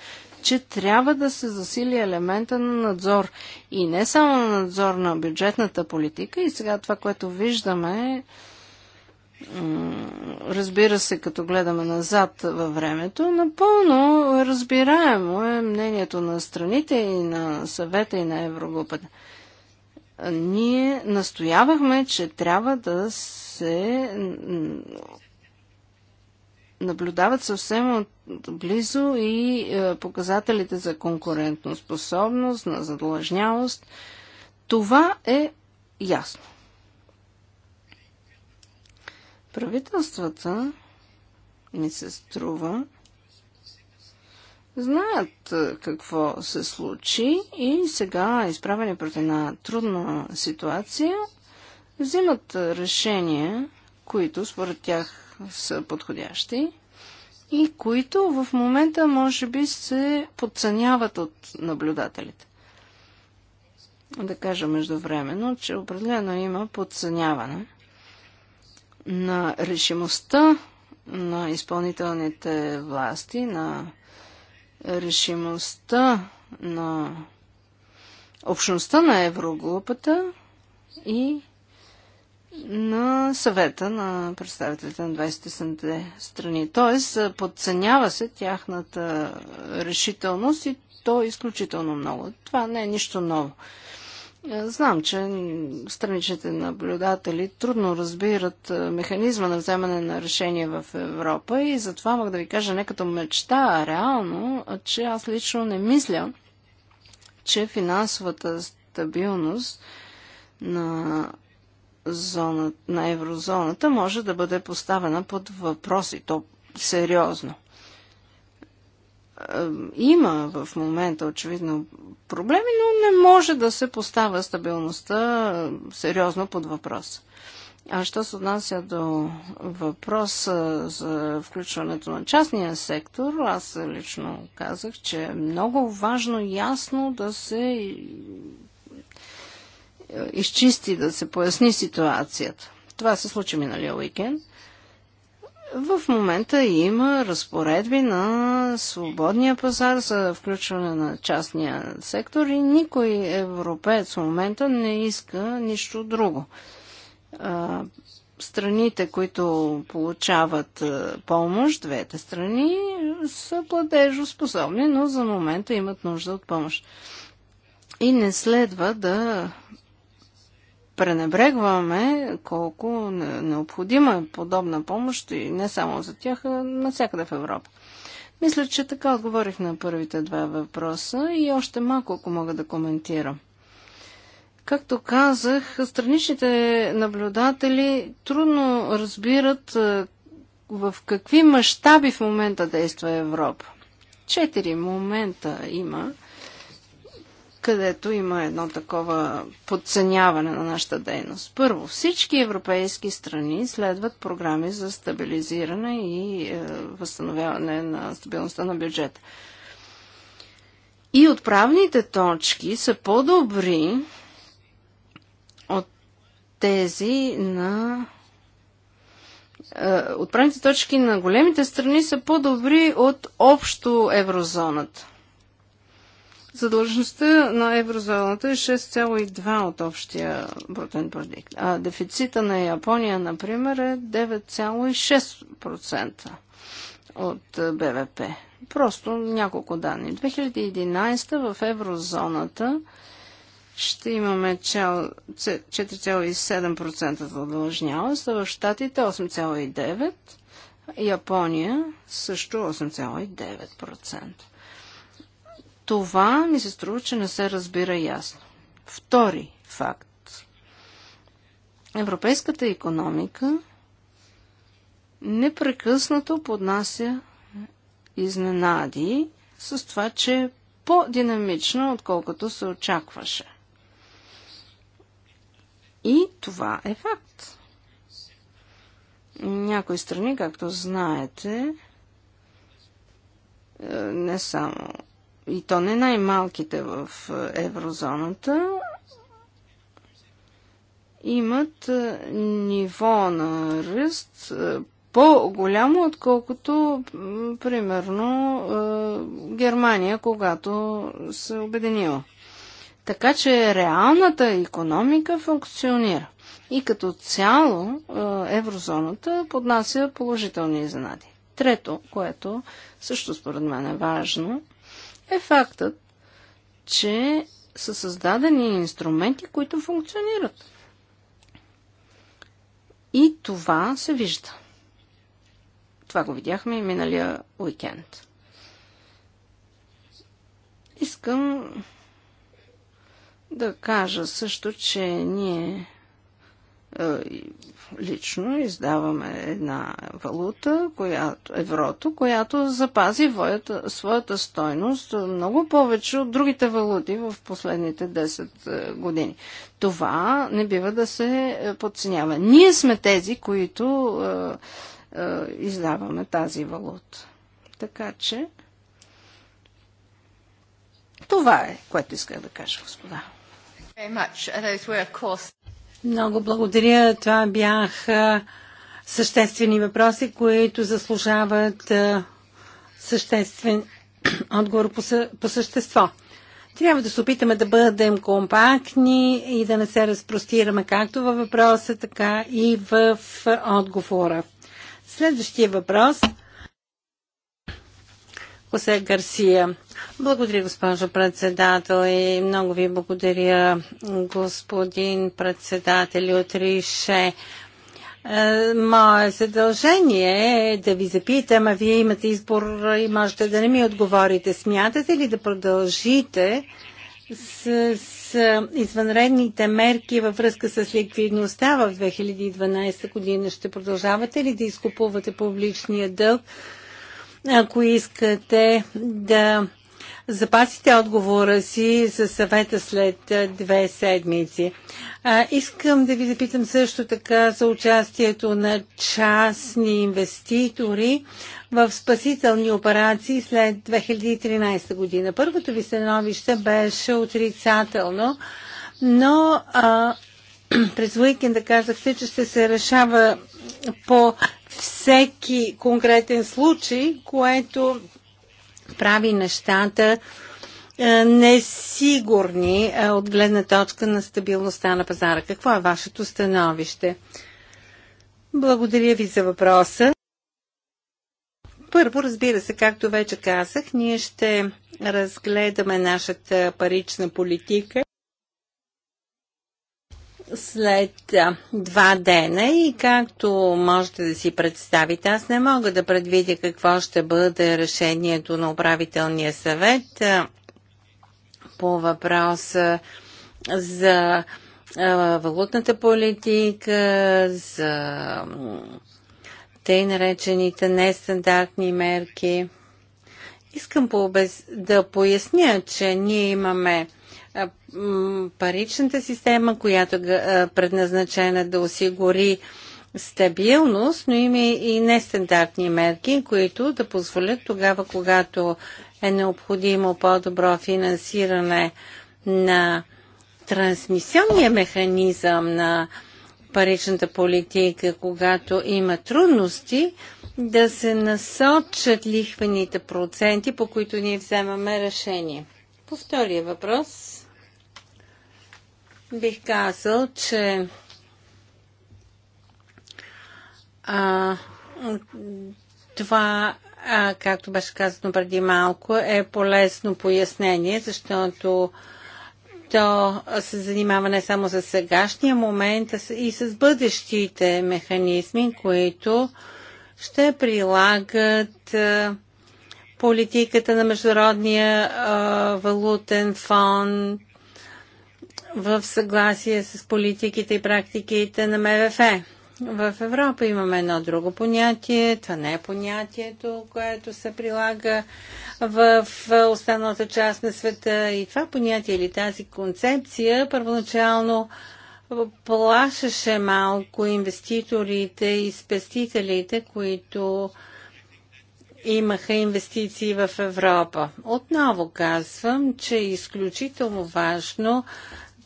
[SPEAKER 2] че трябва да се засили елемента на надзор. И не само на надзор на бюджетната политика. И сега това, което виждаме е разбира се, като гледаме назад във времето, напълно разбираемо е мнението на страните и на съвета и на Еврогрупата. Ние настоявахме, че трябва да се наблюдават съвсем близо и е, показателите за конкурентоспособност, на задлъжнявост. Това е ясно. Правителствата ми се струва, знаят какво се случи и сега, изправени пред една трудна ситуация, взимат решения, които според тях са подходящи и които в момента може би се подценяват от наблюдателите. Да кажа междувременно, че определено има подценяване на решимостта на изпълнителните власти, на решимостта на общността на Евроглупата и на съвета на представителите на 27-те страни. Тоест, подценява се тяхната решителност и то изключително много. Това не е нищо ново. Е, знам, че страничните наблюдатели трудно разбират е, механизма на вземане на решения в Европа и затова мога да ви кажа не като мечта, а реално, че аз лично не мисля, че финансовата стабилност на, зона, на еврозоната може да бъде поставена под въпроси, то сериозно. Е, има в момента очевидно проблеми, но не може да се поставя стабилността е, сериозно под въпрос. А що се отнася до въпроса е, за включването на частния сектор, аз лично казах, че е много важно ясно да се изчисти, да се поясни ситуацията. Това се случи миналия уикенд. В момента има разпоредби на свободния пазар за включване на частния сектор и никой европеец в момента не иска нищо друго. страните, които получават помощ, двете страни, са платежоспособни, но за момента имат нужда от помощ. И не следва да пренебрегваме колко необходима е подобна помощ и не само за тях, а навсякъде в Европа. Мисля, че така отговорих на първите два въпроса и още малко, ако мога да коментирам. Както казах, страничните наблюдатели трудно разбират е, в какви мащаби в момента действа Европа. Четири момента има, където има едно такова подценяване на нашата дейност. Първо, всички европейски страни следват програми за стабилизиране и е, възстановяване на стабилността на бюджета. И отправните точки са по-добри от тези на е, отправните точки на големите страни са по-добри от общо еврозоната. Задължността на еврозоната е 6,2 от общия брутен продукт, а дефицита на Япония, например, е 9,6% от БВП. Просто няколко данни. 2011 в еврозоната ще имаме 4,7% задължнявост, а в Штатите 8,9%, Япония също 8,9%. Това ми се струва, че не се разбира ясно. Втори факт. Европейската економика непрекъснато поднася изненади с това, че е по-динамична, отколкото се очакваше. И това е факт. Някои страни, както знаете, е, не само и то не най-малките в еврозоната, имат е, ниво на ръст е, по-голямо, отколкото, примерно, е, Германия, когато се обединила. Така че реалната економика функционира. И като цяло еврозоната поднася положителни изненади. Трето, което също според мен е важно – е фактът, че са създадени инструменти, които функционират. И това се вижда. Това го видяхме и миналия уикенд. Искам да кажа също, че ние е, лично издаваме една валута, която, еврото, която запази воята, своята стойност много повече от другите валути в последните 10 е, години. Това не бива да се е, подценява. Ние сме тези, които е, е, издаваме тази валута. Така
[SPEAKER 1] че това е, което исках да кажа, господа. Много благодаря. Това бяха съществени въпроси, които заслужават съществен [CLEARS THROAT] отговор по, съ... по същество. Трябва да се опитаме да бъдем компактни и да не се разпростираме както във въпроса, така и в отговора. Следващия въпрос – Хосе Гарсия. Благодаря, госпожо председател и много ви благодаря, господин председател от Рише. Е, мое задължение е да ви запитам, а вие имате избор и можете да не ми отговорите. Смятате ли да продължите с, с извънредните мерки във връзка с ликвидността в 2012 година? Ще продължавате ли да изкупувате публичния дълг? Ако искате да запасите отговора си за съвета след две седмици. А, искам да ви запитам също така за участието на частни инвеститори в спасителни операции след 2013 година. Първото ви становище беше отрицателно, но а, [CLEARS THROAT] през уикенда казахте, че ще се решава по всеки конкретен случай, което прави нещата е, несигурни е, от гледна точка на стабилността на пазара. Какво е вашето становище? Благодаря ви за въпроса. Първо, разбира се, както вече казах, ние ще разгледаме нашата парична политика след два дена и както можете да си представите, аз не мога да предвидя какво ще бъде решението на управителния съвет по въпроса за валутната политика, за тъй наречените нестандартни мерки. Искам да поясня, че ние имаме паричната система, която е предназначена да осигури стабилност, но има и нестандартни мерки, които да позволят тогава, когато е необходимо по-добро финансиране на трансмисионния механизъм на паричната политика, когато има трудности, да се насочат лихвените проценти, по които ние вземаме решение. По втория въпрос бих казал, че а, това, а, както беше казано преди малко, е полезно пояснение, защото то се занимава не само с сегашния момент, а и с бъдещите механизми, които ще прилагат политиката на Международния а, валутен фонд, в съгласие с политиките и практиките на МВФ. В Европа имаме едно друго понятие. Това не е понятието, което се прилага в останалата част на света. И това понятие или тази концепция първоначално плашеше малко инвеститорите и спестителите, които имаха инвестиции в Европа. Отново казвам, че е изключително важно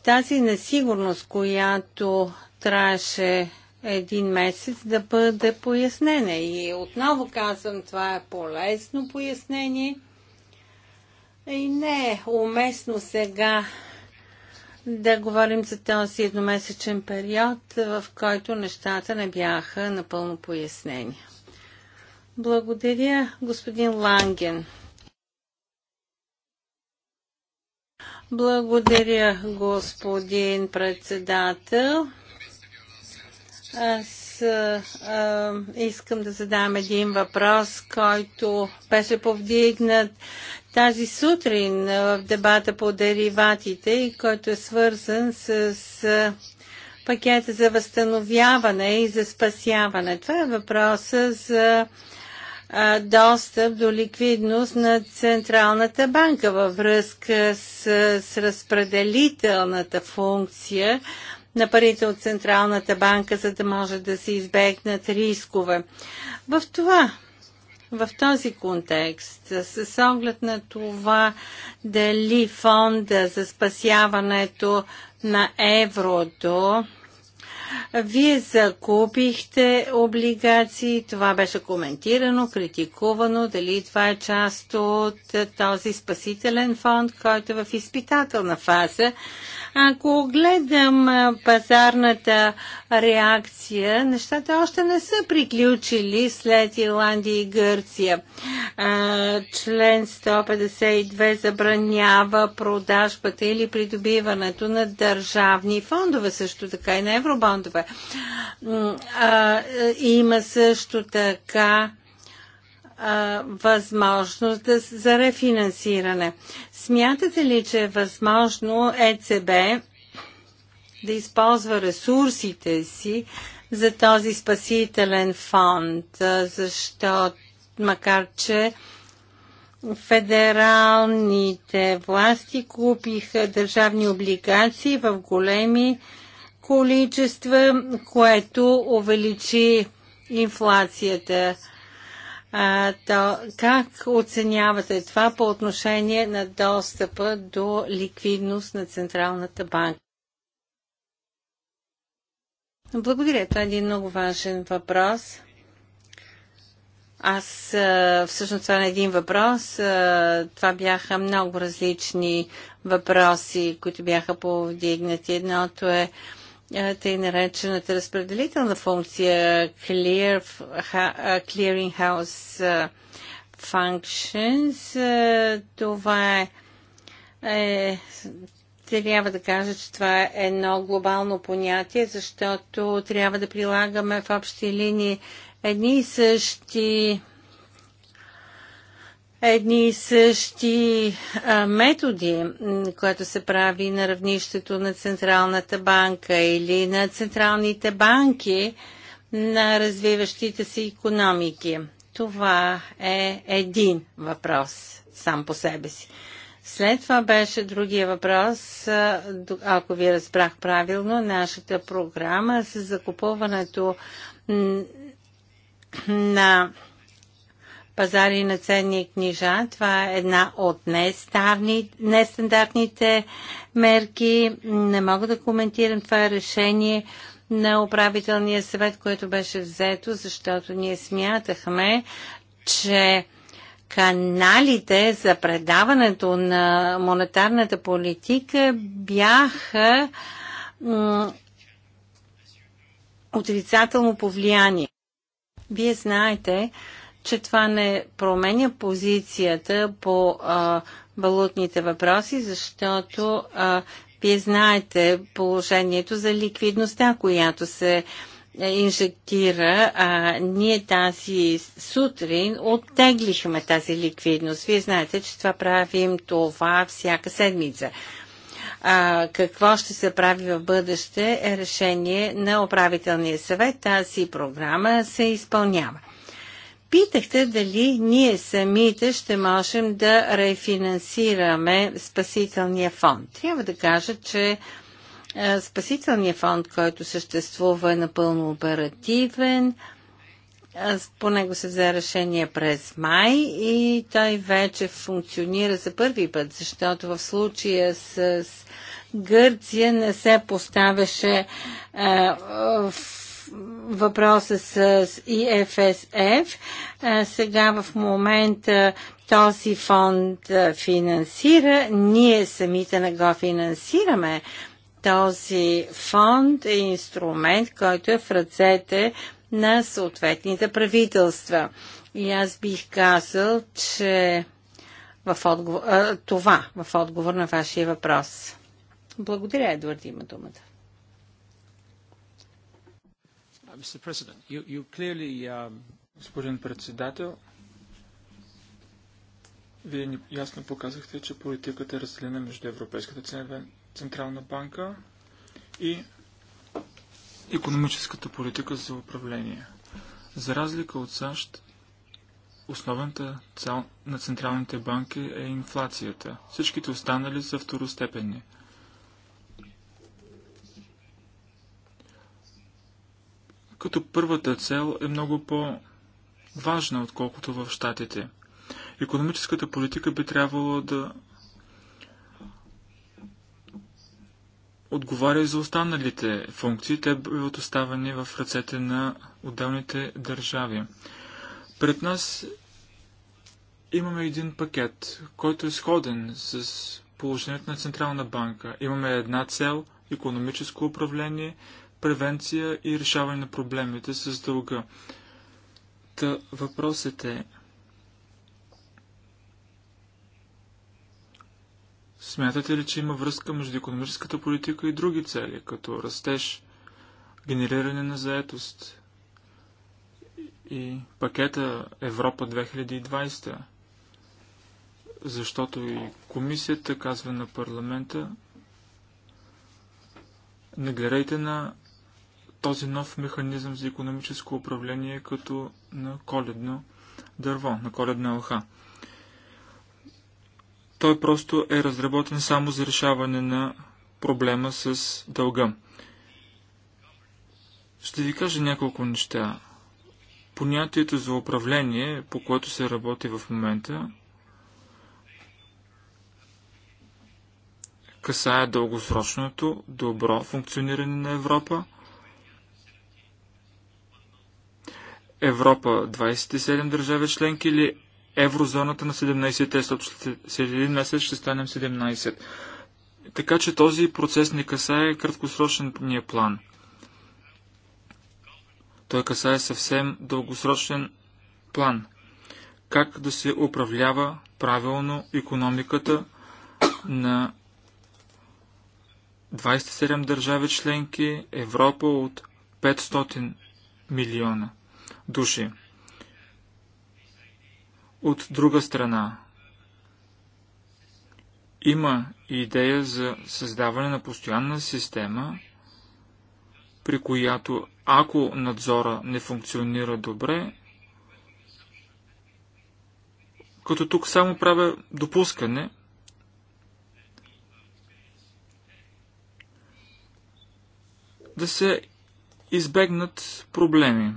[SPEAKER 1] тази несигурност, която трябваше един месец да бъде пояснена. И отново казвам, това е полезно пояснение. И не е уместно сега да говорим за този едномесечен период, в който нещата не бяха напълно пояснени. Благодаря, господин Ланген. Благодаря, господин председател. Аз а, а, искам да задам един въпрос, който беше повдигнат тази сутрин в дебата по дериватите и който е свързан с, с пакета за възстановяване и за спасяване. Това е въпроса за достъп до ликвидност на Централната банка във връзка с, с разпределителната функция на парите от Централната банка, за да може да се избегнат рискове. В това в този контекст, с оглед на това дали фонда за спасяването на еврото вие закупихте облигации, това беше коментирано, критикувано, дали това е част от е, този спасителен фонд, който е в изпитателна фаза. Ако гледам пазарната реакция, нещата още не са приключили след Ирландия и Гърция. Член 152 забранява продажбата или придобиването на държавни фондове, също така и на евробондове. Има също така възможност за рефинансиране. Смятате ли, че е възможно ЕЦБ да използва ресурсите си за този спасителен фонд, защото макар че федералните власти купиха държавни облигации в големи количества, което увеличи инфлацията а, то как оценявате това по отношение на достъпа до ликвидност на Централната банка? Благодаря. Това е един много важен въпрос. Аз всъщност това е един въпрос. Това бяха много различни въпроси, които бяха повдигнати. Едното е е, тъй наречената разпределителна функция clear, е, Clearing House е, Functions. Това е, е трябва да кажа, че това е едно глобално понятие, защото трябва да прилагаме в общи линии едни и същи едни и същи а, методи, което се прави на равнището на Централната банка или на централните банки на развиващите се економики. Това е един въпрос сам по себе си. След това беше другия въпрос, ако ви разбрах правилно, нашата програма с закупуването на пазари на ценни книжа. Това е една от нестандартните мерки. Не мога да коментирам това е решение на управителния съвет, което беше взето, защото ние смятахме, че каналите за предаването на монетарната политика бяха отрицателно повлияние. Вие знаете, че това не променя позицията по а, валутните въпроси, защото а, вие знаете положението за ликвидността, която се е, инжектира. А, ние тази сутрин оттеглихме тази ликвидност. Вие знаете, че това правим това всяка седмица. А, какво ще се прави в бъдеще е решение на управителния съвет. Тази програма се изпълнява. Питахте дали ние самите ще можем да рефинансираме спасителния фонд. Трябва да кажа, че е, Спасителният фонд, който съществува е напълно оперативен. Е, по него се взе решение през май и той вече функционира за първи път, защото в случая с Гърция не се поставяше е, в въпроса с ИФСФ. Сега в момента този фонд финансира. Ние самите не го финансираме. Този фонд е инструмент, който е в ръцете на съответните правителства. И аз бих казал, че в отговор, това в отговор на вашия въпрос. Благодаря, Едвард, има думата.
[SPEAKER 3] You, you clearly, um... Господин председател, вие ни ясно показахте, че политиката е разделена между Европейската централна банка и економическата политика за управление. За разлика от САЩ, основната цел на централните банки е инфлацията. Всичките останали са второстепенни – като първата цел е много по-важна, отколкото в щатите. Економическата политика би трябвало да отговаря и за останалите функции. Те биват оставени в ръцете на отделните държави. Пред нас имаме един пакет, който е сходен с положението на Централна банка. Имаме една цел – економическо управление, превенция и решаване на проблемите с дълга. Та въпросът е, смятате ли, че има връзка между економическата политика и други цели, като растеж, генериране на заетост и пакета Европа 2020? Защото и комисията казва на парламента, не гледайте на този нов механизъм за економическо управление като на коледно дърво, на коледна лха. Той просто е разработен само за решаване на проблема с дълга. Ще ви кажа няколко неща. Понятието за управление, по което се работи в момента, касае дългосрочното добро функциониране на Европа – Европа 27 държави членки или еврозоната на 17-те, защото след един месец ще станем 17. Така че този процес не касае краткосрочния е план. Той касае съвсем дългосрочен план. Как да се управлява правилно економиката на 27 държави членки, Европа от 500 милиона души. От друга страна, има идея за създаване на постоянна система, при която ако надзора не функционира добре, като тук само правя допускане, да се избегнат проблеми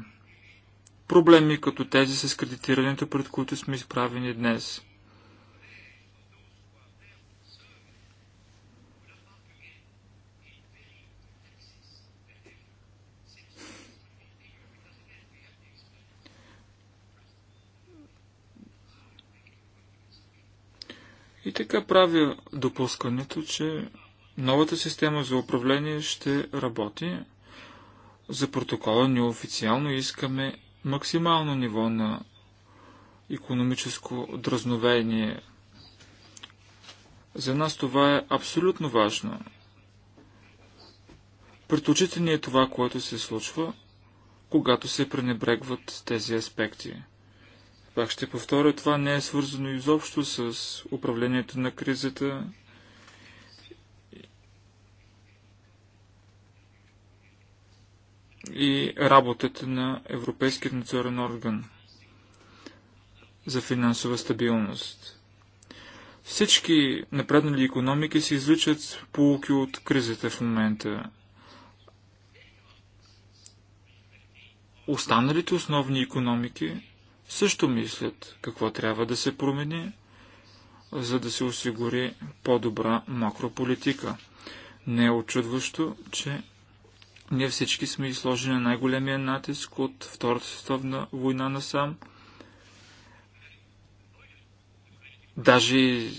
[SPEAKER 3] проблеми като тези с кредитирането, пред които сме изправени днес. И така правя допускането, че новата система за управление ще работи. За протокола ни официално искаме максимално ниво на економическо дразновение. За нас това е абсолютно важно. Пред очите ни е това, което се случва, когато се пренебрегват тези аспекти. Пак ще повторя, това не е свързано изобщо с управлението на кризата и работата на Европейският национален орган за финансова стабилност. Всички напреднали економики се изличат полуки от кризата в момента. Останалите основни економики също мислят какво трябва да се промени, за да се осигури по-добра макрополитика. Не е очудващо, че ние всички сме изложени на най-големия натиск от Втората световна война насам. Даже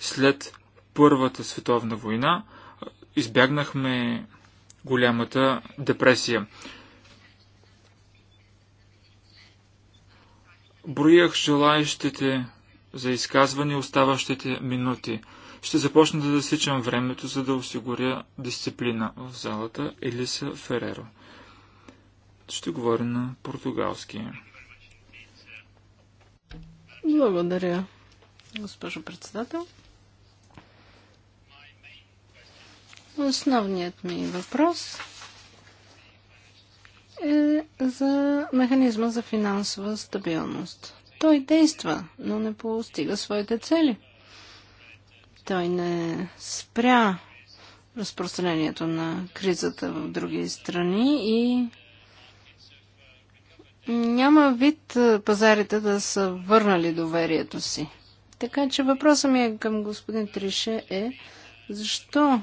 [SPEAKER 3] след Първата световна война избягнахме голямата депресия. Броях желаящите за изказване оставащите минути – ще започна да засичам времето, за да осигуря дисциплина в залата Елиса Фереро. Ще говоря на португалски.
[SPEAKER 2] Благодаря, госпожо председател. Основният ми въпрос е за механизма за финансова стабилност. Той действа, но не постига своите цели – той не спря разпространението на кризата в други страни и няма вид пазарите да са върнали доверието си. Така че въпросът ми е към господин Трише е защо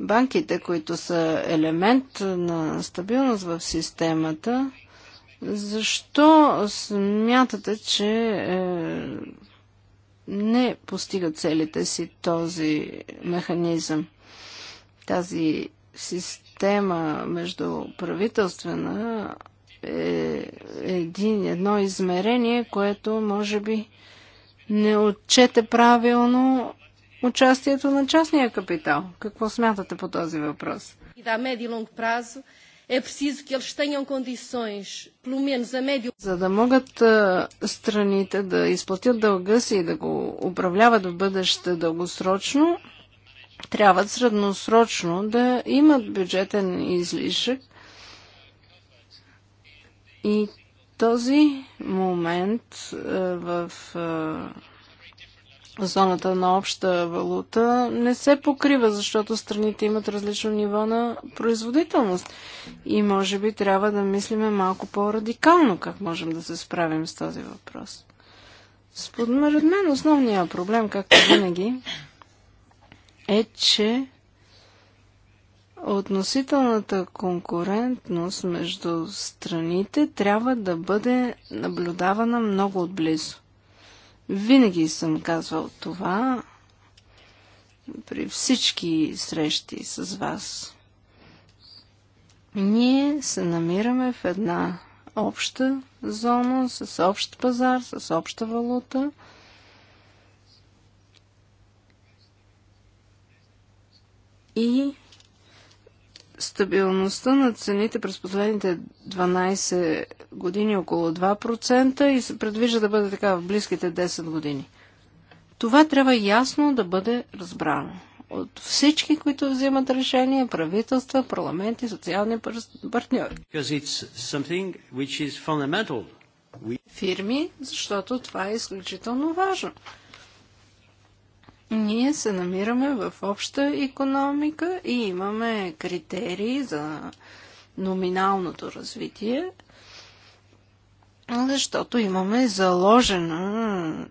[SPEAKER 2] банките, които са елемент на стабилност в системата, защо смятате, че е, не постига целите си този механизъм. Тази система между правителствена е един, едно измерение, което може би не отчете правилно участието на частния капитал. Какво смятате по този въпрос? И да, меди é preciso que eles tenham condições, pelo menos a médio. За да могат страните да изплатят дълга си и да го управляват в бъдеще дългосрочно, трябва средносрочно да имат бюджетен излишък и този момент в зоната на обща валута не се покрива, защото страните имат различно ниво на производителност. И може би трябва да мислиме малко по-радикално как можем да се справим с този въпрос. Според мен основният проблем, както винаги, е, че относителната конкурентност между страните трябва да бъде наблюдавана много отблизо. Винаги съм казвал това при всички срещи с вас. Ние се намираме в една обща зона, с общ пазар, с обща валута. И стабилността на цените през последните 12 години е около 2% и се предвижда да бъде така в близките 10 години. Това трябва ясно да бъде разбрано от всички, които взимат решения, правителства, парламенти, социални партньори. Фирми, защото това е изключително важно. Ние се намираме в обща економика и имаме критерии за номиналното развитие, защото имаме заложена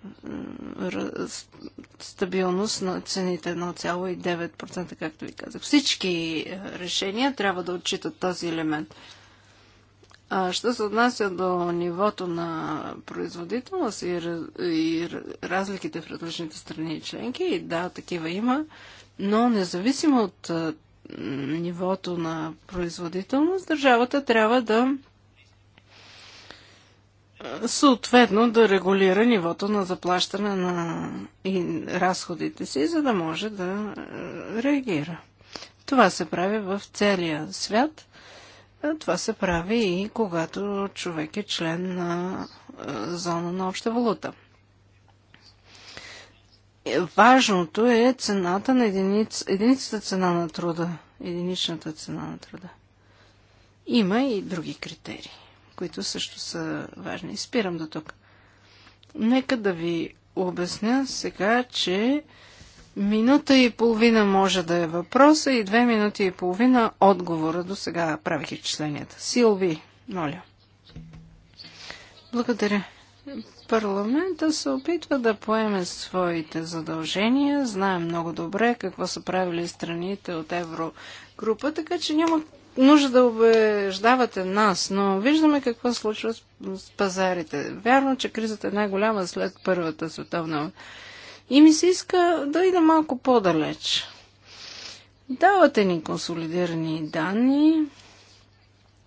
[SPEAKER 2] стабилност на цените 1,9%, както ви казах. Всички е, решения трябва да отчитат този елемент. А що се отнася до нивото на производителност и, и разликите в различните страни и членки, да, такива има, но независимо от нивото на производителност, държавата трябва да съответно да регулира нивото на заплащане на и разходите си, за да може да реагира. Това се прави в целия свят – това се прави и когато човек е член на е, зона на обща валута. Е, важното е цената на единиц, единицата цена на труда, единичната цена на труда. Има и други критерии, които също са важни. Спирам до тук. Нека да ви обясня сега, че Минута и половина може да е въпроса и две минути и половина отговора. До сега правих изчисленията. Силви, моля. Благодаря. Парламента се опитва да поеме своите задължения. Знаем много добре какво са правили страните от Еврогрупа, така че няма нужда да убеждавате нас, но виждаме какво случва с пазарите. Вярно, че кризата е най-голяма след Първата световна и ми се иска да ида малко по-далеч. Давате ни консолидирани данни,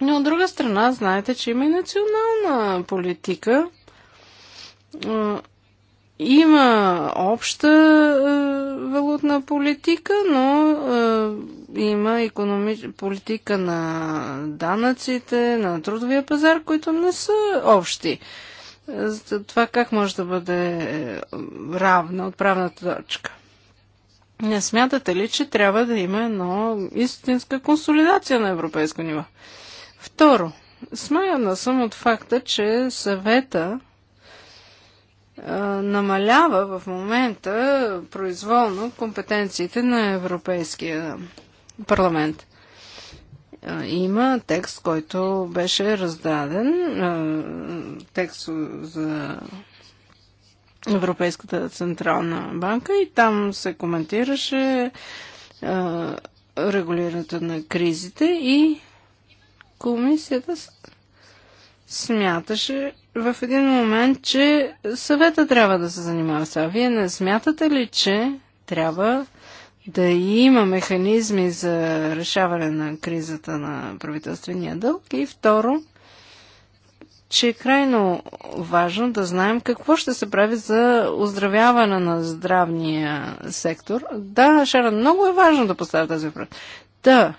[SPEAKER 2] но от друга страна знаете, че има и национална политика. Има обща валутна политика, но има економи... политика на данъците, на трудовия пазар, които не са общи за това как може да бъде е, равна отправната точка. Не смятате ли, че трябва да има едно истинска консолидация на европейско ниво? Второ, смаяна съм от факта, че съвета е, намалява в момента произволно компетенциите на Европейския парламент има текст, който беше раздаден, текст за Европейската централна банка и там се коментираше регулирането на кризите и комисията смяташе в един момент, че съвета трябва да се занимава с това. Вие не смятате ли, че трябва да има механизми за решаване на кризата на правителствения дълг и второ, че е крайно важно да знаем какво ще се прави за оздравяване на здравния сектор. Да, Шара, много е важно да поставя тази въпрос. Да,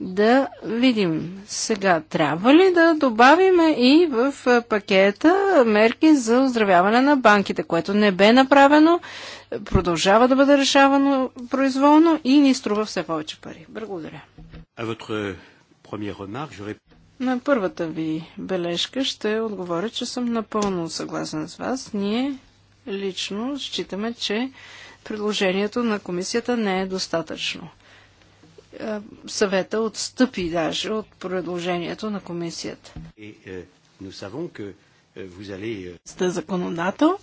[SPEAKER 2] да видим сега трябва ли да добавиме и в пакета мерки за оздравяване на банките, което не бе направено, продължава да бъде решавано произволно и ни струва все повече пари. Благодаря. Е, на първата ви бележка ще отговоря, че съм напълно съгласен с вас. Ние лично считаме, че предложението на комисията не е достатъчно. Е, съвета отстъпи даже от предложението на комисията. Е, е, Сте законодател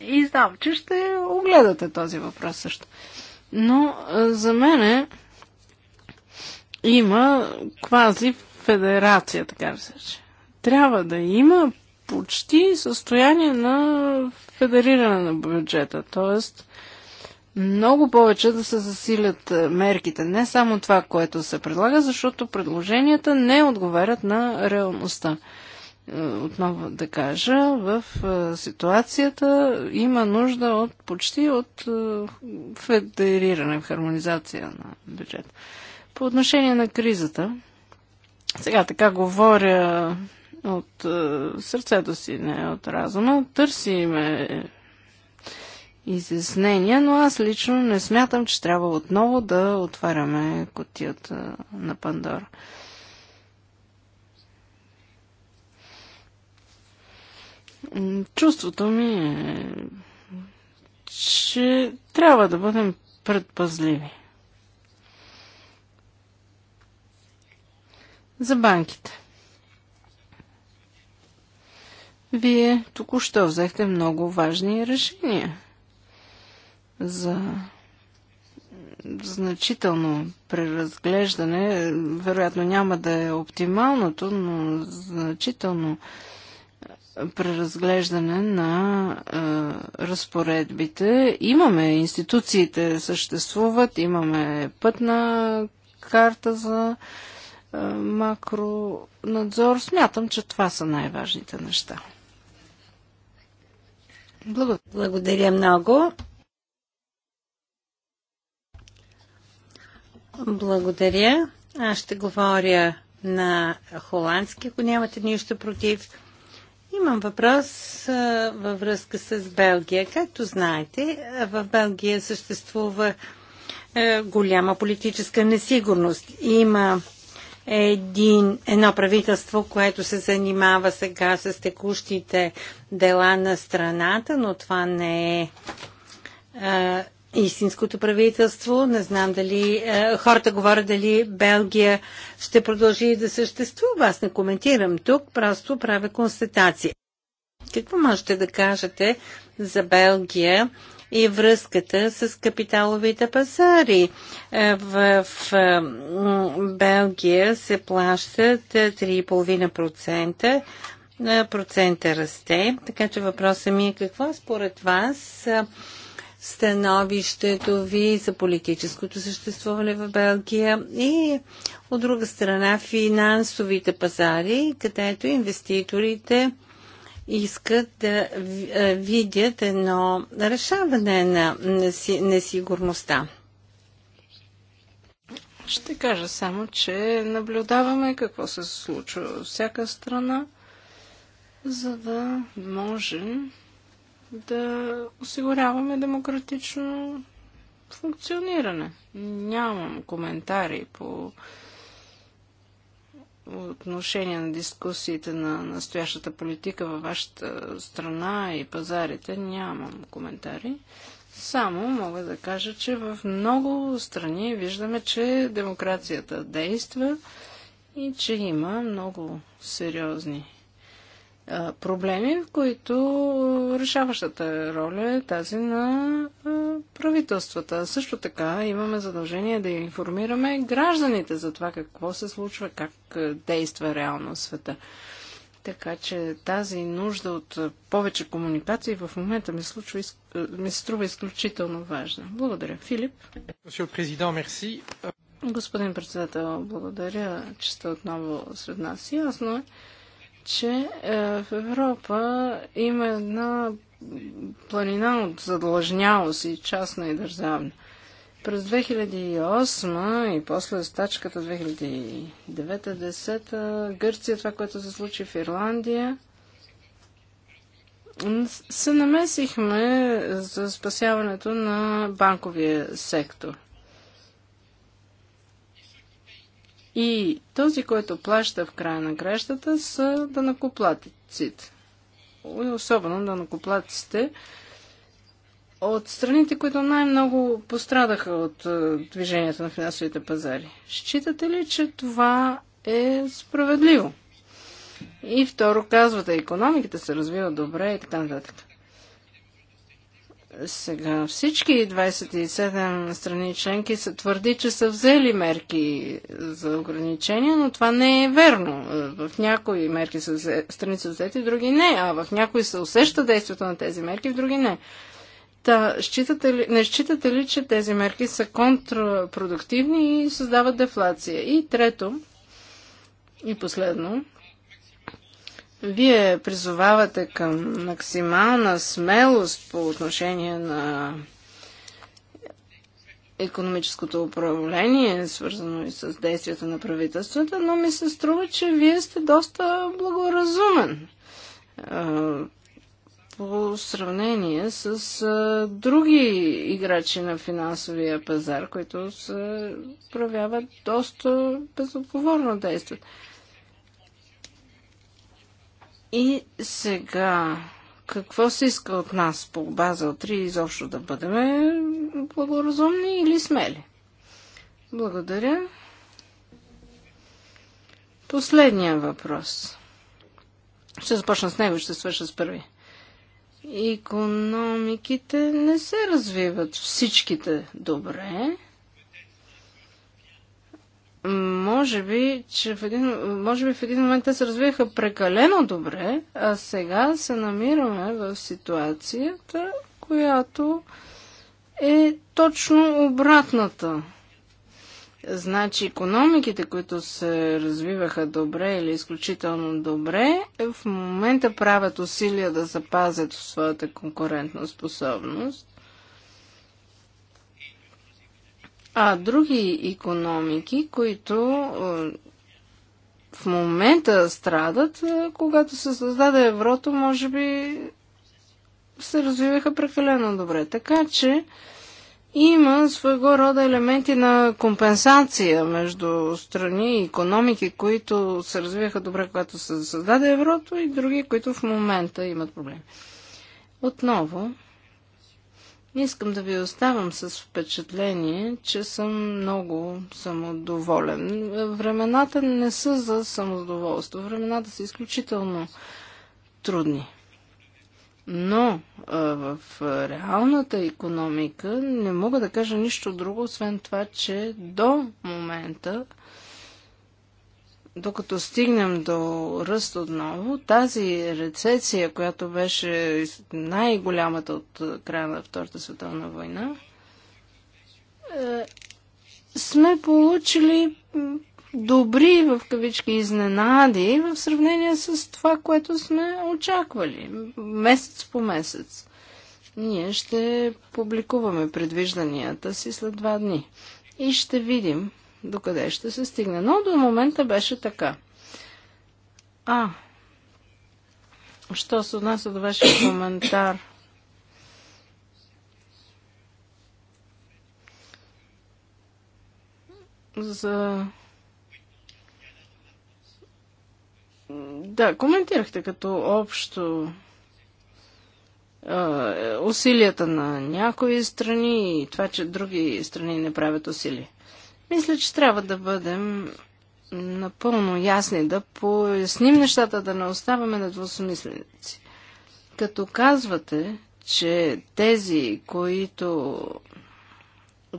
[SPEAKER 2] и знам, че ще огледате този въпрос също. Но за мене има квази федерация, така да се Трябва да има почти състояние на федериране на бюджета, т.е много повече да се засилят е, мерките, не само това, което се предлага, защото предложенията не отговарят на реалността. Е, отново да кажа, в е, ситуацията има нужда от почти от федериране, в хармонизация на бюджет. По отношение на кризата, сега така говоря от сърцето си, не от разума, търсиме изяснения, но аз лично не смятам, че трябва отново да отваряме котията на Пандора. Чувството ми е, че трябва да бъдем предпазливи. За банките. Вие току-що взехте много важни решения за значително преразглеждане. Вероятно няма да е оптималното, но значително преразглеждане на е, разпоредбите. Имаме институциите съществуват, имаме пътна карта за е, макронадзор. Смятам, че това са най-важните неща. Благодаря.
[SPEAKER 1] Благодаря много. Благодаря. Аз ще говоря на холандски, ако нямате нищо против. Имам въпрос а, във връзка с Белгия. Както знаете, в Белгия съществува а, е, голяма политическа несигурност. Има един, едно правителство, което се занимава сега с текущите дела на страната, но това не е а, е, истинското правителство. Не знам дали е, хората говорят дали Белгия ще продължи да съществува. Аз не коментирам тук, просто правя констатация. Какво можете да кажете за Белгия и връзката с капиталовите пазари? Е, в, в е, Белгия се плащат 3,5% е, процента расте, така че въпросът ми е какво според вас становището ви за политическото съществуване в Белгия и от друга страна финансовите пазари, където инвеститорите искат да видят едно решаване на несигурността.
[SPEAKER 2] Ще кажа само, че наблюдаваме какво се случва във всяка страна, за да можем да осигуряваме демократично функциониране. Нямам коментари по отношение на дискусиите на настоящата политика във вашата страна и пазарите. Нямам коментари. Само мога да кажа, че в много страни виждаме, че демокрацията действа и че има много сериозни проблеми, в които решаващата роля е тази на правителствата. Също така имаме задължение да информираме гражданите за това какво се случва, как действа реално света. Така че тази нужда от повече комуникации в момента ми, случва, ми се струва изключително важна. Благодаря. Филип. Господин председател, благодаря, че сте отново сред нас. Ясно е че е, в Европа има една планина от задлъжнялост и частна и държавна. През 2008 и после стачката 2009-2010 Гърция, това, което се случи в Ирландия, се намесихме за спасяването на банковия сектор – И този, който плаща в края на грещата, са данакоплатците. Особено данакоплатците от страните, които най-много пострадаха от е, движението на финансовите пазари. Считате ли, че това е справедливо? И второ, казвате, економиката се развива добре и така нататък. Сега всички 27 страни членки са твърди, че са взели мерки за ограничения, но това не е верно. В някои мерки са взе, страни са взети, в други не, а в някои се усеща действието на тези мерки, в други не. Та, считате ли, не считате ли, че тези мерки са контрпродуктивни и създават дефлация? И трето, и последно, вие призовавате към максимална смелост по отношение на економическото управление, свързано и с действията на правителствата, но ми се струва, че вие сте доста благоразумен по сравнение с а, други играчи на финансовия пазар, които се проявяват доста безотговорно действат. И сега, какво се иска от нас по от 3 изобщо да бъдем благоразумни или смели? Благодаря. Последния въпрос. Ще започна с него и ще свърша с първи. Икономиките не се развиват всичките добре може би, че в един, може би в един момент те се развиваха прекалено добре, а сега се намираме в ситуацията, която е точно обратната. Значи економиките, които се развиваха добре или изключително добре, в момента правят усилия да запазят своята конкурентна способност А други економики, които е, в момента страдат, е, когато се създаде еврото, може би се развиваха прекалено добре. Така че има своего рода елементи на компенсация между страни и економики, които се развиваха добре, когато се създаде еврото и други, които в момента имат проблеми. Отново, не искам да ви оставам с впечатление, че съм много самодоволен. Времената не са за самодоволство. Времената са изключително трудни. Но в реалната економика не мога да кажа нищо друго, освен това, че до момента докато стигнем до ръст отново, тази рецесия, която беше най-голямата от края на Втората световна война, е, сме получили добри в кавички изненади в сравнение с това, което сме очаквали месец по месец. Ние ще публикуваме предвижданията си след два дни и ще видим докъде ще се стигне. Но до момента беше така. А, що се отнася до вашия коментар? За... Да, коментирахте като общо е, усилията на някои страни и това, че други страни не правят усилия. Мисля, че трябва да бъдем напълно ясни, да поясним нещата, да не оставаме недвусмисленици. Като казвате, че тези, които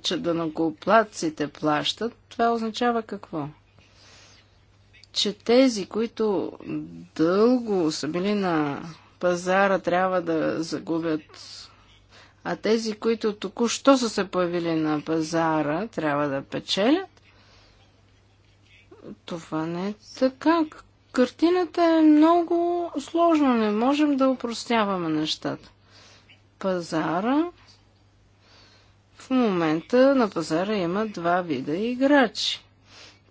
[SPEAKER 2] че данокоплаците плащат, това означава какво? Че тези, които дълго са били на пазара, трябва да загубят а тези, които току-що са се появили на пазара, трябва да печелят. Това не е така. Картината е много сложна. Не можем да упростяваме нещата. Пазара. В момента на пазара има два вида играчи.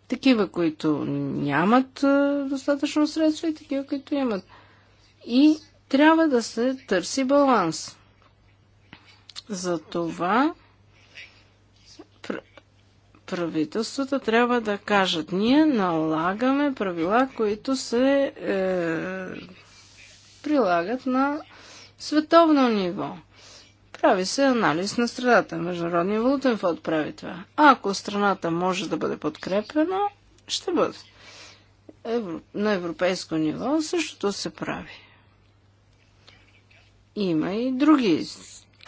[SPEAKER 2] Такива, които нямат достатъчно средства и такива, които имат. И трябва да се търси баланс за това правителствата трябва да кажат, ние налагаме правила, които се е, прилагат на световно ниво. Прави се анализ на страдата. Международния валутен фонд прави това. А ако страната може да бъде подкрепена, ще бъде. Евро... На европейско ниво същото се прави. Има и други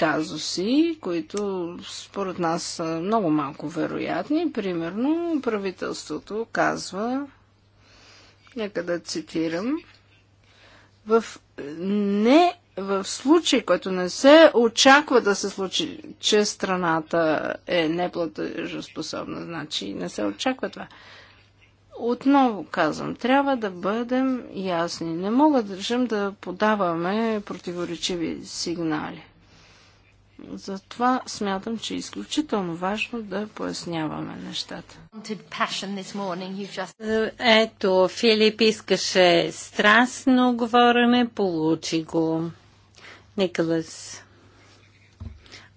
[SPEAKER 2] казуси, които според нас са много малко вероятни. Примерно, правителството казва, нека да цитирам, в не в случай, който не се очаква да се случи, че страната е неплатежоспособна, значи не се очаква това. Отново казвам, трябва да бъдем ясни. Не мога да държим да подаваме противоречиви сигнали. Затова смятам, че е изключително важно да поясняваме нещата.
[SPEAKER 1] Е, ето, Филип искаше страстно говорене, получи го. Николас.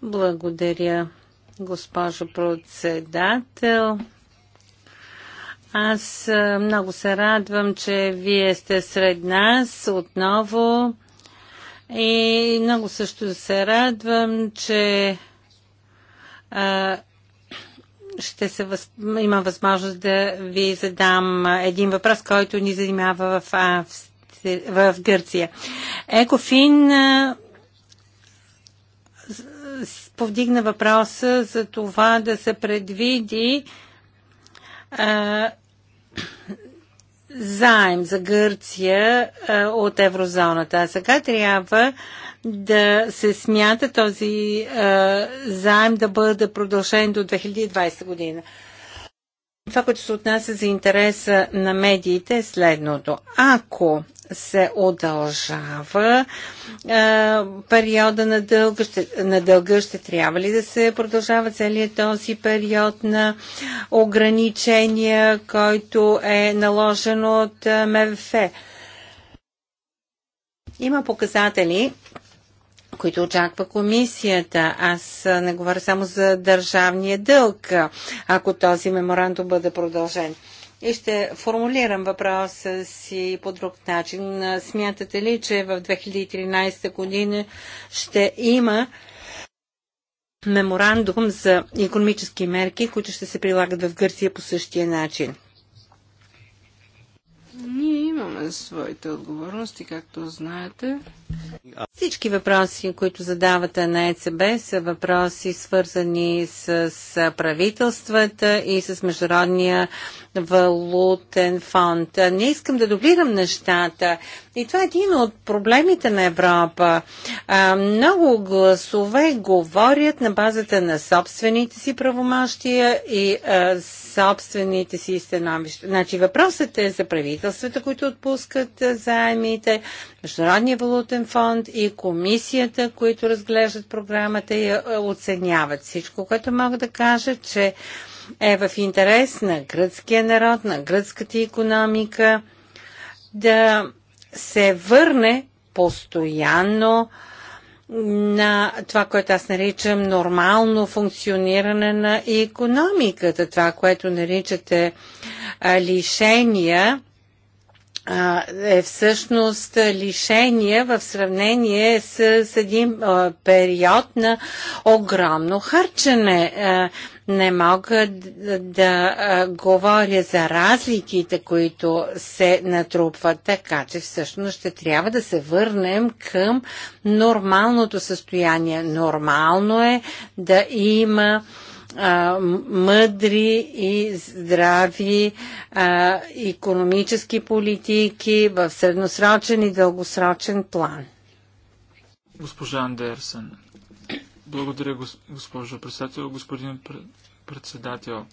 [SPEAKER 1] Благодаря, госпожо председател. Аз е, много се радвам, че вие сте сред нас отново. И много също се радвам, че а, ще се въз... има възможност да ви задам един въпрос, който ни занимава в, Австри... в Гърция. Екофин а, повдигна въпроса за това да се предвиди а, заем за Гърция от еврозоната. А сега трябва да се смята този заем да бъде продължен до 2020 година. Това, което се отнася за интереса на медиите е следното. Ако се удължава е, периода на дълга, ще, на дълга, ще трябва ли да се продължава целият този период на ограничения, който е наложен от е, МВФ? Има показатели, които очаква комисията. Аз не говоря само за държавния дълг, ако този меморандум бъде продължен. И ще формулирам въпроса си по друг начин. Смятате ли, че в 2013 година ще има меморандум за економически мерки, които ще се прилагат в Гърция по същия начин? своите отговорности, както знаете. Всички въпроси, които задавате на ЕЦБ, са въпроси свързани с правителствата и с Международния валутен фонд. Не искам да дублирам нещата. И това е един от проблемите на Европа. много гласове говорят на базата на собствените си правомощия и собствените си становища. Значи въпросът е за правителствата, които отпускат заемите, Международния валутен фонд и комисията, които разглеждат програмата и оценяват всичко, което мога да кажа, че е в интерес на гръцкия народ, на гръцката економика, да се върне постоянно на това, което аз наричам нормално функциониране на економиката, това, което наричате лишения, е всъщност лишения в сравнение с един период на огромно харчене не мога да говоря за разликите, които се натрупват, така че всъщност ще трябва да се върнем към нормалното състояние. Нормално е да има а, мъдри и здрави а, економически политики в средносрочен и дългосрочен план.
[SPEAKER 3] Госпожа Андерсен, благодаря, госпожо председател. Господин председател,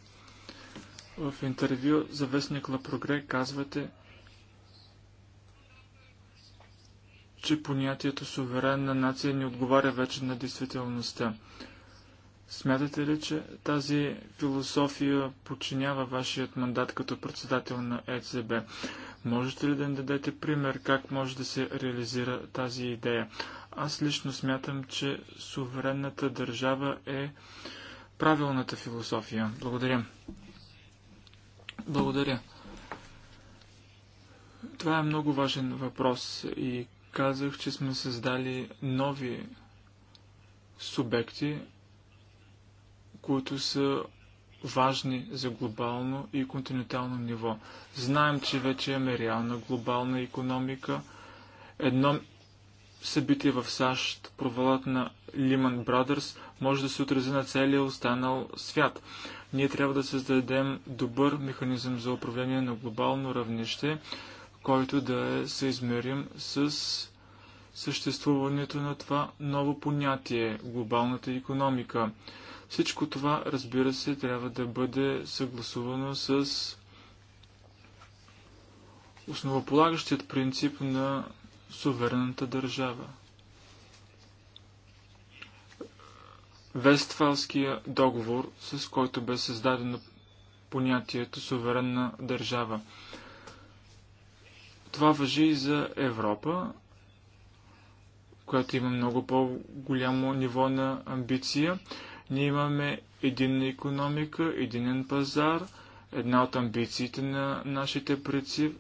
[SPEAKER 3] в интервю за вестник на Прогре казвате, че понятието суверенна нация не отговаря вече на действителността. Смятате ли, че тази философия подчинява вашият мандат като председател на ЕЦБ? Можете ли да ни дадете пример как може да се реализира тази идея? Аз лично смятам, че суверенната държава е правилната философия. Благодаря. Благодаря. Това е много важен въпрос и казах, че сме създали нови субекти, които са важни за глобално и континентално ниво. Знаем, че вече имаме реална глобална економика. Едно събитие в САЩ, провалът на Lehman Brothers може да се отрази на целия останал свят. Ние трябва да създадем добър механизъм за управление на глобално равнище, който да е съизмерим с съществуването на това ново понятие – глобалната економика. Всичко това, разбира се, трябва да бъде съгласувано с основополагащият принцип на суверенната държава. Вестфалския договор, с който бе създадено понятието суверенна държава. Това въжи и за Европа, която има много по-голямо ниво на амбиция. Ние имаме единна економика, единен пазар. Една от амбициите на нашите предци.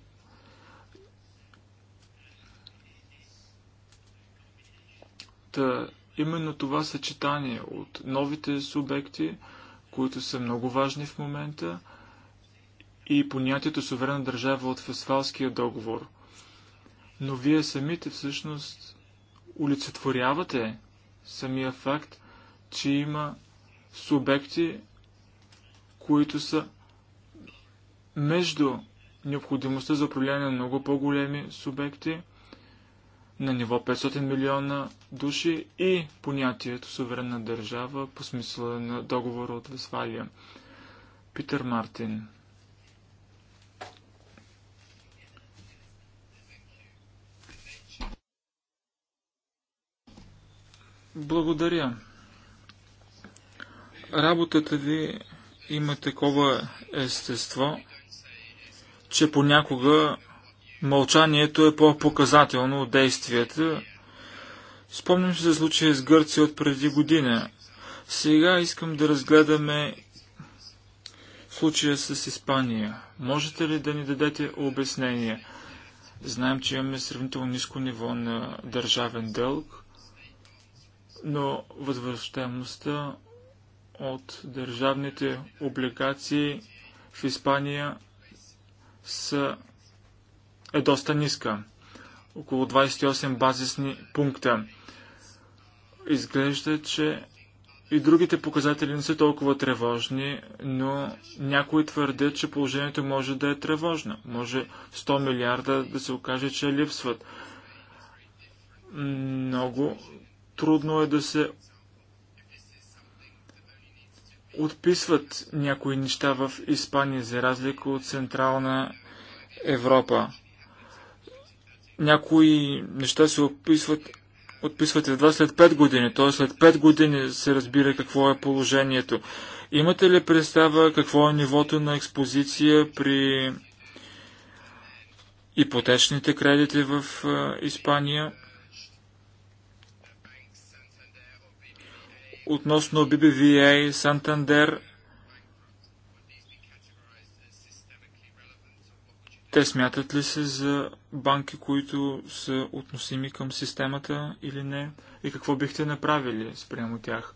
[SPEAKER 3] Та, именно това съчетание от новите субекти, които са много важни в момента, и понятието суверена държава от Фесфалския договор. Но вие самите всъщност олицетворявате самия факт, че има субекти, които са между необходимостта за управление на много по-големи субекти на ниво 500 милиона души и понятието суверенна държава по смисъла на договора от Весфалия. Питър Мартин. Благодаря. Работата ви има такова естество, че понякога мълчанието е по-показателно от действията Спомням се за случая с Гърция от преди година. Сега искам да разгледаме случая с Испания. Можете ли да ни дадете обяснение? Знаем, че имаме сравнително ниско ниво на държавен дълг, но възвръщаемостта от държавните облигации в Испания са, е доста ниска. Около 28 базисни пункта. Изглежда, че и другите показатели не са толкова тревожни, но някои твърдят, че положението може да е тревожно. Може 100 милиарда да се окаже, че липсват. Много трудно е да се отписват някои неща в Испания, за разлика от Централна Европа. Някои неща се описват отписвате едва след 5 години, т.е. след 5 години се разбира какво е положението. Имате ли представа какво е нивото на експозиция при ипотечните кредити в Испания? Относно BBVA, Santander, Те смятат ли се за банки, които са относими към системата или не? И какво бихте направили спрямо тях?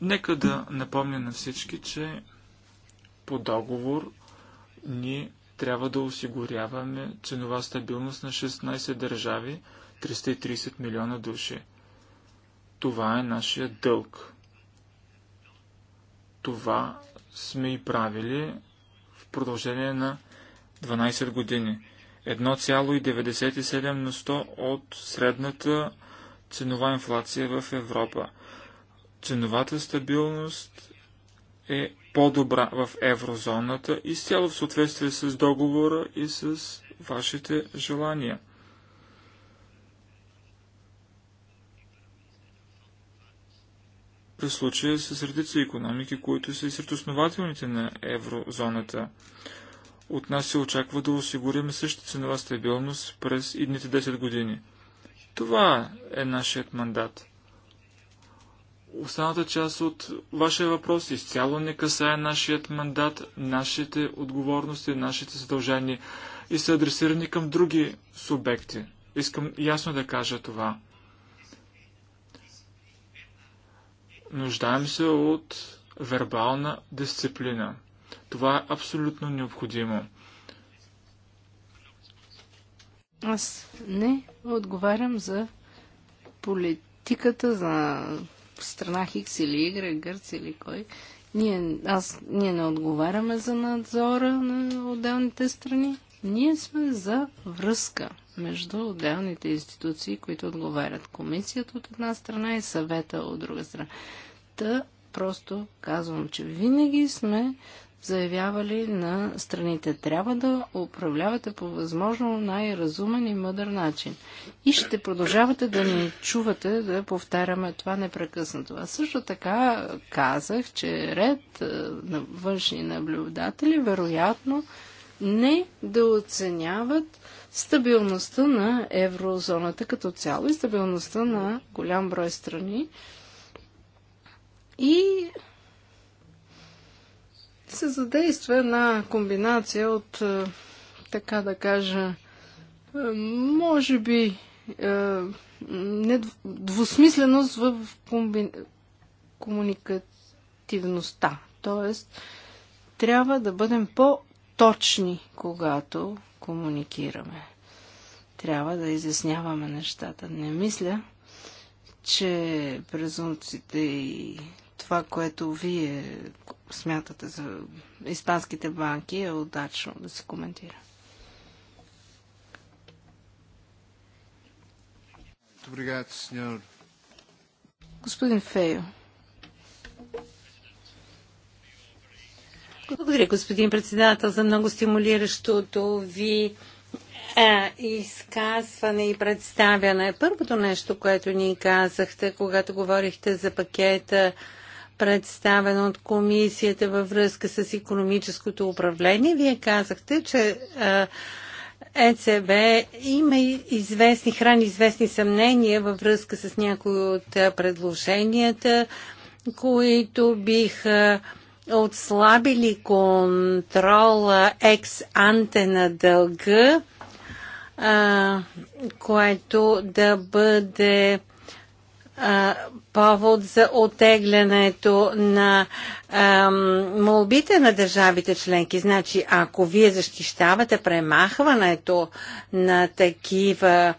[SPEAKER 3] Нека да напомня на всички, че по договор ние трябва да осигуряваме ценова стабилност на 16 държави, 330 милиона души. Това е нашия дълг. Това сме и правили в продължение на 12 години. 1,97 на 100 от средната ценова инфлация в Европа. Ценовата стабилност е по-добра в еврозоната, изцяло в съответствие с договора и с вашите желания. При случая с редица економики, които са и сред основателните на еврозоната. От нас се очаква да осигурим същата ценова стабилност през идните 10 години. Това е нашият мандат. Останата част от вашия въпрос изцяло не касае нашият мандат, нашите отговорности, нашите задължения и са адресирани към други субекти. Искам ясно да кажа това. Нуждаем се от вербална дисциплина. Това е абсолютно необходимо.
[SPEAKER 2] Аз не отговарям за политиката за страна Хикс или Игра, Гърц или кой. Ние, аз, ние не отговаряме за надзора на отделните страни. Ние сме за връзка между отделните институции, които отговарят. Комисията от една страна и съвета от друга страна. Та просто казвам, че винаги сме заявявали на страните. Трябва да управлявате по възможно най-разумен и мъдър начин. И ще продължавате да ни чувате да повтаряме това непрекъснато. А също така казах, че ред е, на външни наблюдатели вероятно не да оценяват стабилността на еврозоната като цяло и стабилността на голям брой страни. И се задейства една комбинация от, е, така да кажа, е, може би е, двусмисленост в комби... комуникативността. Тоест, трябва да бъдем по-точни, когато комуникираме. Трябва да изясняваме нещата. Не мисля, че презумците и това, което вие смятате за испанските банки, е удачно да се коментира.
[SPEAKER 1] Господин Фейо. Благодаря, господин председател, за много стимулиращото ви е, изказване и представяне. Първото нещо, което ни казахте, когато говорихте за пакета представен от комисията във връзка с економическото управление. Вие казахте, че ЕЦБ има известни, храни известни съмнения във връзка с някои от предложенията, които биха отслабили контрола екс-анте на дълга, което да бъде повод за отеглянето на молбите на държавите членки. Значи, ако вие защищавате премахването на такива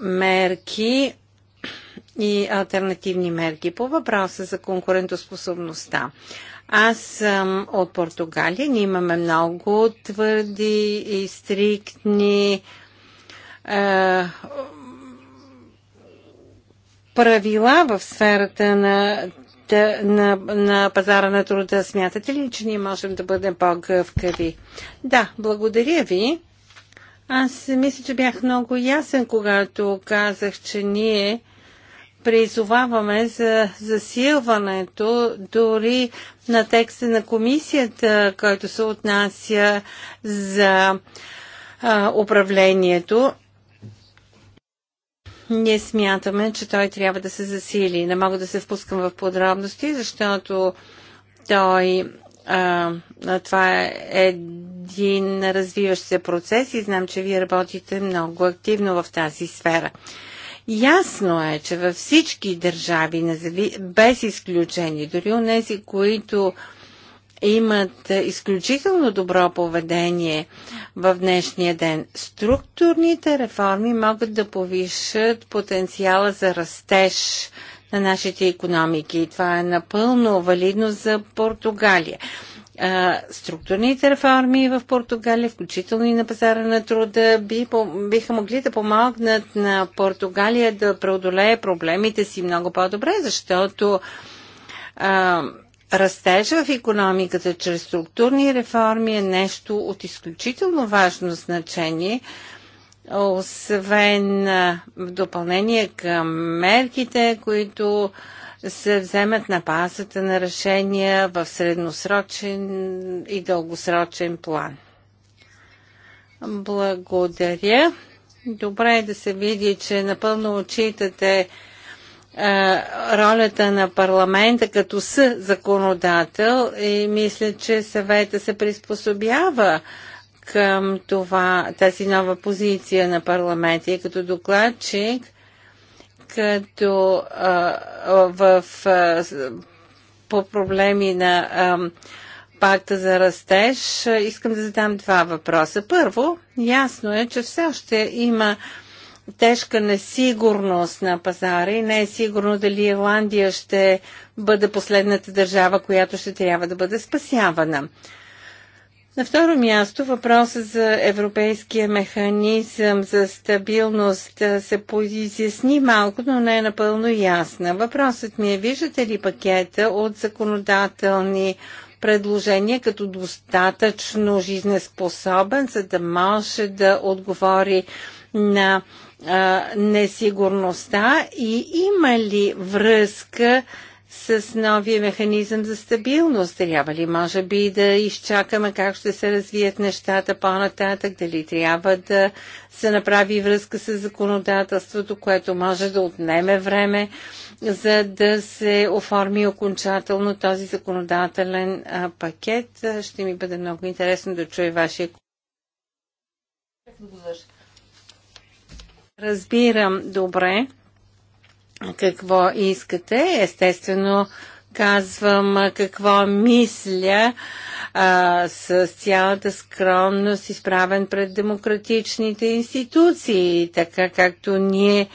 [SPEAKER 1] мерки и альтернативни мерки по въпроса за конкурентоспособността. Аз съм от Португалия. Ние имаме много твърди и стриктни правила в сферата на на, на пазара на труда. Смятате ли, че ние можем да бъдем по-гъвкави? Да, благодаря ви. Аз мисля, че бях много ясен, когато казах, че ние призоваваме за засилването дори на текста на комисията, който се отнася за а, управлението ние смятаме, че той трябва да се засили. Не мога да се впускам в подробности, защото той а, това е един развиващ се процес и знам, че вие работите много активно в тази сфера. Ясно е, че във всички държави, без изключение, дори у нези, които имат изключително добро поведение в днешния ден. Структурните реформи могат да повишат потенциала за растеж на нашите економики и това е напълно валидно за Португалия структурните реформи в Португалия, включително и на пазара на труда, биха могли да помогнат на Португалия да преодолее проблемите си много по-добре, защото Растеж в економиката чрез структурни реформи е нещо от изключително важно значение, освен в допълнение към мерките, които се вземат на базата на решения в средносрочен и дългосрочен план. Благодаря. Добре е да се види, че напълно отчитате е, ролята на парламента като с законодател и мисля, че съвета се приспособява към това, тази нова позиция на парламента и като докладчик, като а, е, е, в, а, по проблеми на а, пакта за растеж, искам да задам два въпроса. Първо, ясно е, че все още има а, тежка несигурност на пазара и не е сигурно дали Ирландия ще бъде последната държава, която ще трябва да бъде спасявана. На второ място въпросът за европейския механизъм за стабилност се поизясни малко, но не е напълно ясна. Въпросът ми е, виждате ли пакета от законодателни предложение като достатъчно жизнеспособен, за да може да отговори на несигурността и има ли връзка с новия механизъм за стабилност? Трябва ли, може би, да изчакаме как ще се развият нещата по-нататък? Дали трябва да се направи връзка с законодателството, което може да отнеме време, за да се оформи окончателно този законодателен пакет? Ще ми бъде много интересно да чуя вашия. Благодаря. Разбирам добре какво искате. Естествено, казвам какво мисля а, с цялата скромност, изправен пред демократичните институции, така както ние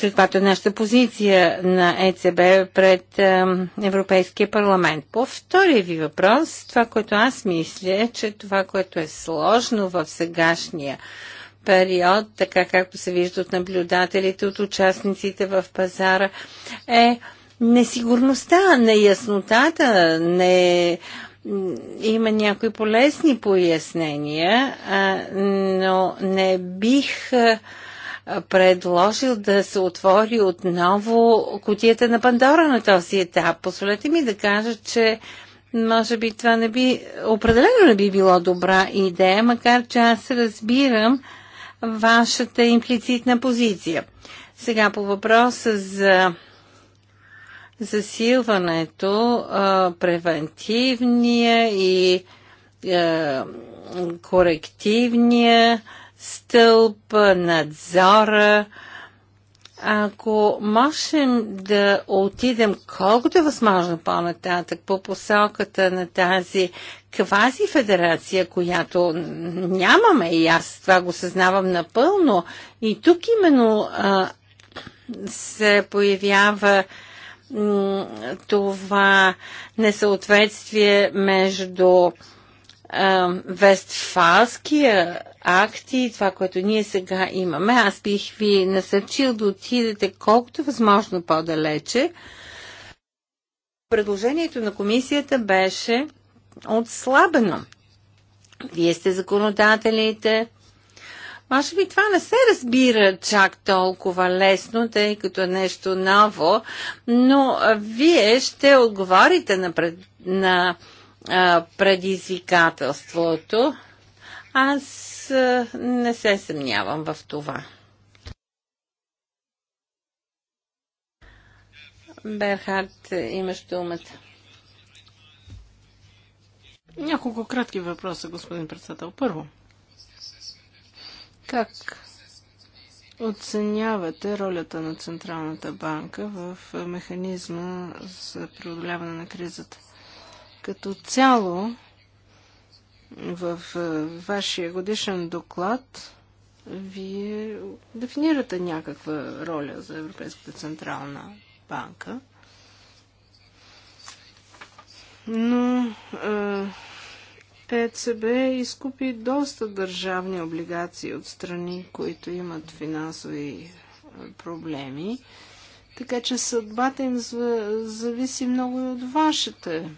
[SPEAKER 1] каквато е нашата позиция на ЕЦБ пред Европейския парламент. По втория ви въпрос, това, което аз мисля, е, че това, което е сложно в сегашния период, така както се вижда от наблюдателите, от участниците в пазара, е несигурността, неяснотата, не... има някои полезни пояснения, но не бих предложил да се отвори отново котията на Пандора на този етап. Позволете ми да кажа, че може би това не би, определено не би било добра идея, макар че аз разбирам вашата имплицитна позиция. Сега по въпроса за засилването, превентивния и корективния стълб, надзора, ако можем да отидем колкото е възможно по-нататък по посоката на тази квази федерация, която нямаме и аз това го съзнавам напълно, и тук именно а, се появява това несъответствие между а, Вестфалския акти, това, което ние сега имаме. Аз бих ви насърчил да отидете колкото е възможно по-далече. Предложението на комисията беше отслабено. Вие сте законодателите. Може би това не се разбира чак толкова лесно, тъй като е нещо ново, но вие ще отговорите на, пред, на а, предизвикателството. Аз аз не се съмнявам в това. Берхард, имаш думата. Няколко кратки въпроса, господин председател. Първо,
[SPEAKER 2] как оценявате ролята на Централната банка в механизма за преодоляване на кризата? Като цяло, в е, вашия годишен доклад вие дефинирате някаква роля за Европейската централна банка. Но ЕЦБ изкупи доста държавни облигации от страни, които имат финансови е, проблеми. Така че съдбата им зависи много и от вашите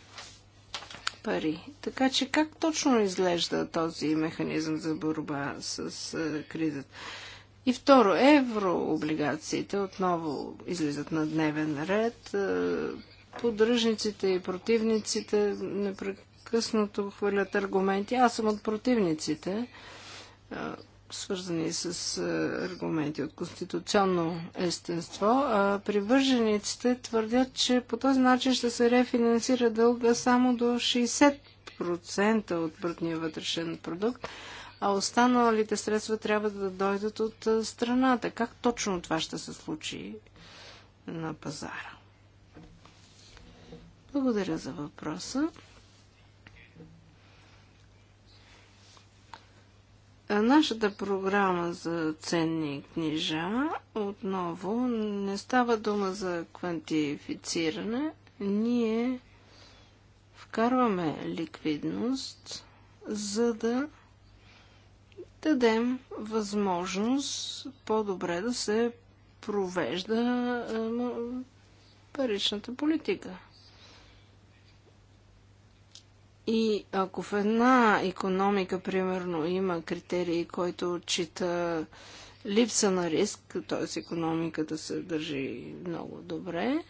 [SPEAKER 2] пари. Така че как точно изглежда този механизъм за борба с а, кризата? И второ, еврооблигациите отново излизат на дневен ред. Поддръжниците и противниците непрекъснато хвърлят аргументи. Аз съм от противниците свързани с е, аргументи от конституционно естество. А привържениците твърдят, че по този начин ще се рефинансира дълга само до 60% от брутния вътрешен продукт, а останалите средства трябва да дойдат от е, страната. Как точно това ще се случи на пазара? Благодаря за въпроса. Нашата програма за ценни книжа отново не става дума за квантифициране. Ние вкарваме ликвидност, за да дадем възможност по-добре да се провежда паричната политика. И ако в една економика, примерно, има критерии, който отчита липса на риск, т.е. економиката се държи много добре,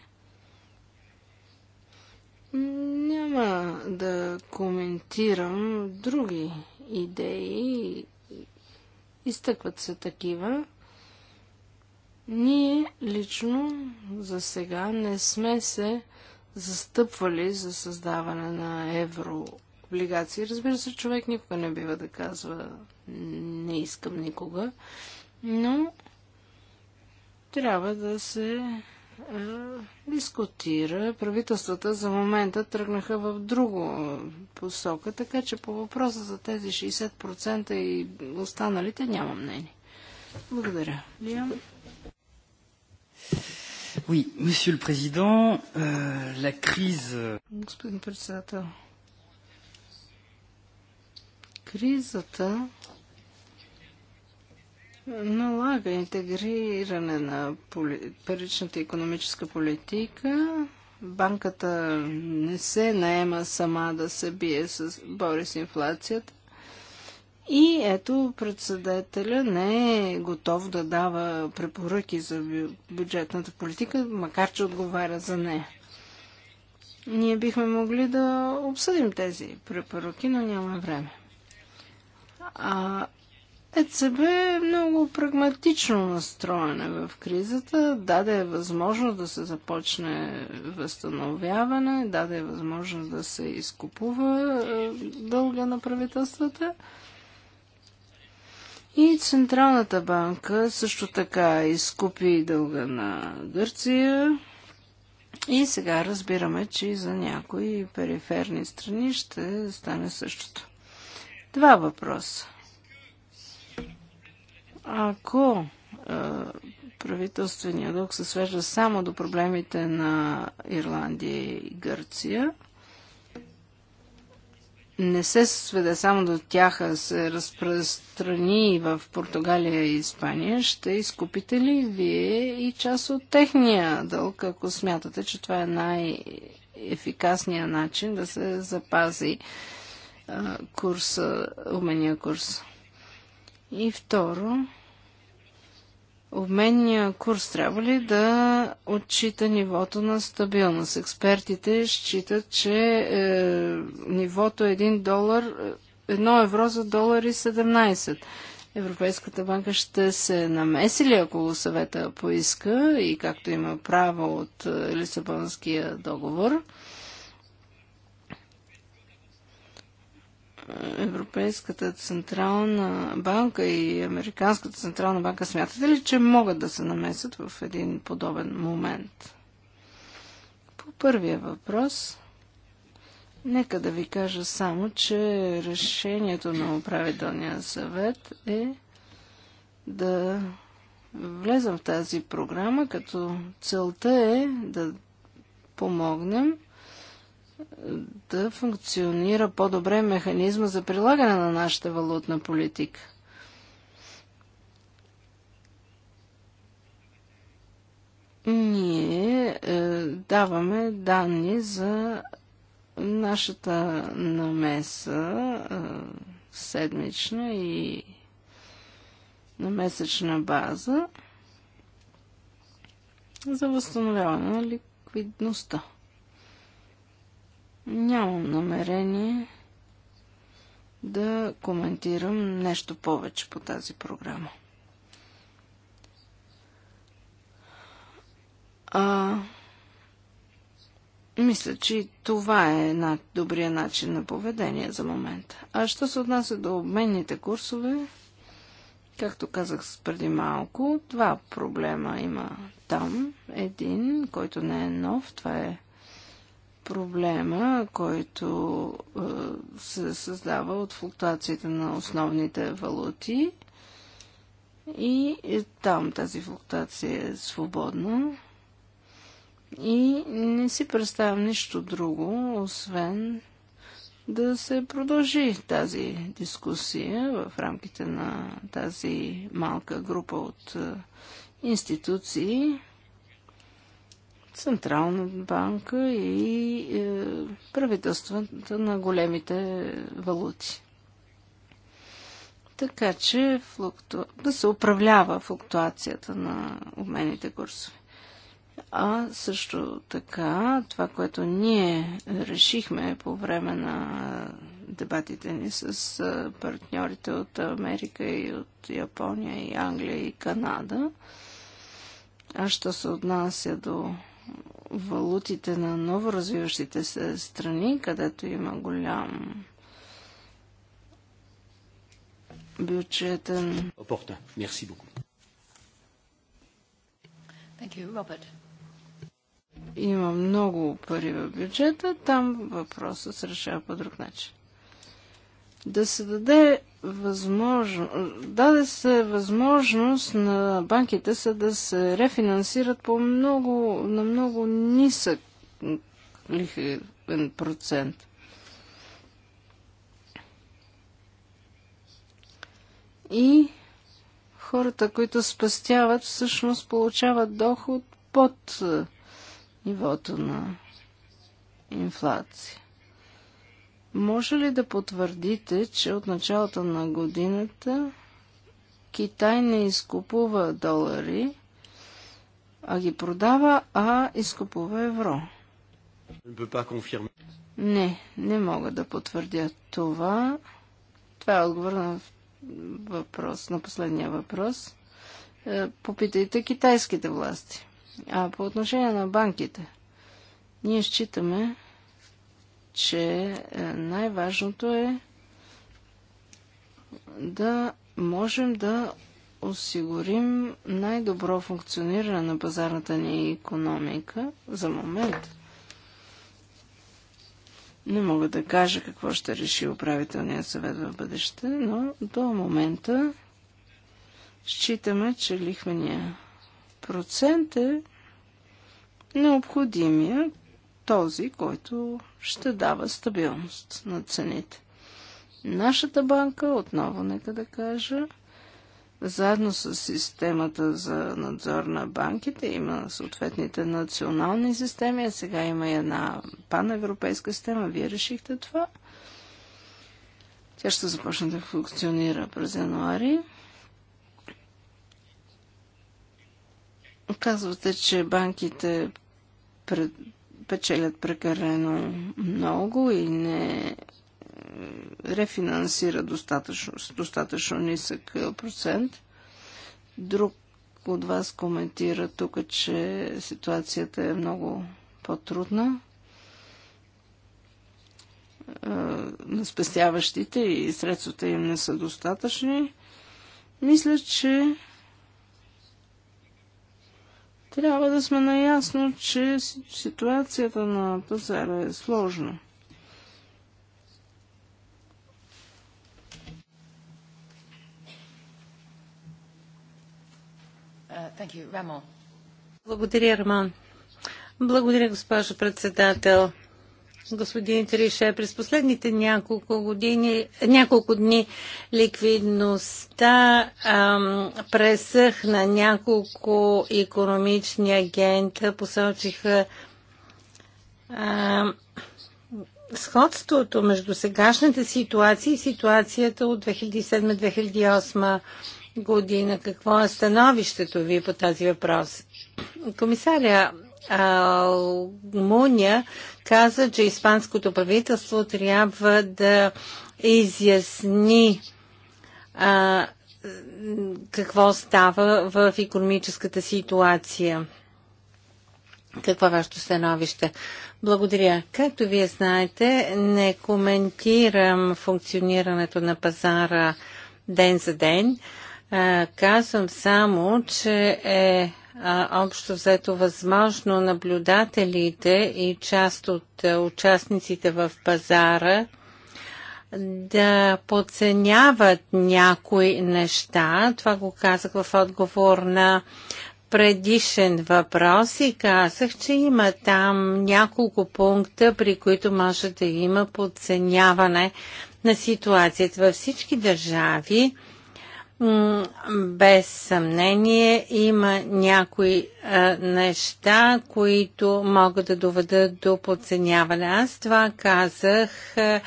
[SPEAKER 2] няма да коментирам други идеи. Изтъкват се такива. Ние лично за сега не сме се застъпвали за създаване на еврооблигации. Разбира се, човек никога не бива да казва не искам никога, но трябва да се е, дискутира. Правителствата за момента тръгнаха в друго посока, така че по въпроса за тези 60% и останалите няма мнение. Благодаря. Oui, monsieur le président, euh, la crise... Euh, Господин председател, кризата налага интегриране на паричната економическа политика. Банката не се наема сама да се бие с бори с инфлацията. И ето председателя не е готов да дава препоръки за бюджетната политика, макар че отговаря за нея. Ние бихме могли да обсъдим тези препоръки, но няма време. А ЕЦБ е много прагматично настроена в кризата, даде е възможност да се започне възстановяване, даде е възможност да се изкупува е, дълга на правителствата. И Централната банка също така изкупи дълга на Гърция. И сега разбираме, че и за някои периферни страни ще стане същото. Два въпроса. Ако е, правителствения дълг се свежда само до проблемите на Ирландия и Гърция, не се сведе само до тях, а се разпространи в Португалия и Испания, ще изкупите ли вие и част от техния дълг, ако смятате, че това е най-ефикасният начин да се запази курса, умения курс? И второ, Обменния курс трябва ли да отчита нивото на стабилност? Експертите считат, че е, нивото 1 е долар, 1 е, евро за долар и 17. Европейската банка ще се намеси ли, ако съвета поиска и както има право от е, Лисабонския договор? Европейската централна банка и Американската централна банка смятате ли, че могат да се намесят в един подобен момент? По първия въпрос, нека да ви кажа само, че решението на управителния съвет е да влезам в тази програма, като целта е да помогнем да функционира по-добре механизма за прилагане на нашата валутна политика. Ние е, даваме данни за нашата намеса е, седмична и на месечна база за възстановяване на ликвидността. Нямам намерение да коментирам нещо повече по тази програма. А, мисля, че това е над добрия начин на поведение за момента. А що се отнася до обменните курсове, както казах преди малко, два проблема има там. Един, който не е нов, това е проблема, който е, се създава от флуктуацията на основните валути. И там тази флуктуация е свободна. И не си представям нищо друго, освен да се продължи тази дискусия в рамките на тази малка група от е, институции Централна банка и е, правителствата на големите валути. Така че флукту... да се управлява флуктуацията на обмените курсове. А също така, това, което ние решихме по време на дебатите ни с е, партньорите от Америка и от Япония и Англия и Канада, а що се отнася до валутите на новоразвиващите се страни, където има голям бюджетен. Мерси Има много пари в бюджета, там въпросът се решава по друг начин. Да се даде възможно, даде се възможност на банките са да се рефинансират по много, на много нисък лихвен процент. И хората, които спастяват, всъщност получават доход под нивото на инфлация. Може ли да потвърдите, че от началото на годината Китай не изкупува долари, а ги продава, а изкупува евро? Не, не мога да потвърдя това. Това е отговор на въпрос, на последния въпрос. Е, попитайте китайските власти. А по отношение на банките, ние считаме, че е, най-важното е да можем да осигурим най-добро функциониране на пазарната ни економика за момент. Не мога да кажа какво ще реши управителният съвет в бъдеще, но до момента считаме, че лихвения процент е необходимия този, който ще дава стабилност на цените. Нашата банка, отново нека да кажа, заедно с системата за надзор на банките, има съответните национални системи, а сега има и една паневропейска система. Вие решихте това. Тя ще започне да функционира през януари. Казвате, че банките пред, печелят прекарено много и не рефинансира достатъчно, достатъчно нисък е, процент. Друг от вас коментира тук, че ситуацията е много по-трудна е, на спестяващите и средствата им не са достатъчни. Мисля, че трябва да сме наясно, че ситуацията на пазара е сложна. Uh,
[SPEAKER 1] Благодаря, Роман. Благодаря, госпожо председател господин Трише. През последните няколко, години, няколко дни ликвидността ам, пресъхна. Няколко економични агента посочиха ам, сходството между сегашната ситуация и ситуацията от 2007-2008 година. Какво е становището ви по тази въпрос? Комисаря Муня каза, че испанското правителство трябва да изясни а, какво става в економическата ситуация. Какво е вашето становище? Благодаря. Както вие знаете, не коментирам функционирането на пазара ден за ден. А, казвам само, че е общо взето възможно наблюдателите и част от участниците в пазара да подценяват някои неща. Това го казах в отговор на предишен въпрос и казах, че има там няколко пункта, при които може да има подценяване на ситуацията. Във всички държави без съмнение има някои а, неща, които могат да доведат до подценяване. Аз това казах а,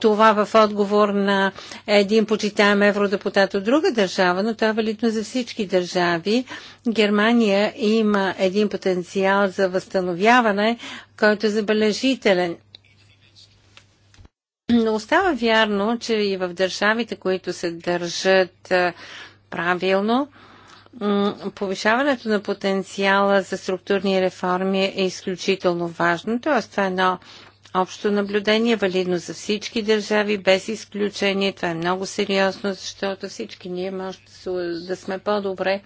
[SPEAKER 1] това в отговор на един почитаем евродепутат от друга държава, но това е валидно за всички държави. Германия има един потенциал за възстановяване, който е забележителен. Но остава вярно, че и в държавите, които се държат правилно, повишаването на потенциала за структурни реформи е изключително важно. Тоест, това е едно общо наблюдение, валидно за всички държави, без изключение. Това е много сериозно, защото всички ние може да сме по-добре,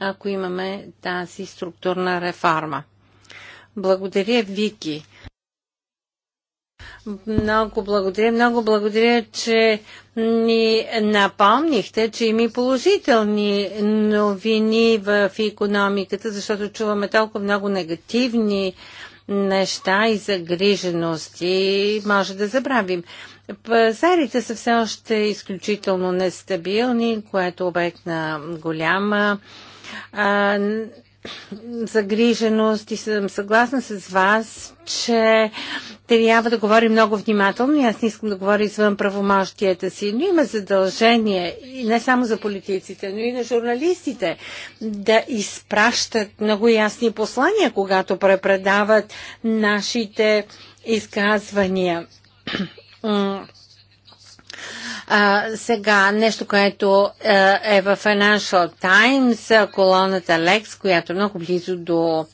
[SPEAKER 1] ако имаме тази структурна реформа. Благодаря, Вики. Много благодаря, много благодаря, че ни напомнихте, че има и положителни новини в економиката, защото чуваме толкова много негативни неща и загрижености. Може да забравим. Пазарите са все още изключително нестабилни, което обект на голяма а, загриженост и съм съгласна с вас, че трябва да говори много внимателно и аз не искам да говоря извън правомощията си, но има задължение и не само за политиците, но и на журналистите да изпращат много ясни послания, когато препредават нашите изказвания. А, сега нещо, което е, е в Financial Times, колоната Lex, която е много близо до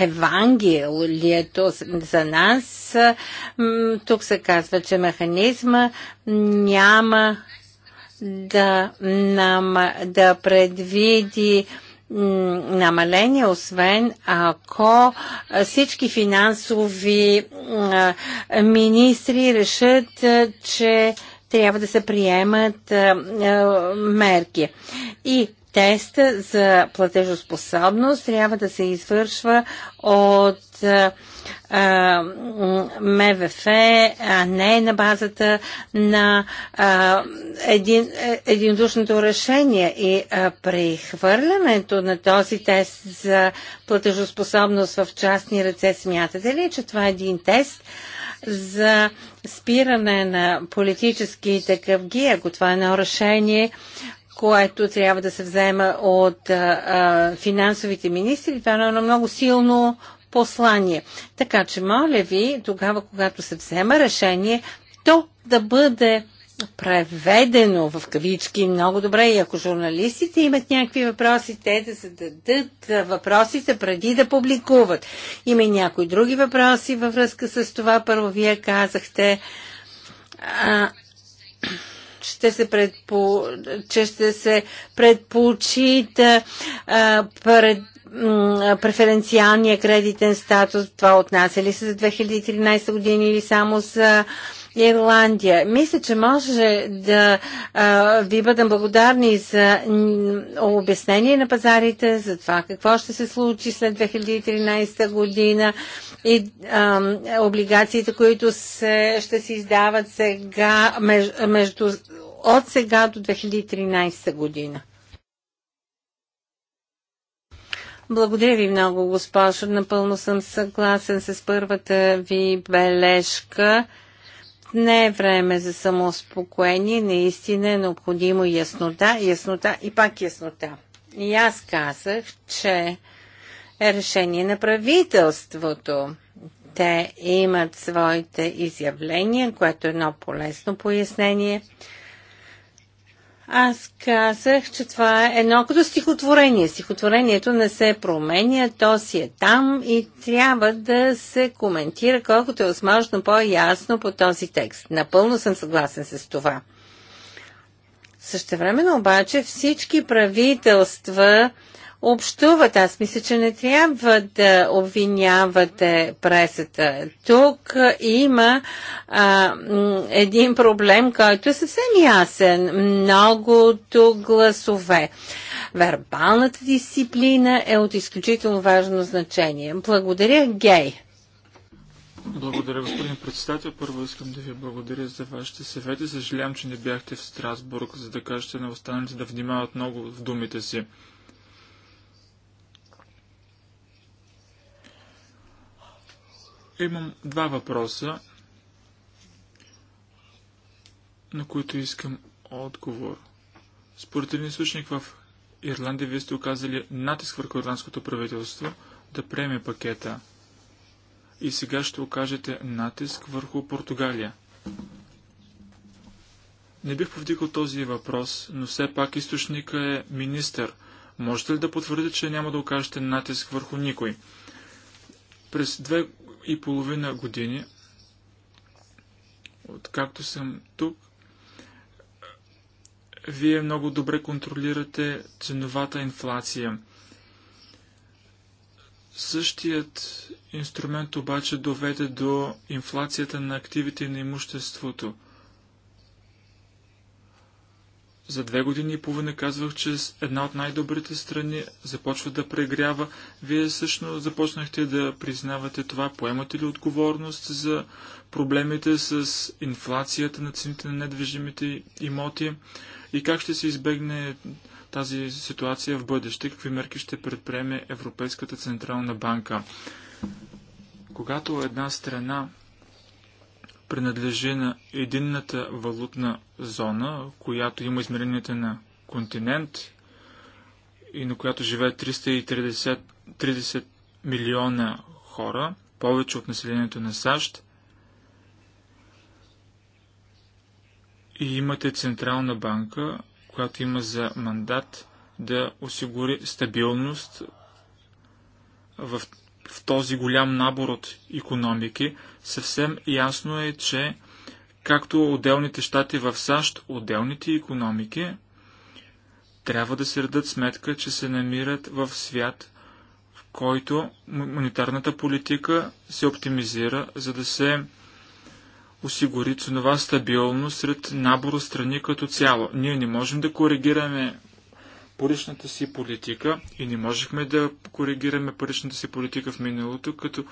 [SPEAKER 1] Евангелието за нас. Тук се казва, че механизма няма да, нам, да предвиди намаление, освен ако всички финансови министри решат, че трябва да се приемат мерки. И теста за платежоспособност трябва да се извършва от МВФ, а не на базата на един, единодушното решение и прехвърлянето на този тест за платежоспособност в частни ръце. Смятате ли, че това е един тест, за спиране на политическите къвги, ако това е едно решение, което трябва да се взема от а, а, финансовите министри. Това е едно много силно послание. Така че, моля ви, тогава, когато се взема решение, то да бъде преведено в кавички много добре и ако журналистите имат някакви въпроси, те да зададат въпросите преди да публикуват. Има и някои други въпроси във връзка с това. Първо вие казахте, а, ще се предпо, че ще се предпочита а, пред преференциалния кредитен статус, това отнася ли се за 2013 години или само за Ирландия. Мисля, че може да а, ви бъдам благодарни за обяснение на пазарите, за това какво ще се случи след 2013 година и а, облигациите, които се, ще се издават сега, меж, между, от сега до 2013 година. Благодаря ви много, госпожо. Напълно съм съгласен с първата ви бележка. Не е време за самоуспокоение, наистина е необходимо яснота, яснота и пак яснота. И аз казах, че е решение на правителството. Те имат своите изявления, което е едно полезно пояснение – аз казах, че това е едно като стихотворение. Стихотворението не се променя, то си е там и трябва да се коментира колкото е възможно по-ясно по този текст. Напълно съм съгласен с това. Същевременно обаче всички правителства общуват. Аз мисля, че не трябва да обвинявате пресата. Тук има а, един проблем, който е съвсем ясен. Многото гласове. Вербалната дисциплина е от изключително важно значение. Благодаря, Гей.
[SPEAKER 3] Благодаря, господин председател. Първо искам да ви благодаря за вашите съвети. Съжалявам, че не бяхте в Страсбург, за да кажете на останалите да внимават много в думите си. Имам два въпроса, на които искам отговор. Според един източник в Ирландия, вие сте оказали натиск върху ирландското правителство да приеме пакета. И сега ще окажете натиск върху Португалия. Не бих повдигал този въпрос, но все пак източника е министър. Можете ли да потвърдите, че няма да окажете натиск върху никой? През две и половина години, откакто съм тук, вие много добре контролирате ценовата инфлация. Същият инструмент обаче доведе до инфлацията на активите и на имуществото. За две години и половина казвах, че една от най-добрите страни започва да прегрява. Вие също започнахте да признавате това. Поемате ли отговорност за проблемите с инфлацията на цените на недвижимите имоти и как ще се избегне тази ситуация в бъдеще? Какви мерки ще предприеме Европейската Централна банка? Когато една страна принадлежи на единната валутна зона, която има измеренията на континент и на която живеят 330 30 милиона хора, повече от населението на САЩ. И имате Централна банка, която има за мандат да осигури стабилност в в този голям набор от економики, съвсем ясно е, че както отделните щати в САЩ, отделните економики трябва да се редат сметка, че се намират в свят, в който монетарната политика се оптимизира, за да се осигури ценова стабилност сред набор страни като цяло. Ние не можем да коригираме паричната си политика и не можехме да коригираме паричната си политика в миналото, като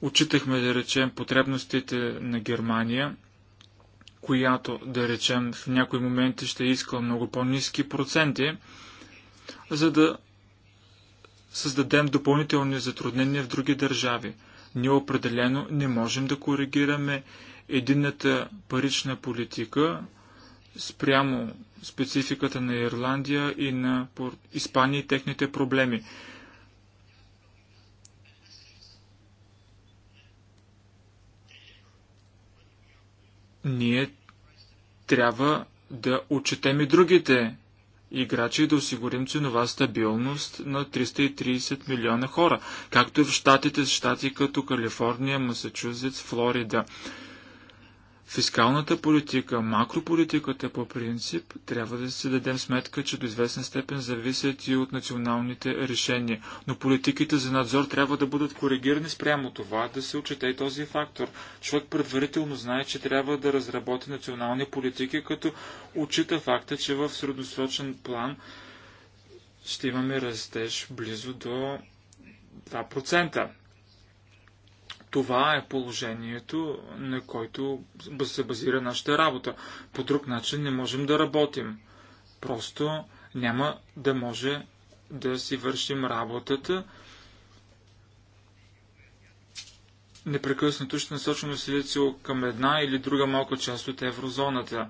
[SPEAKER 3] отчитахме, да речем, потребностите на Германия, която, да речем, в някои моменти ще е иска много по-низки проценти, за да създадем допълнителни затруднения в други държави. Ние определено не можем да коригираме единната парична политика спрямо спецификата на Ирландия и на Испания и техните проблеми. Ние трябва да отчетем и другите играчи и да осигурим ценова стабилност на 330 милиона хора, както в щатите, щати като Калифорния, Масачузетс, Флорида фискалната политика, макрополитиката по принцип, трябва да си дадем сметка, че до известна степен зависят и от националните решения. Но политиките за надзор трябва да бъдат коригирани спрямо това, да се отчете и този фактор. Човек предварително знае, че трябва да разработи национални политики, като отчита факта, че в средносрочен план ще имаме растеж близо до 2%. Това е положението, на който се базира нашата работа. По друг начин не можем да работим. Просто няма да може да си вършим работата. Непрекъснато ще насочим усилието към една или друга малка част от еврозоната.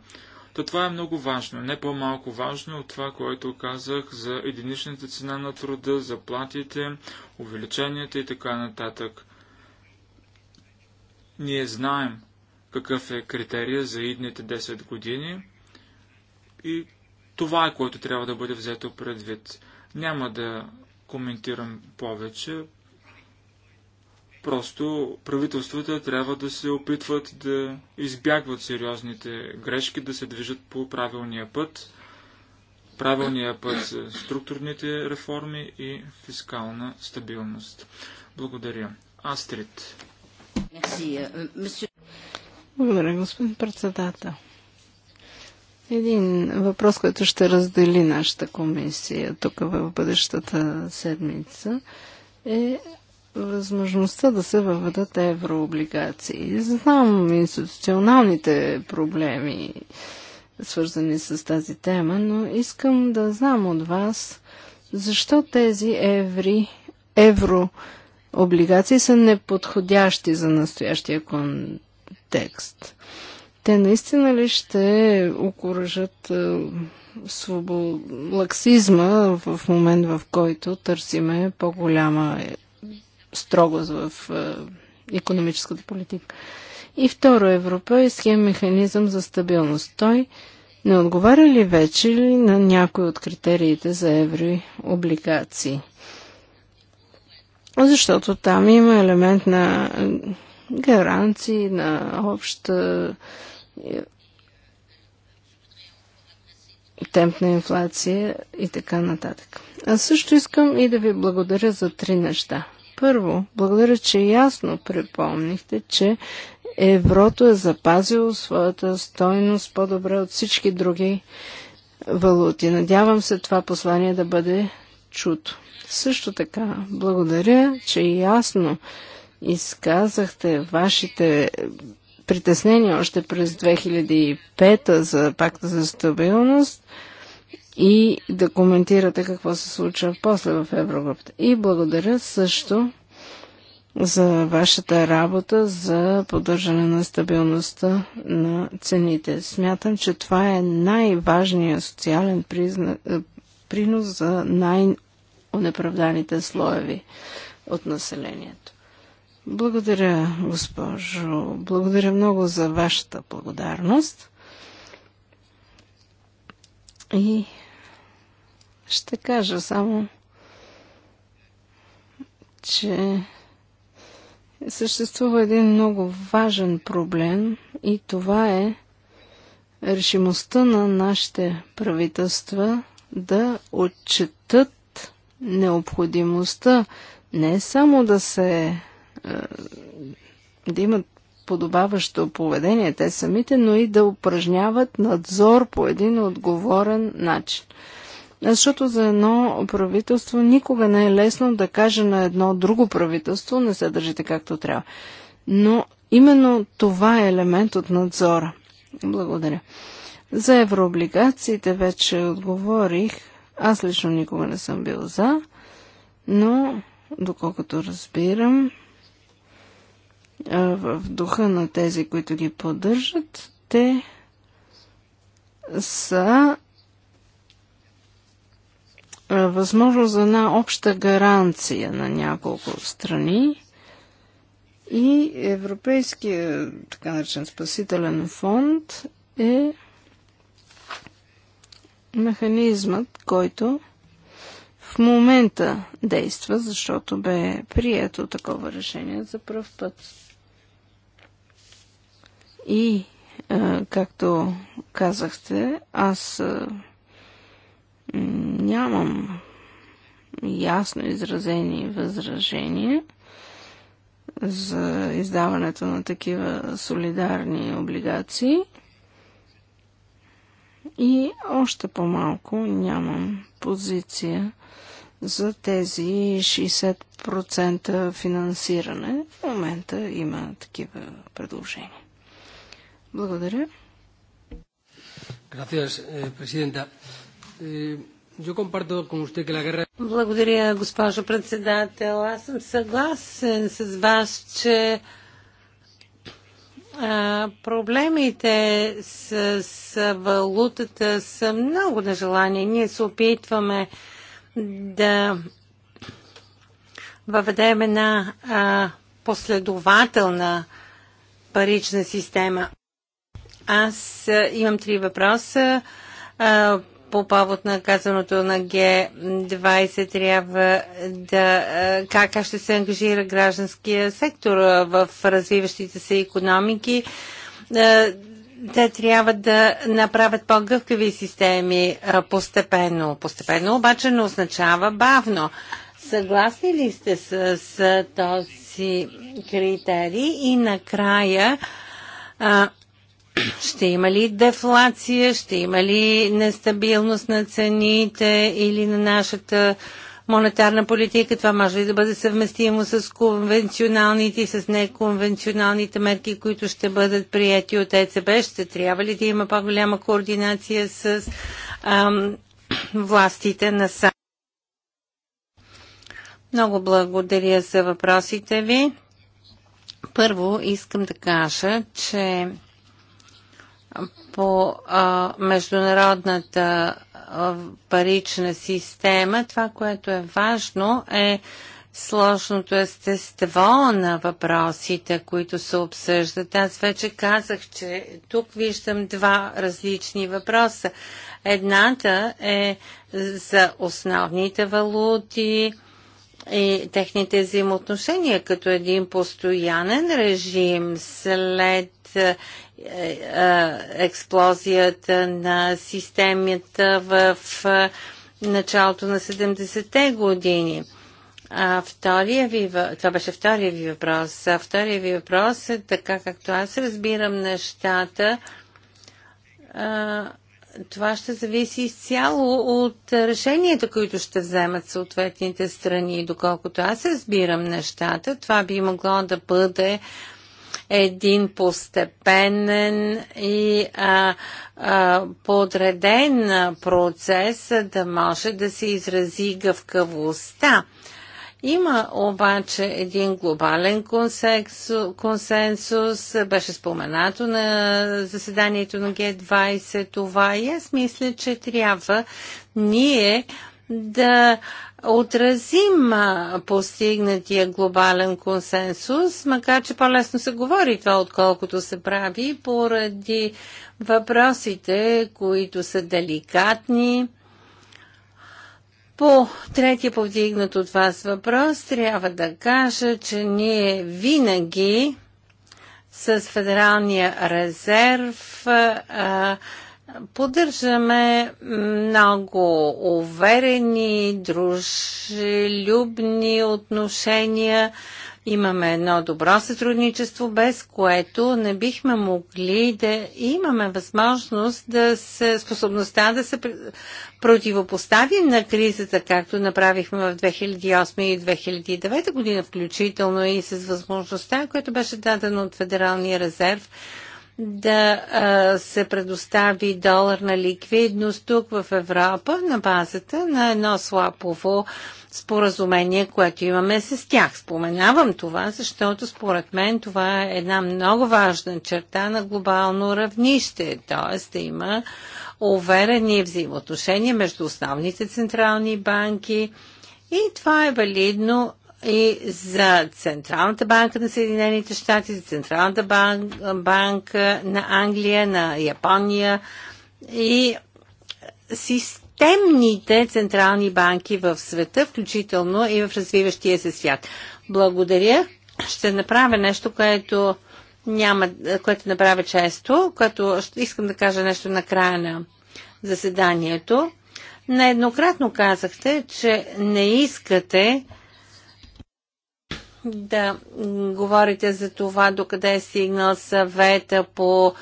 [SPEAKER 3] То това е много важно, не по-малко важно от това, което казах за единичната цена на труда, заплатите, увеличенията и така нататък. Ние знаем какъв е критерия за идните 10 години и това е което трябва да бъде взето предвид. Няма да коментирам повече. Просто правителствата трябва да се опитват да избягват сериозните грешки, да се движат по правилния път. Правилния път за структурните реформи и фискална стабилност. Благодаря. Астрид. Euh,
[SPEAKER 2] Благодаря, господин председател. Един въпрос, който ще раздели нашата комисия тук в бъдещата седмица е възможността да се въведат еврооблигации. Знам институционалните проблеми, свързани с тази тема, но искам да знам от вас защо тези еври, еврооблигации облигации са неподходящи за настоящия контекст. Те наистина ли ще окоръжат е, лаксизма в момент, в който търсиме по-голяма е, строгост в економическата политика? И второ, европейския механизъм за стабилност. Той не отговаря ли вече ли на някои от критериите за еврооблигации? облигации? защото там има елемент на гаранции, на обща е, темп на инфлация и така нататък. А също искам и да ви благодаря за три неща. Първо, благодаря, че ясно припомнихте, че еврото е запазило своята стойност по-добре от всички други валути. Надявам се това послание да бъде чуто. Също така, благодаря, че ясно изказахте вашите притеснения още през 2005 за пакта за стабилност и да коментирате какво се случва после в Еврогрупата. И благодаря също за вашата работа за поддържане на стабилността на цените. Смятам, че това е най-важният социален признак, е, принос за най- онеправданите слоеви от населението. Благодаря, госпожо. Благодаря много за вашата благодарност. И ще кажа само, че съществува един много важен проблем и това е решимостта на нашите правителства да отчетат необходимостта не само да се е, да имат подобаващо поведение те самите, но и да упражняват надзор по един отговорен начин. Защото за едно правителство никога не е лесно да каже на едно друго правителство не се държите както трябва. Но именно това е елемент от надзора. Благодаря. За еврооблигациите вече отговорих. Аз лично никога не съм бил за, но доколкото разбирам, в духа на тези, които ги поддържат, те са възможност за една обща гаранция на няколко страни и Европейския, така наречен, спасителен фонд е механизмът, който в момента действа, защото бе прието такова решение за пръв път. И, както казахте, аз нямам ясно изразени възражения за издаването на такива солидарни облигации – и още по-малко нямам позиция за тези 60% финансиране. В момента има такива предложения.
[SPEAKER 1] Благодаря.
[SPEAKER 3] Eh,
[SPEAKER 1] eh, Благодаря, госпожо председател. Аз съм съгласен с вас, че проблемите с, валутата са много нежелани. Ние се опитваме да въведем една последователна парична система. Аз имам три въпроса. А, по повод на казаното на Г20 трябва да... Е, как ще се ангажира гражданския сектор е, в развиващите се економики? Е, те трябва да направят по-гъвкави системи постепенно. Постепенно обаче не означава бавно. Съгласни ли сте с, с този критерий? И накрая а, ще има ли дефлация, ще има ли нестабилност на цените или на нашата монетарна политика. Това може ли да бъде съвместимо с конвенционалните и с неконвенционалните мерки, които ще бъдат прияти от ЕЦБ? Ще трябва ли да има по-голяма координация с ам, властите на САЩ? Много благодаря за въпросите ви. Първо искам да кажа, че по а, международната а, парична система, това, което е важно, е сложното естество на въпросите, които се обсъждат. Аз вече казах, че тук виждам два различни въпроса. Едната е за основните валути, и техните взаимоотношения като един постоянен режим след е, е, експлозията на системата в е, началото на 70-те години. А втория ви, това беше втория ви въпрос. А втория ви въпрос е така, както аз разбирам нещата, а, това ще зависи изцяло от решенията, които ще вземат съответните страни. Доколкото аз разбирам нещата, това би могло да бъде един постепенен и а, а, подреден процес, да може да се изрази гъвкавостта има обаче един глобален консенсус, беше споменато на заседанието на Г20 това и аз мисля, че трябва ние да отразим постигнатия глобален консенсус, макар че по-лесно се говори това, отколкото се прави, поради въпросите, които са деликатни по третия повдигнат от вас въпрос, трябва да кажа, че ние винаги с Федералния резерв а, поддържаме много уверени, дружелюбни отношения Имаме едно добро сътрудничество, без което не бихме могли да имаме възможност да се, способността да се противопоставим на кризата, както направихме в 2008 и 2009 година, включително и с възможността, която беше дадена от Федералния резерв да а, се предостави на ликвидност тук в Европа на базата на едно слапово споразумение, което имаме с тях. Споменавам това, защото според мен това е една много важна черта на глобално равнище, т.е. да има уверени взаимоотношения между основните централни банки и това е валидно и за Централната банка на Съединените щати, за Централната банка, банка на Англия, на Япония и системните централни банки в света, включително и в развиващия се свят. Благодаря. Ще направя нещо, което няма, което направя често, което искам да кажа нещо на края на заседанието. Нееднократно казахте, че не искате да говорите за това докъде е стигнал съвета по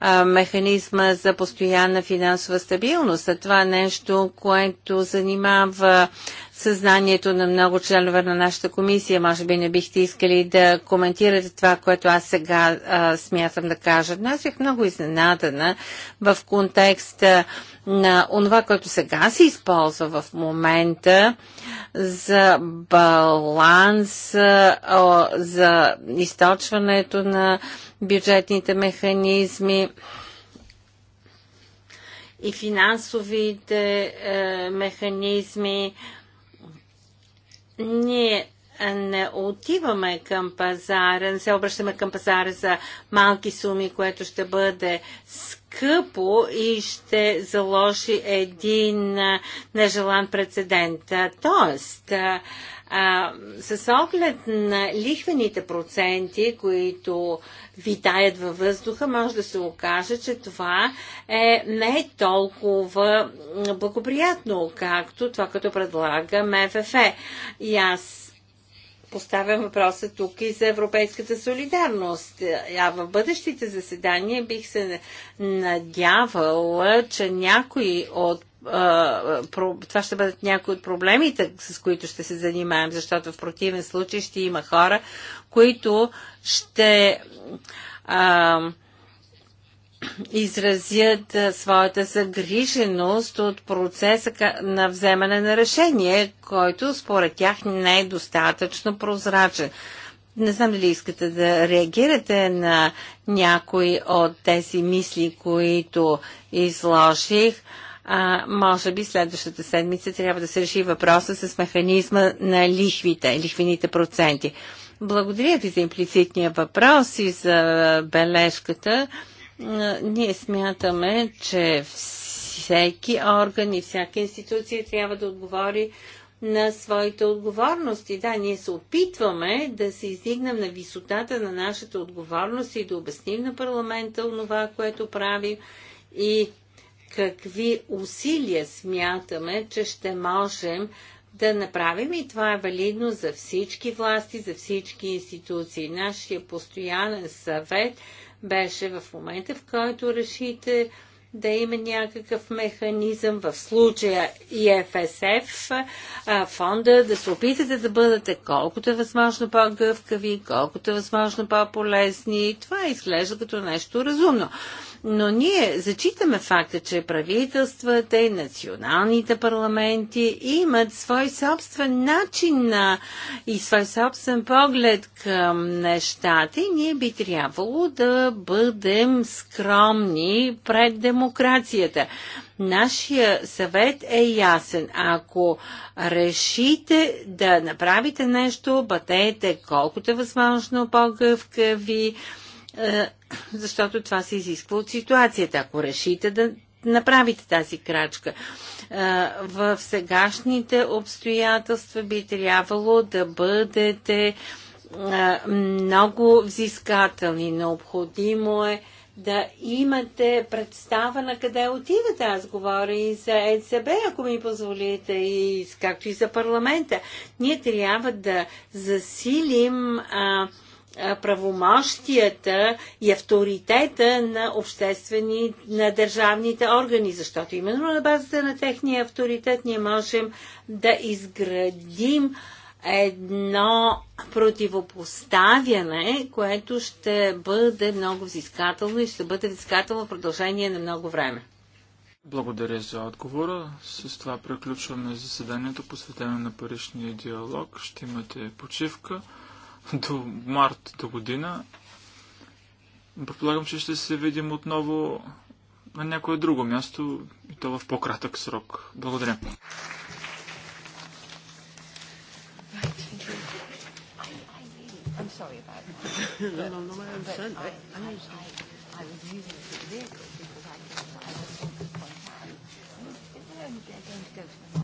[SPEAKER 1] а, механизма за постоянна финансова стабилност. А това е нещо, което занимава съзнанието на много членове на нашата комисия. Може би не бихте искали да коментирате това, което аз сега а, смятам да кажа. Но аз бях много изненадана в контекста на онова, което сега се използва в момента за баланс, за източването на бюджетните механизми и финансовите е, механизми. Ние не отиваме към пазара, не се обръщаме към пазара за малки суми, което ще бъде скъпо скъпо и ще заложи един нежелан прецедент. Тоест, а, с оглед на лихвените проценти, които витаят във въздуха, може да се окаже, че това е не е толкова благоприятно, както това, като предлага МФФ. И аз Поставям въпроса тук и за европейската солидарност. А в бъдещите заседания бих се надявала, че някои от това ще бъдат някои от проблемите, с които ще се занимаем, защото в противен случай ще има хора, които ще а, изразят своята загриженост от процеса на вземане на решение, който според тях не е достатъчно прозрачен. Не знам дали искате да реагирате на някои от тези мисли, които изложих. А, може би следващата седмица трябва да се реши въпроса с механизма на лихвите, лихвените проценти. Благодаря ви за имплицитния въпрос и за бележката. Ние смятаме, че всеки орган и всяка институция трябва да отговори на своите отговорности. Да, ние се опитваме да се издигнем на висотата на нашата отговорност и да обясним на парламента това, което правим и какви усилия смятаме, че ще можем да направим и това е валидно за всички власти, за всички институции. Нашия постоянен съвет – беше в момента, в който решите да има някакъв механизъм, в случая ИФСФ, фонда, да се опитате да бъдете колкото е възможно по-гъвкави, колкото е възможно по-полезни. Това изглежда като нещо разумно но ние зачитаме факта, че правителствата и националните парламенти имат свой собствен начин на и свой собствен поглед към нещата и ние би трябвало да бъдем скромни пред демокрацията. Нашия съвет е ясен. Ако решите да направите нещо, бъдете колкото е възможно по-гъвкави, е, защото това се изисква от ситуацията. Ако решите да направите тази крачка. Е, в сегашните обстоятелства би трябвало да бъдете е, много взискателни. Необходимо е да имате представа на къде отивате. Аз говоря и за ЕЦБ, ако ми позволите, и както и за парламента. Ние трябва да засилим а, правомощията и авторитета на обществени, на държавните органи, защото именно на базата на техния авторитет ние можем да изградим едно противопоставяне, което ще бъде много взискателно и ще бъде взискателно в
[SPEAKER 3] продължение на много време. Благодаря за отговора. С това приключваме заседанието, посветено на паричния диалог. Ще имате почивка до март до година. Предполагам, че ще се видим отново на някое друго място и то в по-кратък срок. Благодаря.
[SPEAKER 1] I'm sorry about that. no, no, no, I understand. I, I, I, I was using the vehicle because I, I was on the point. I'm going to go to the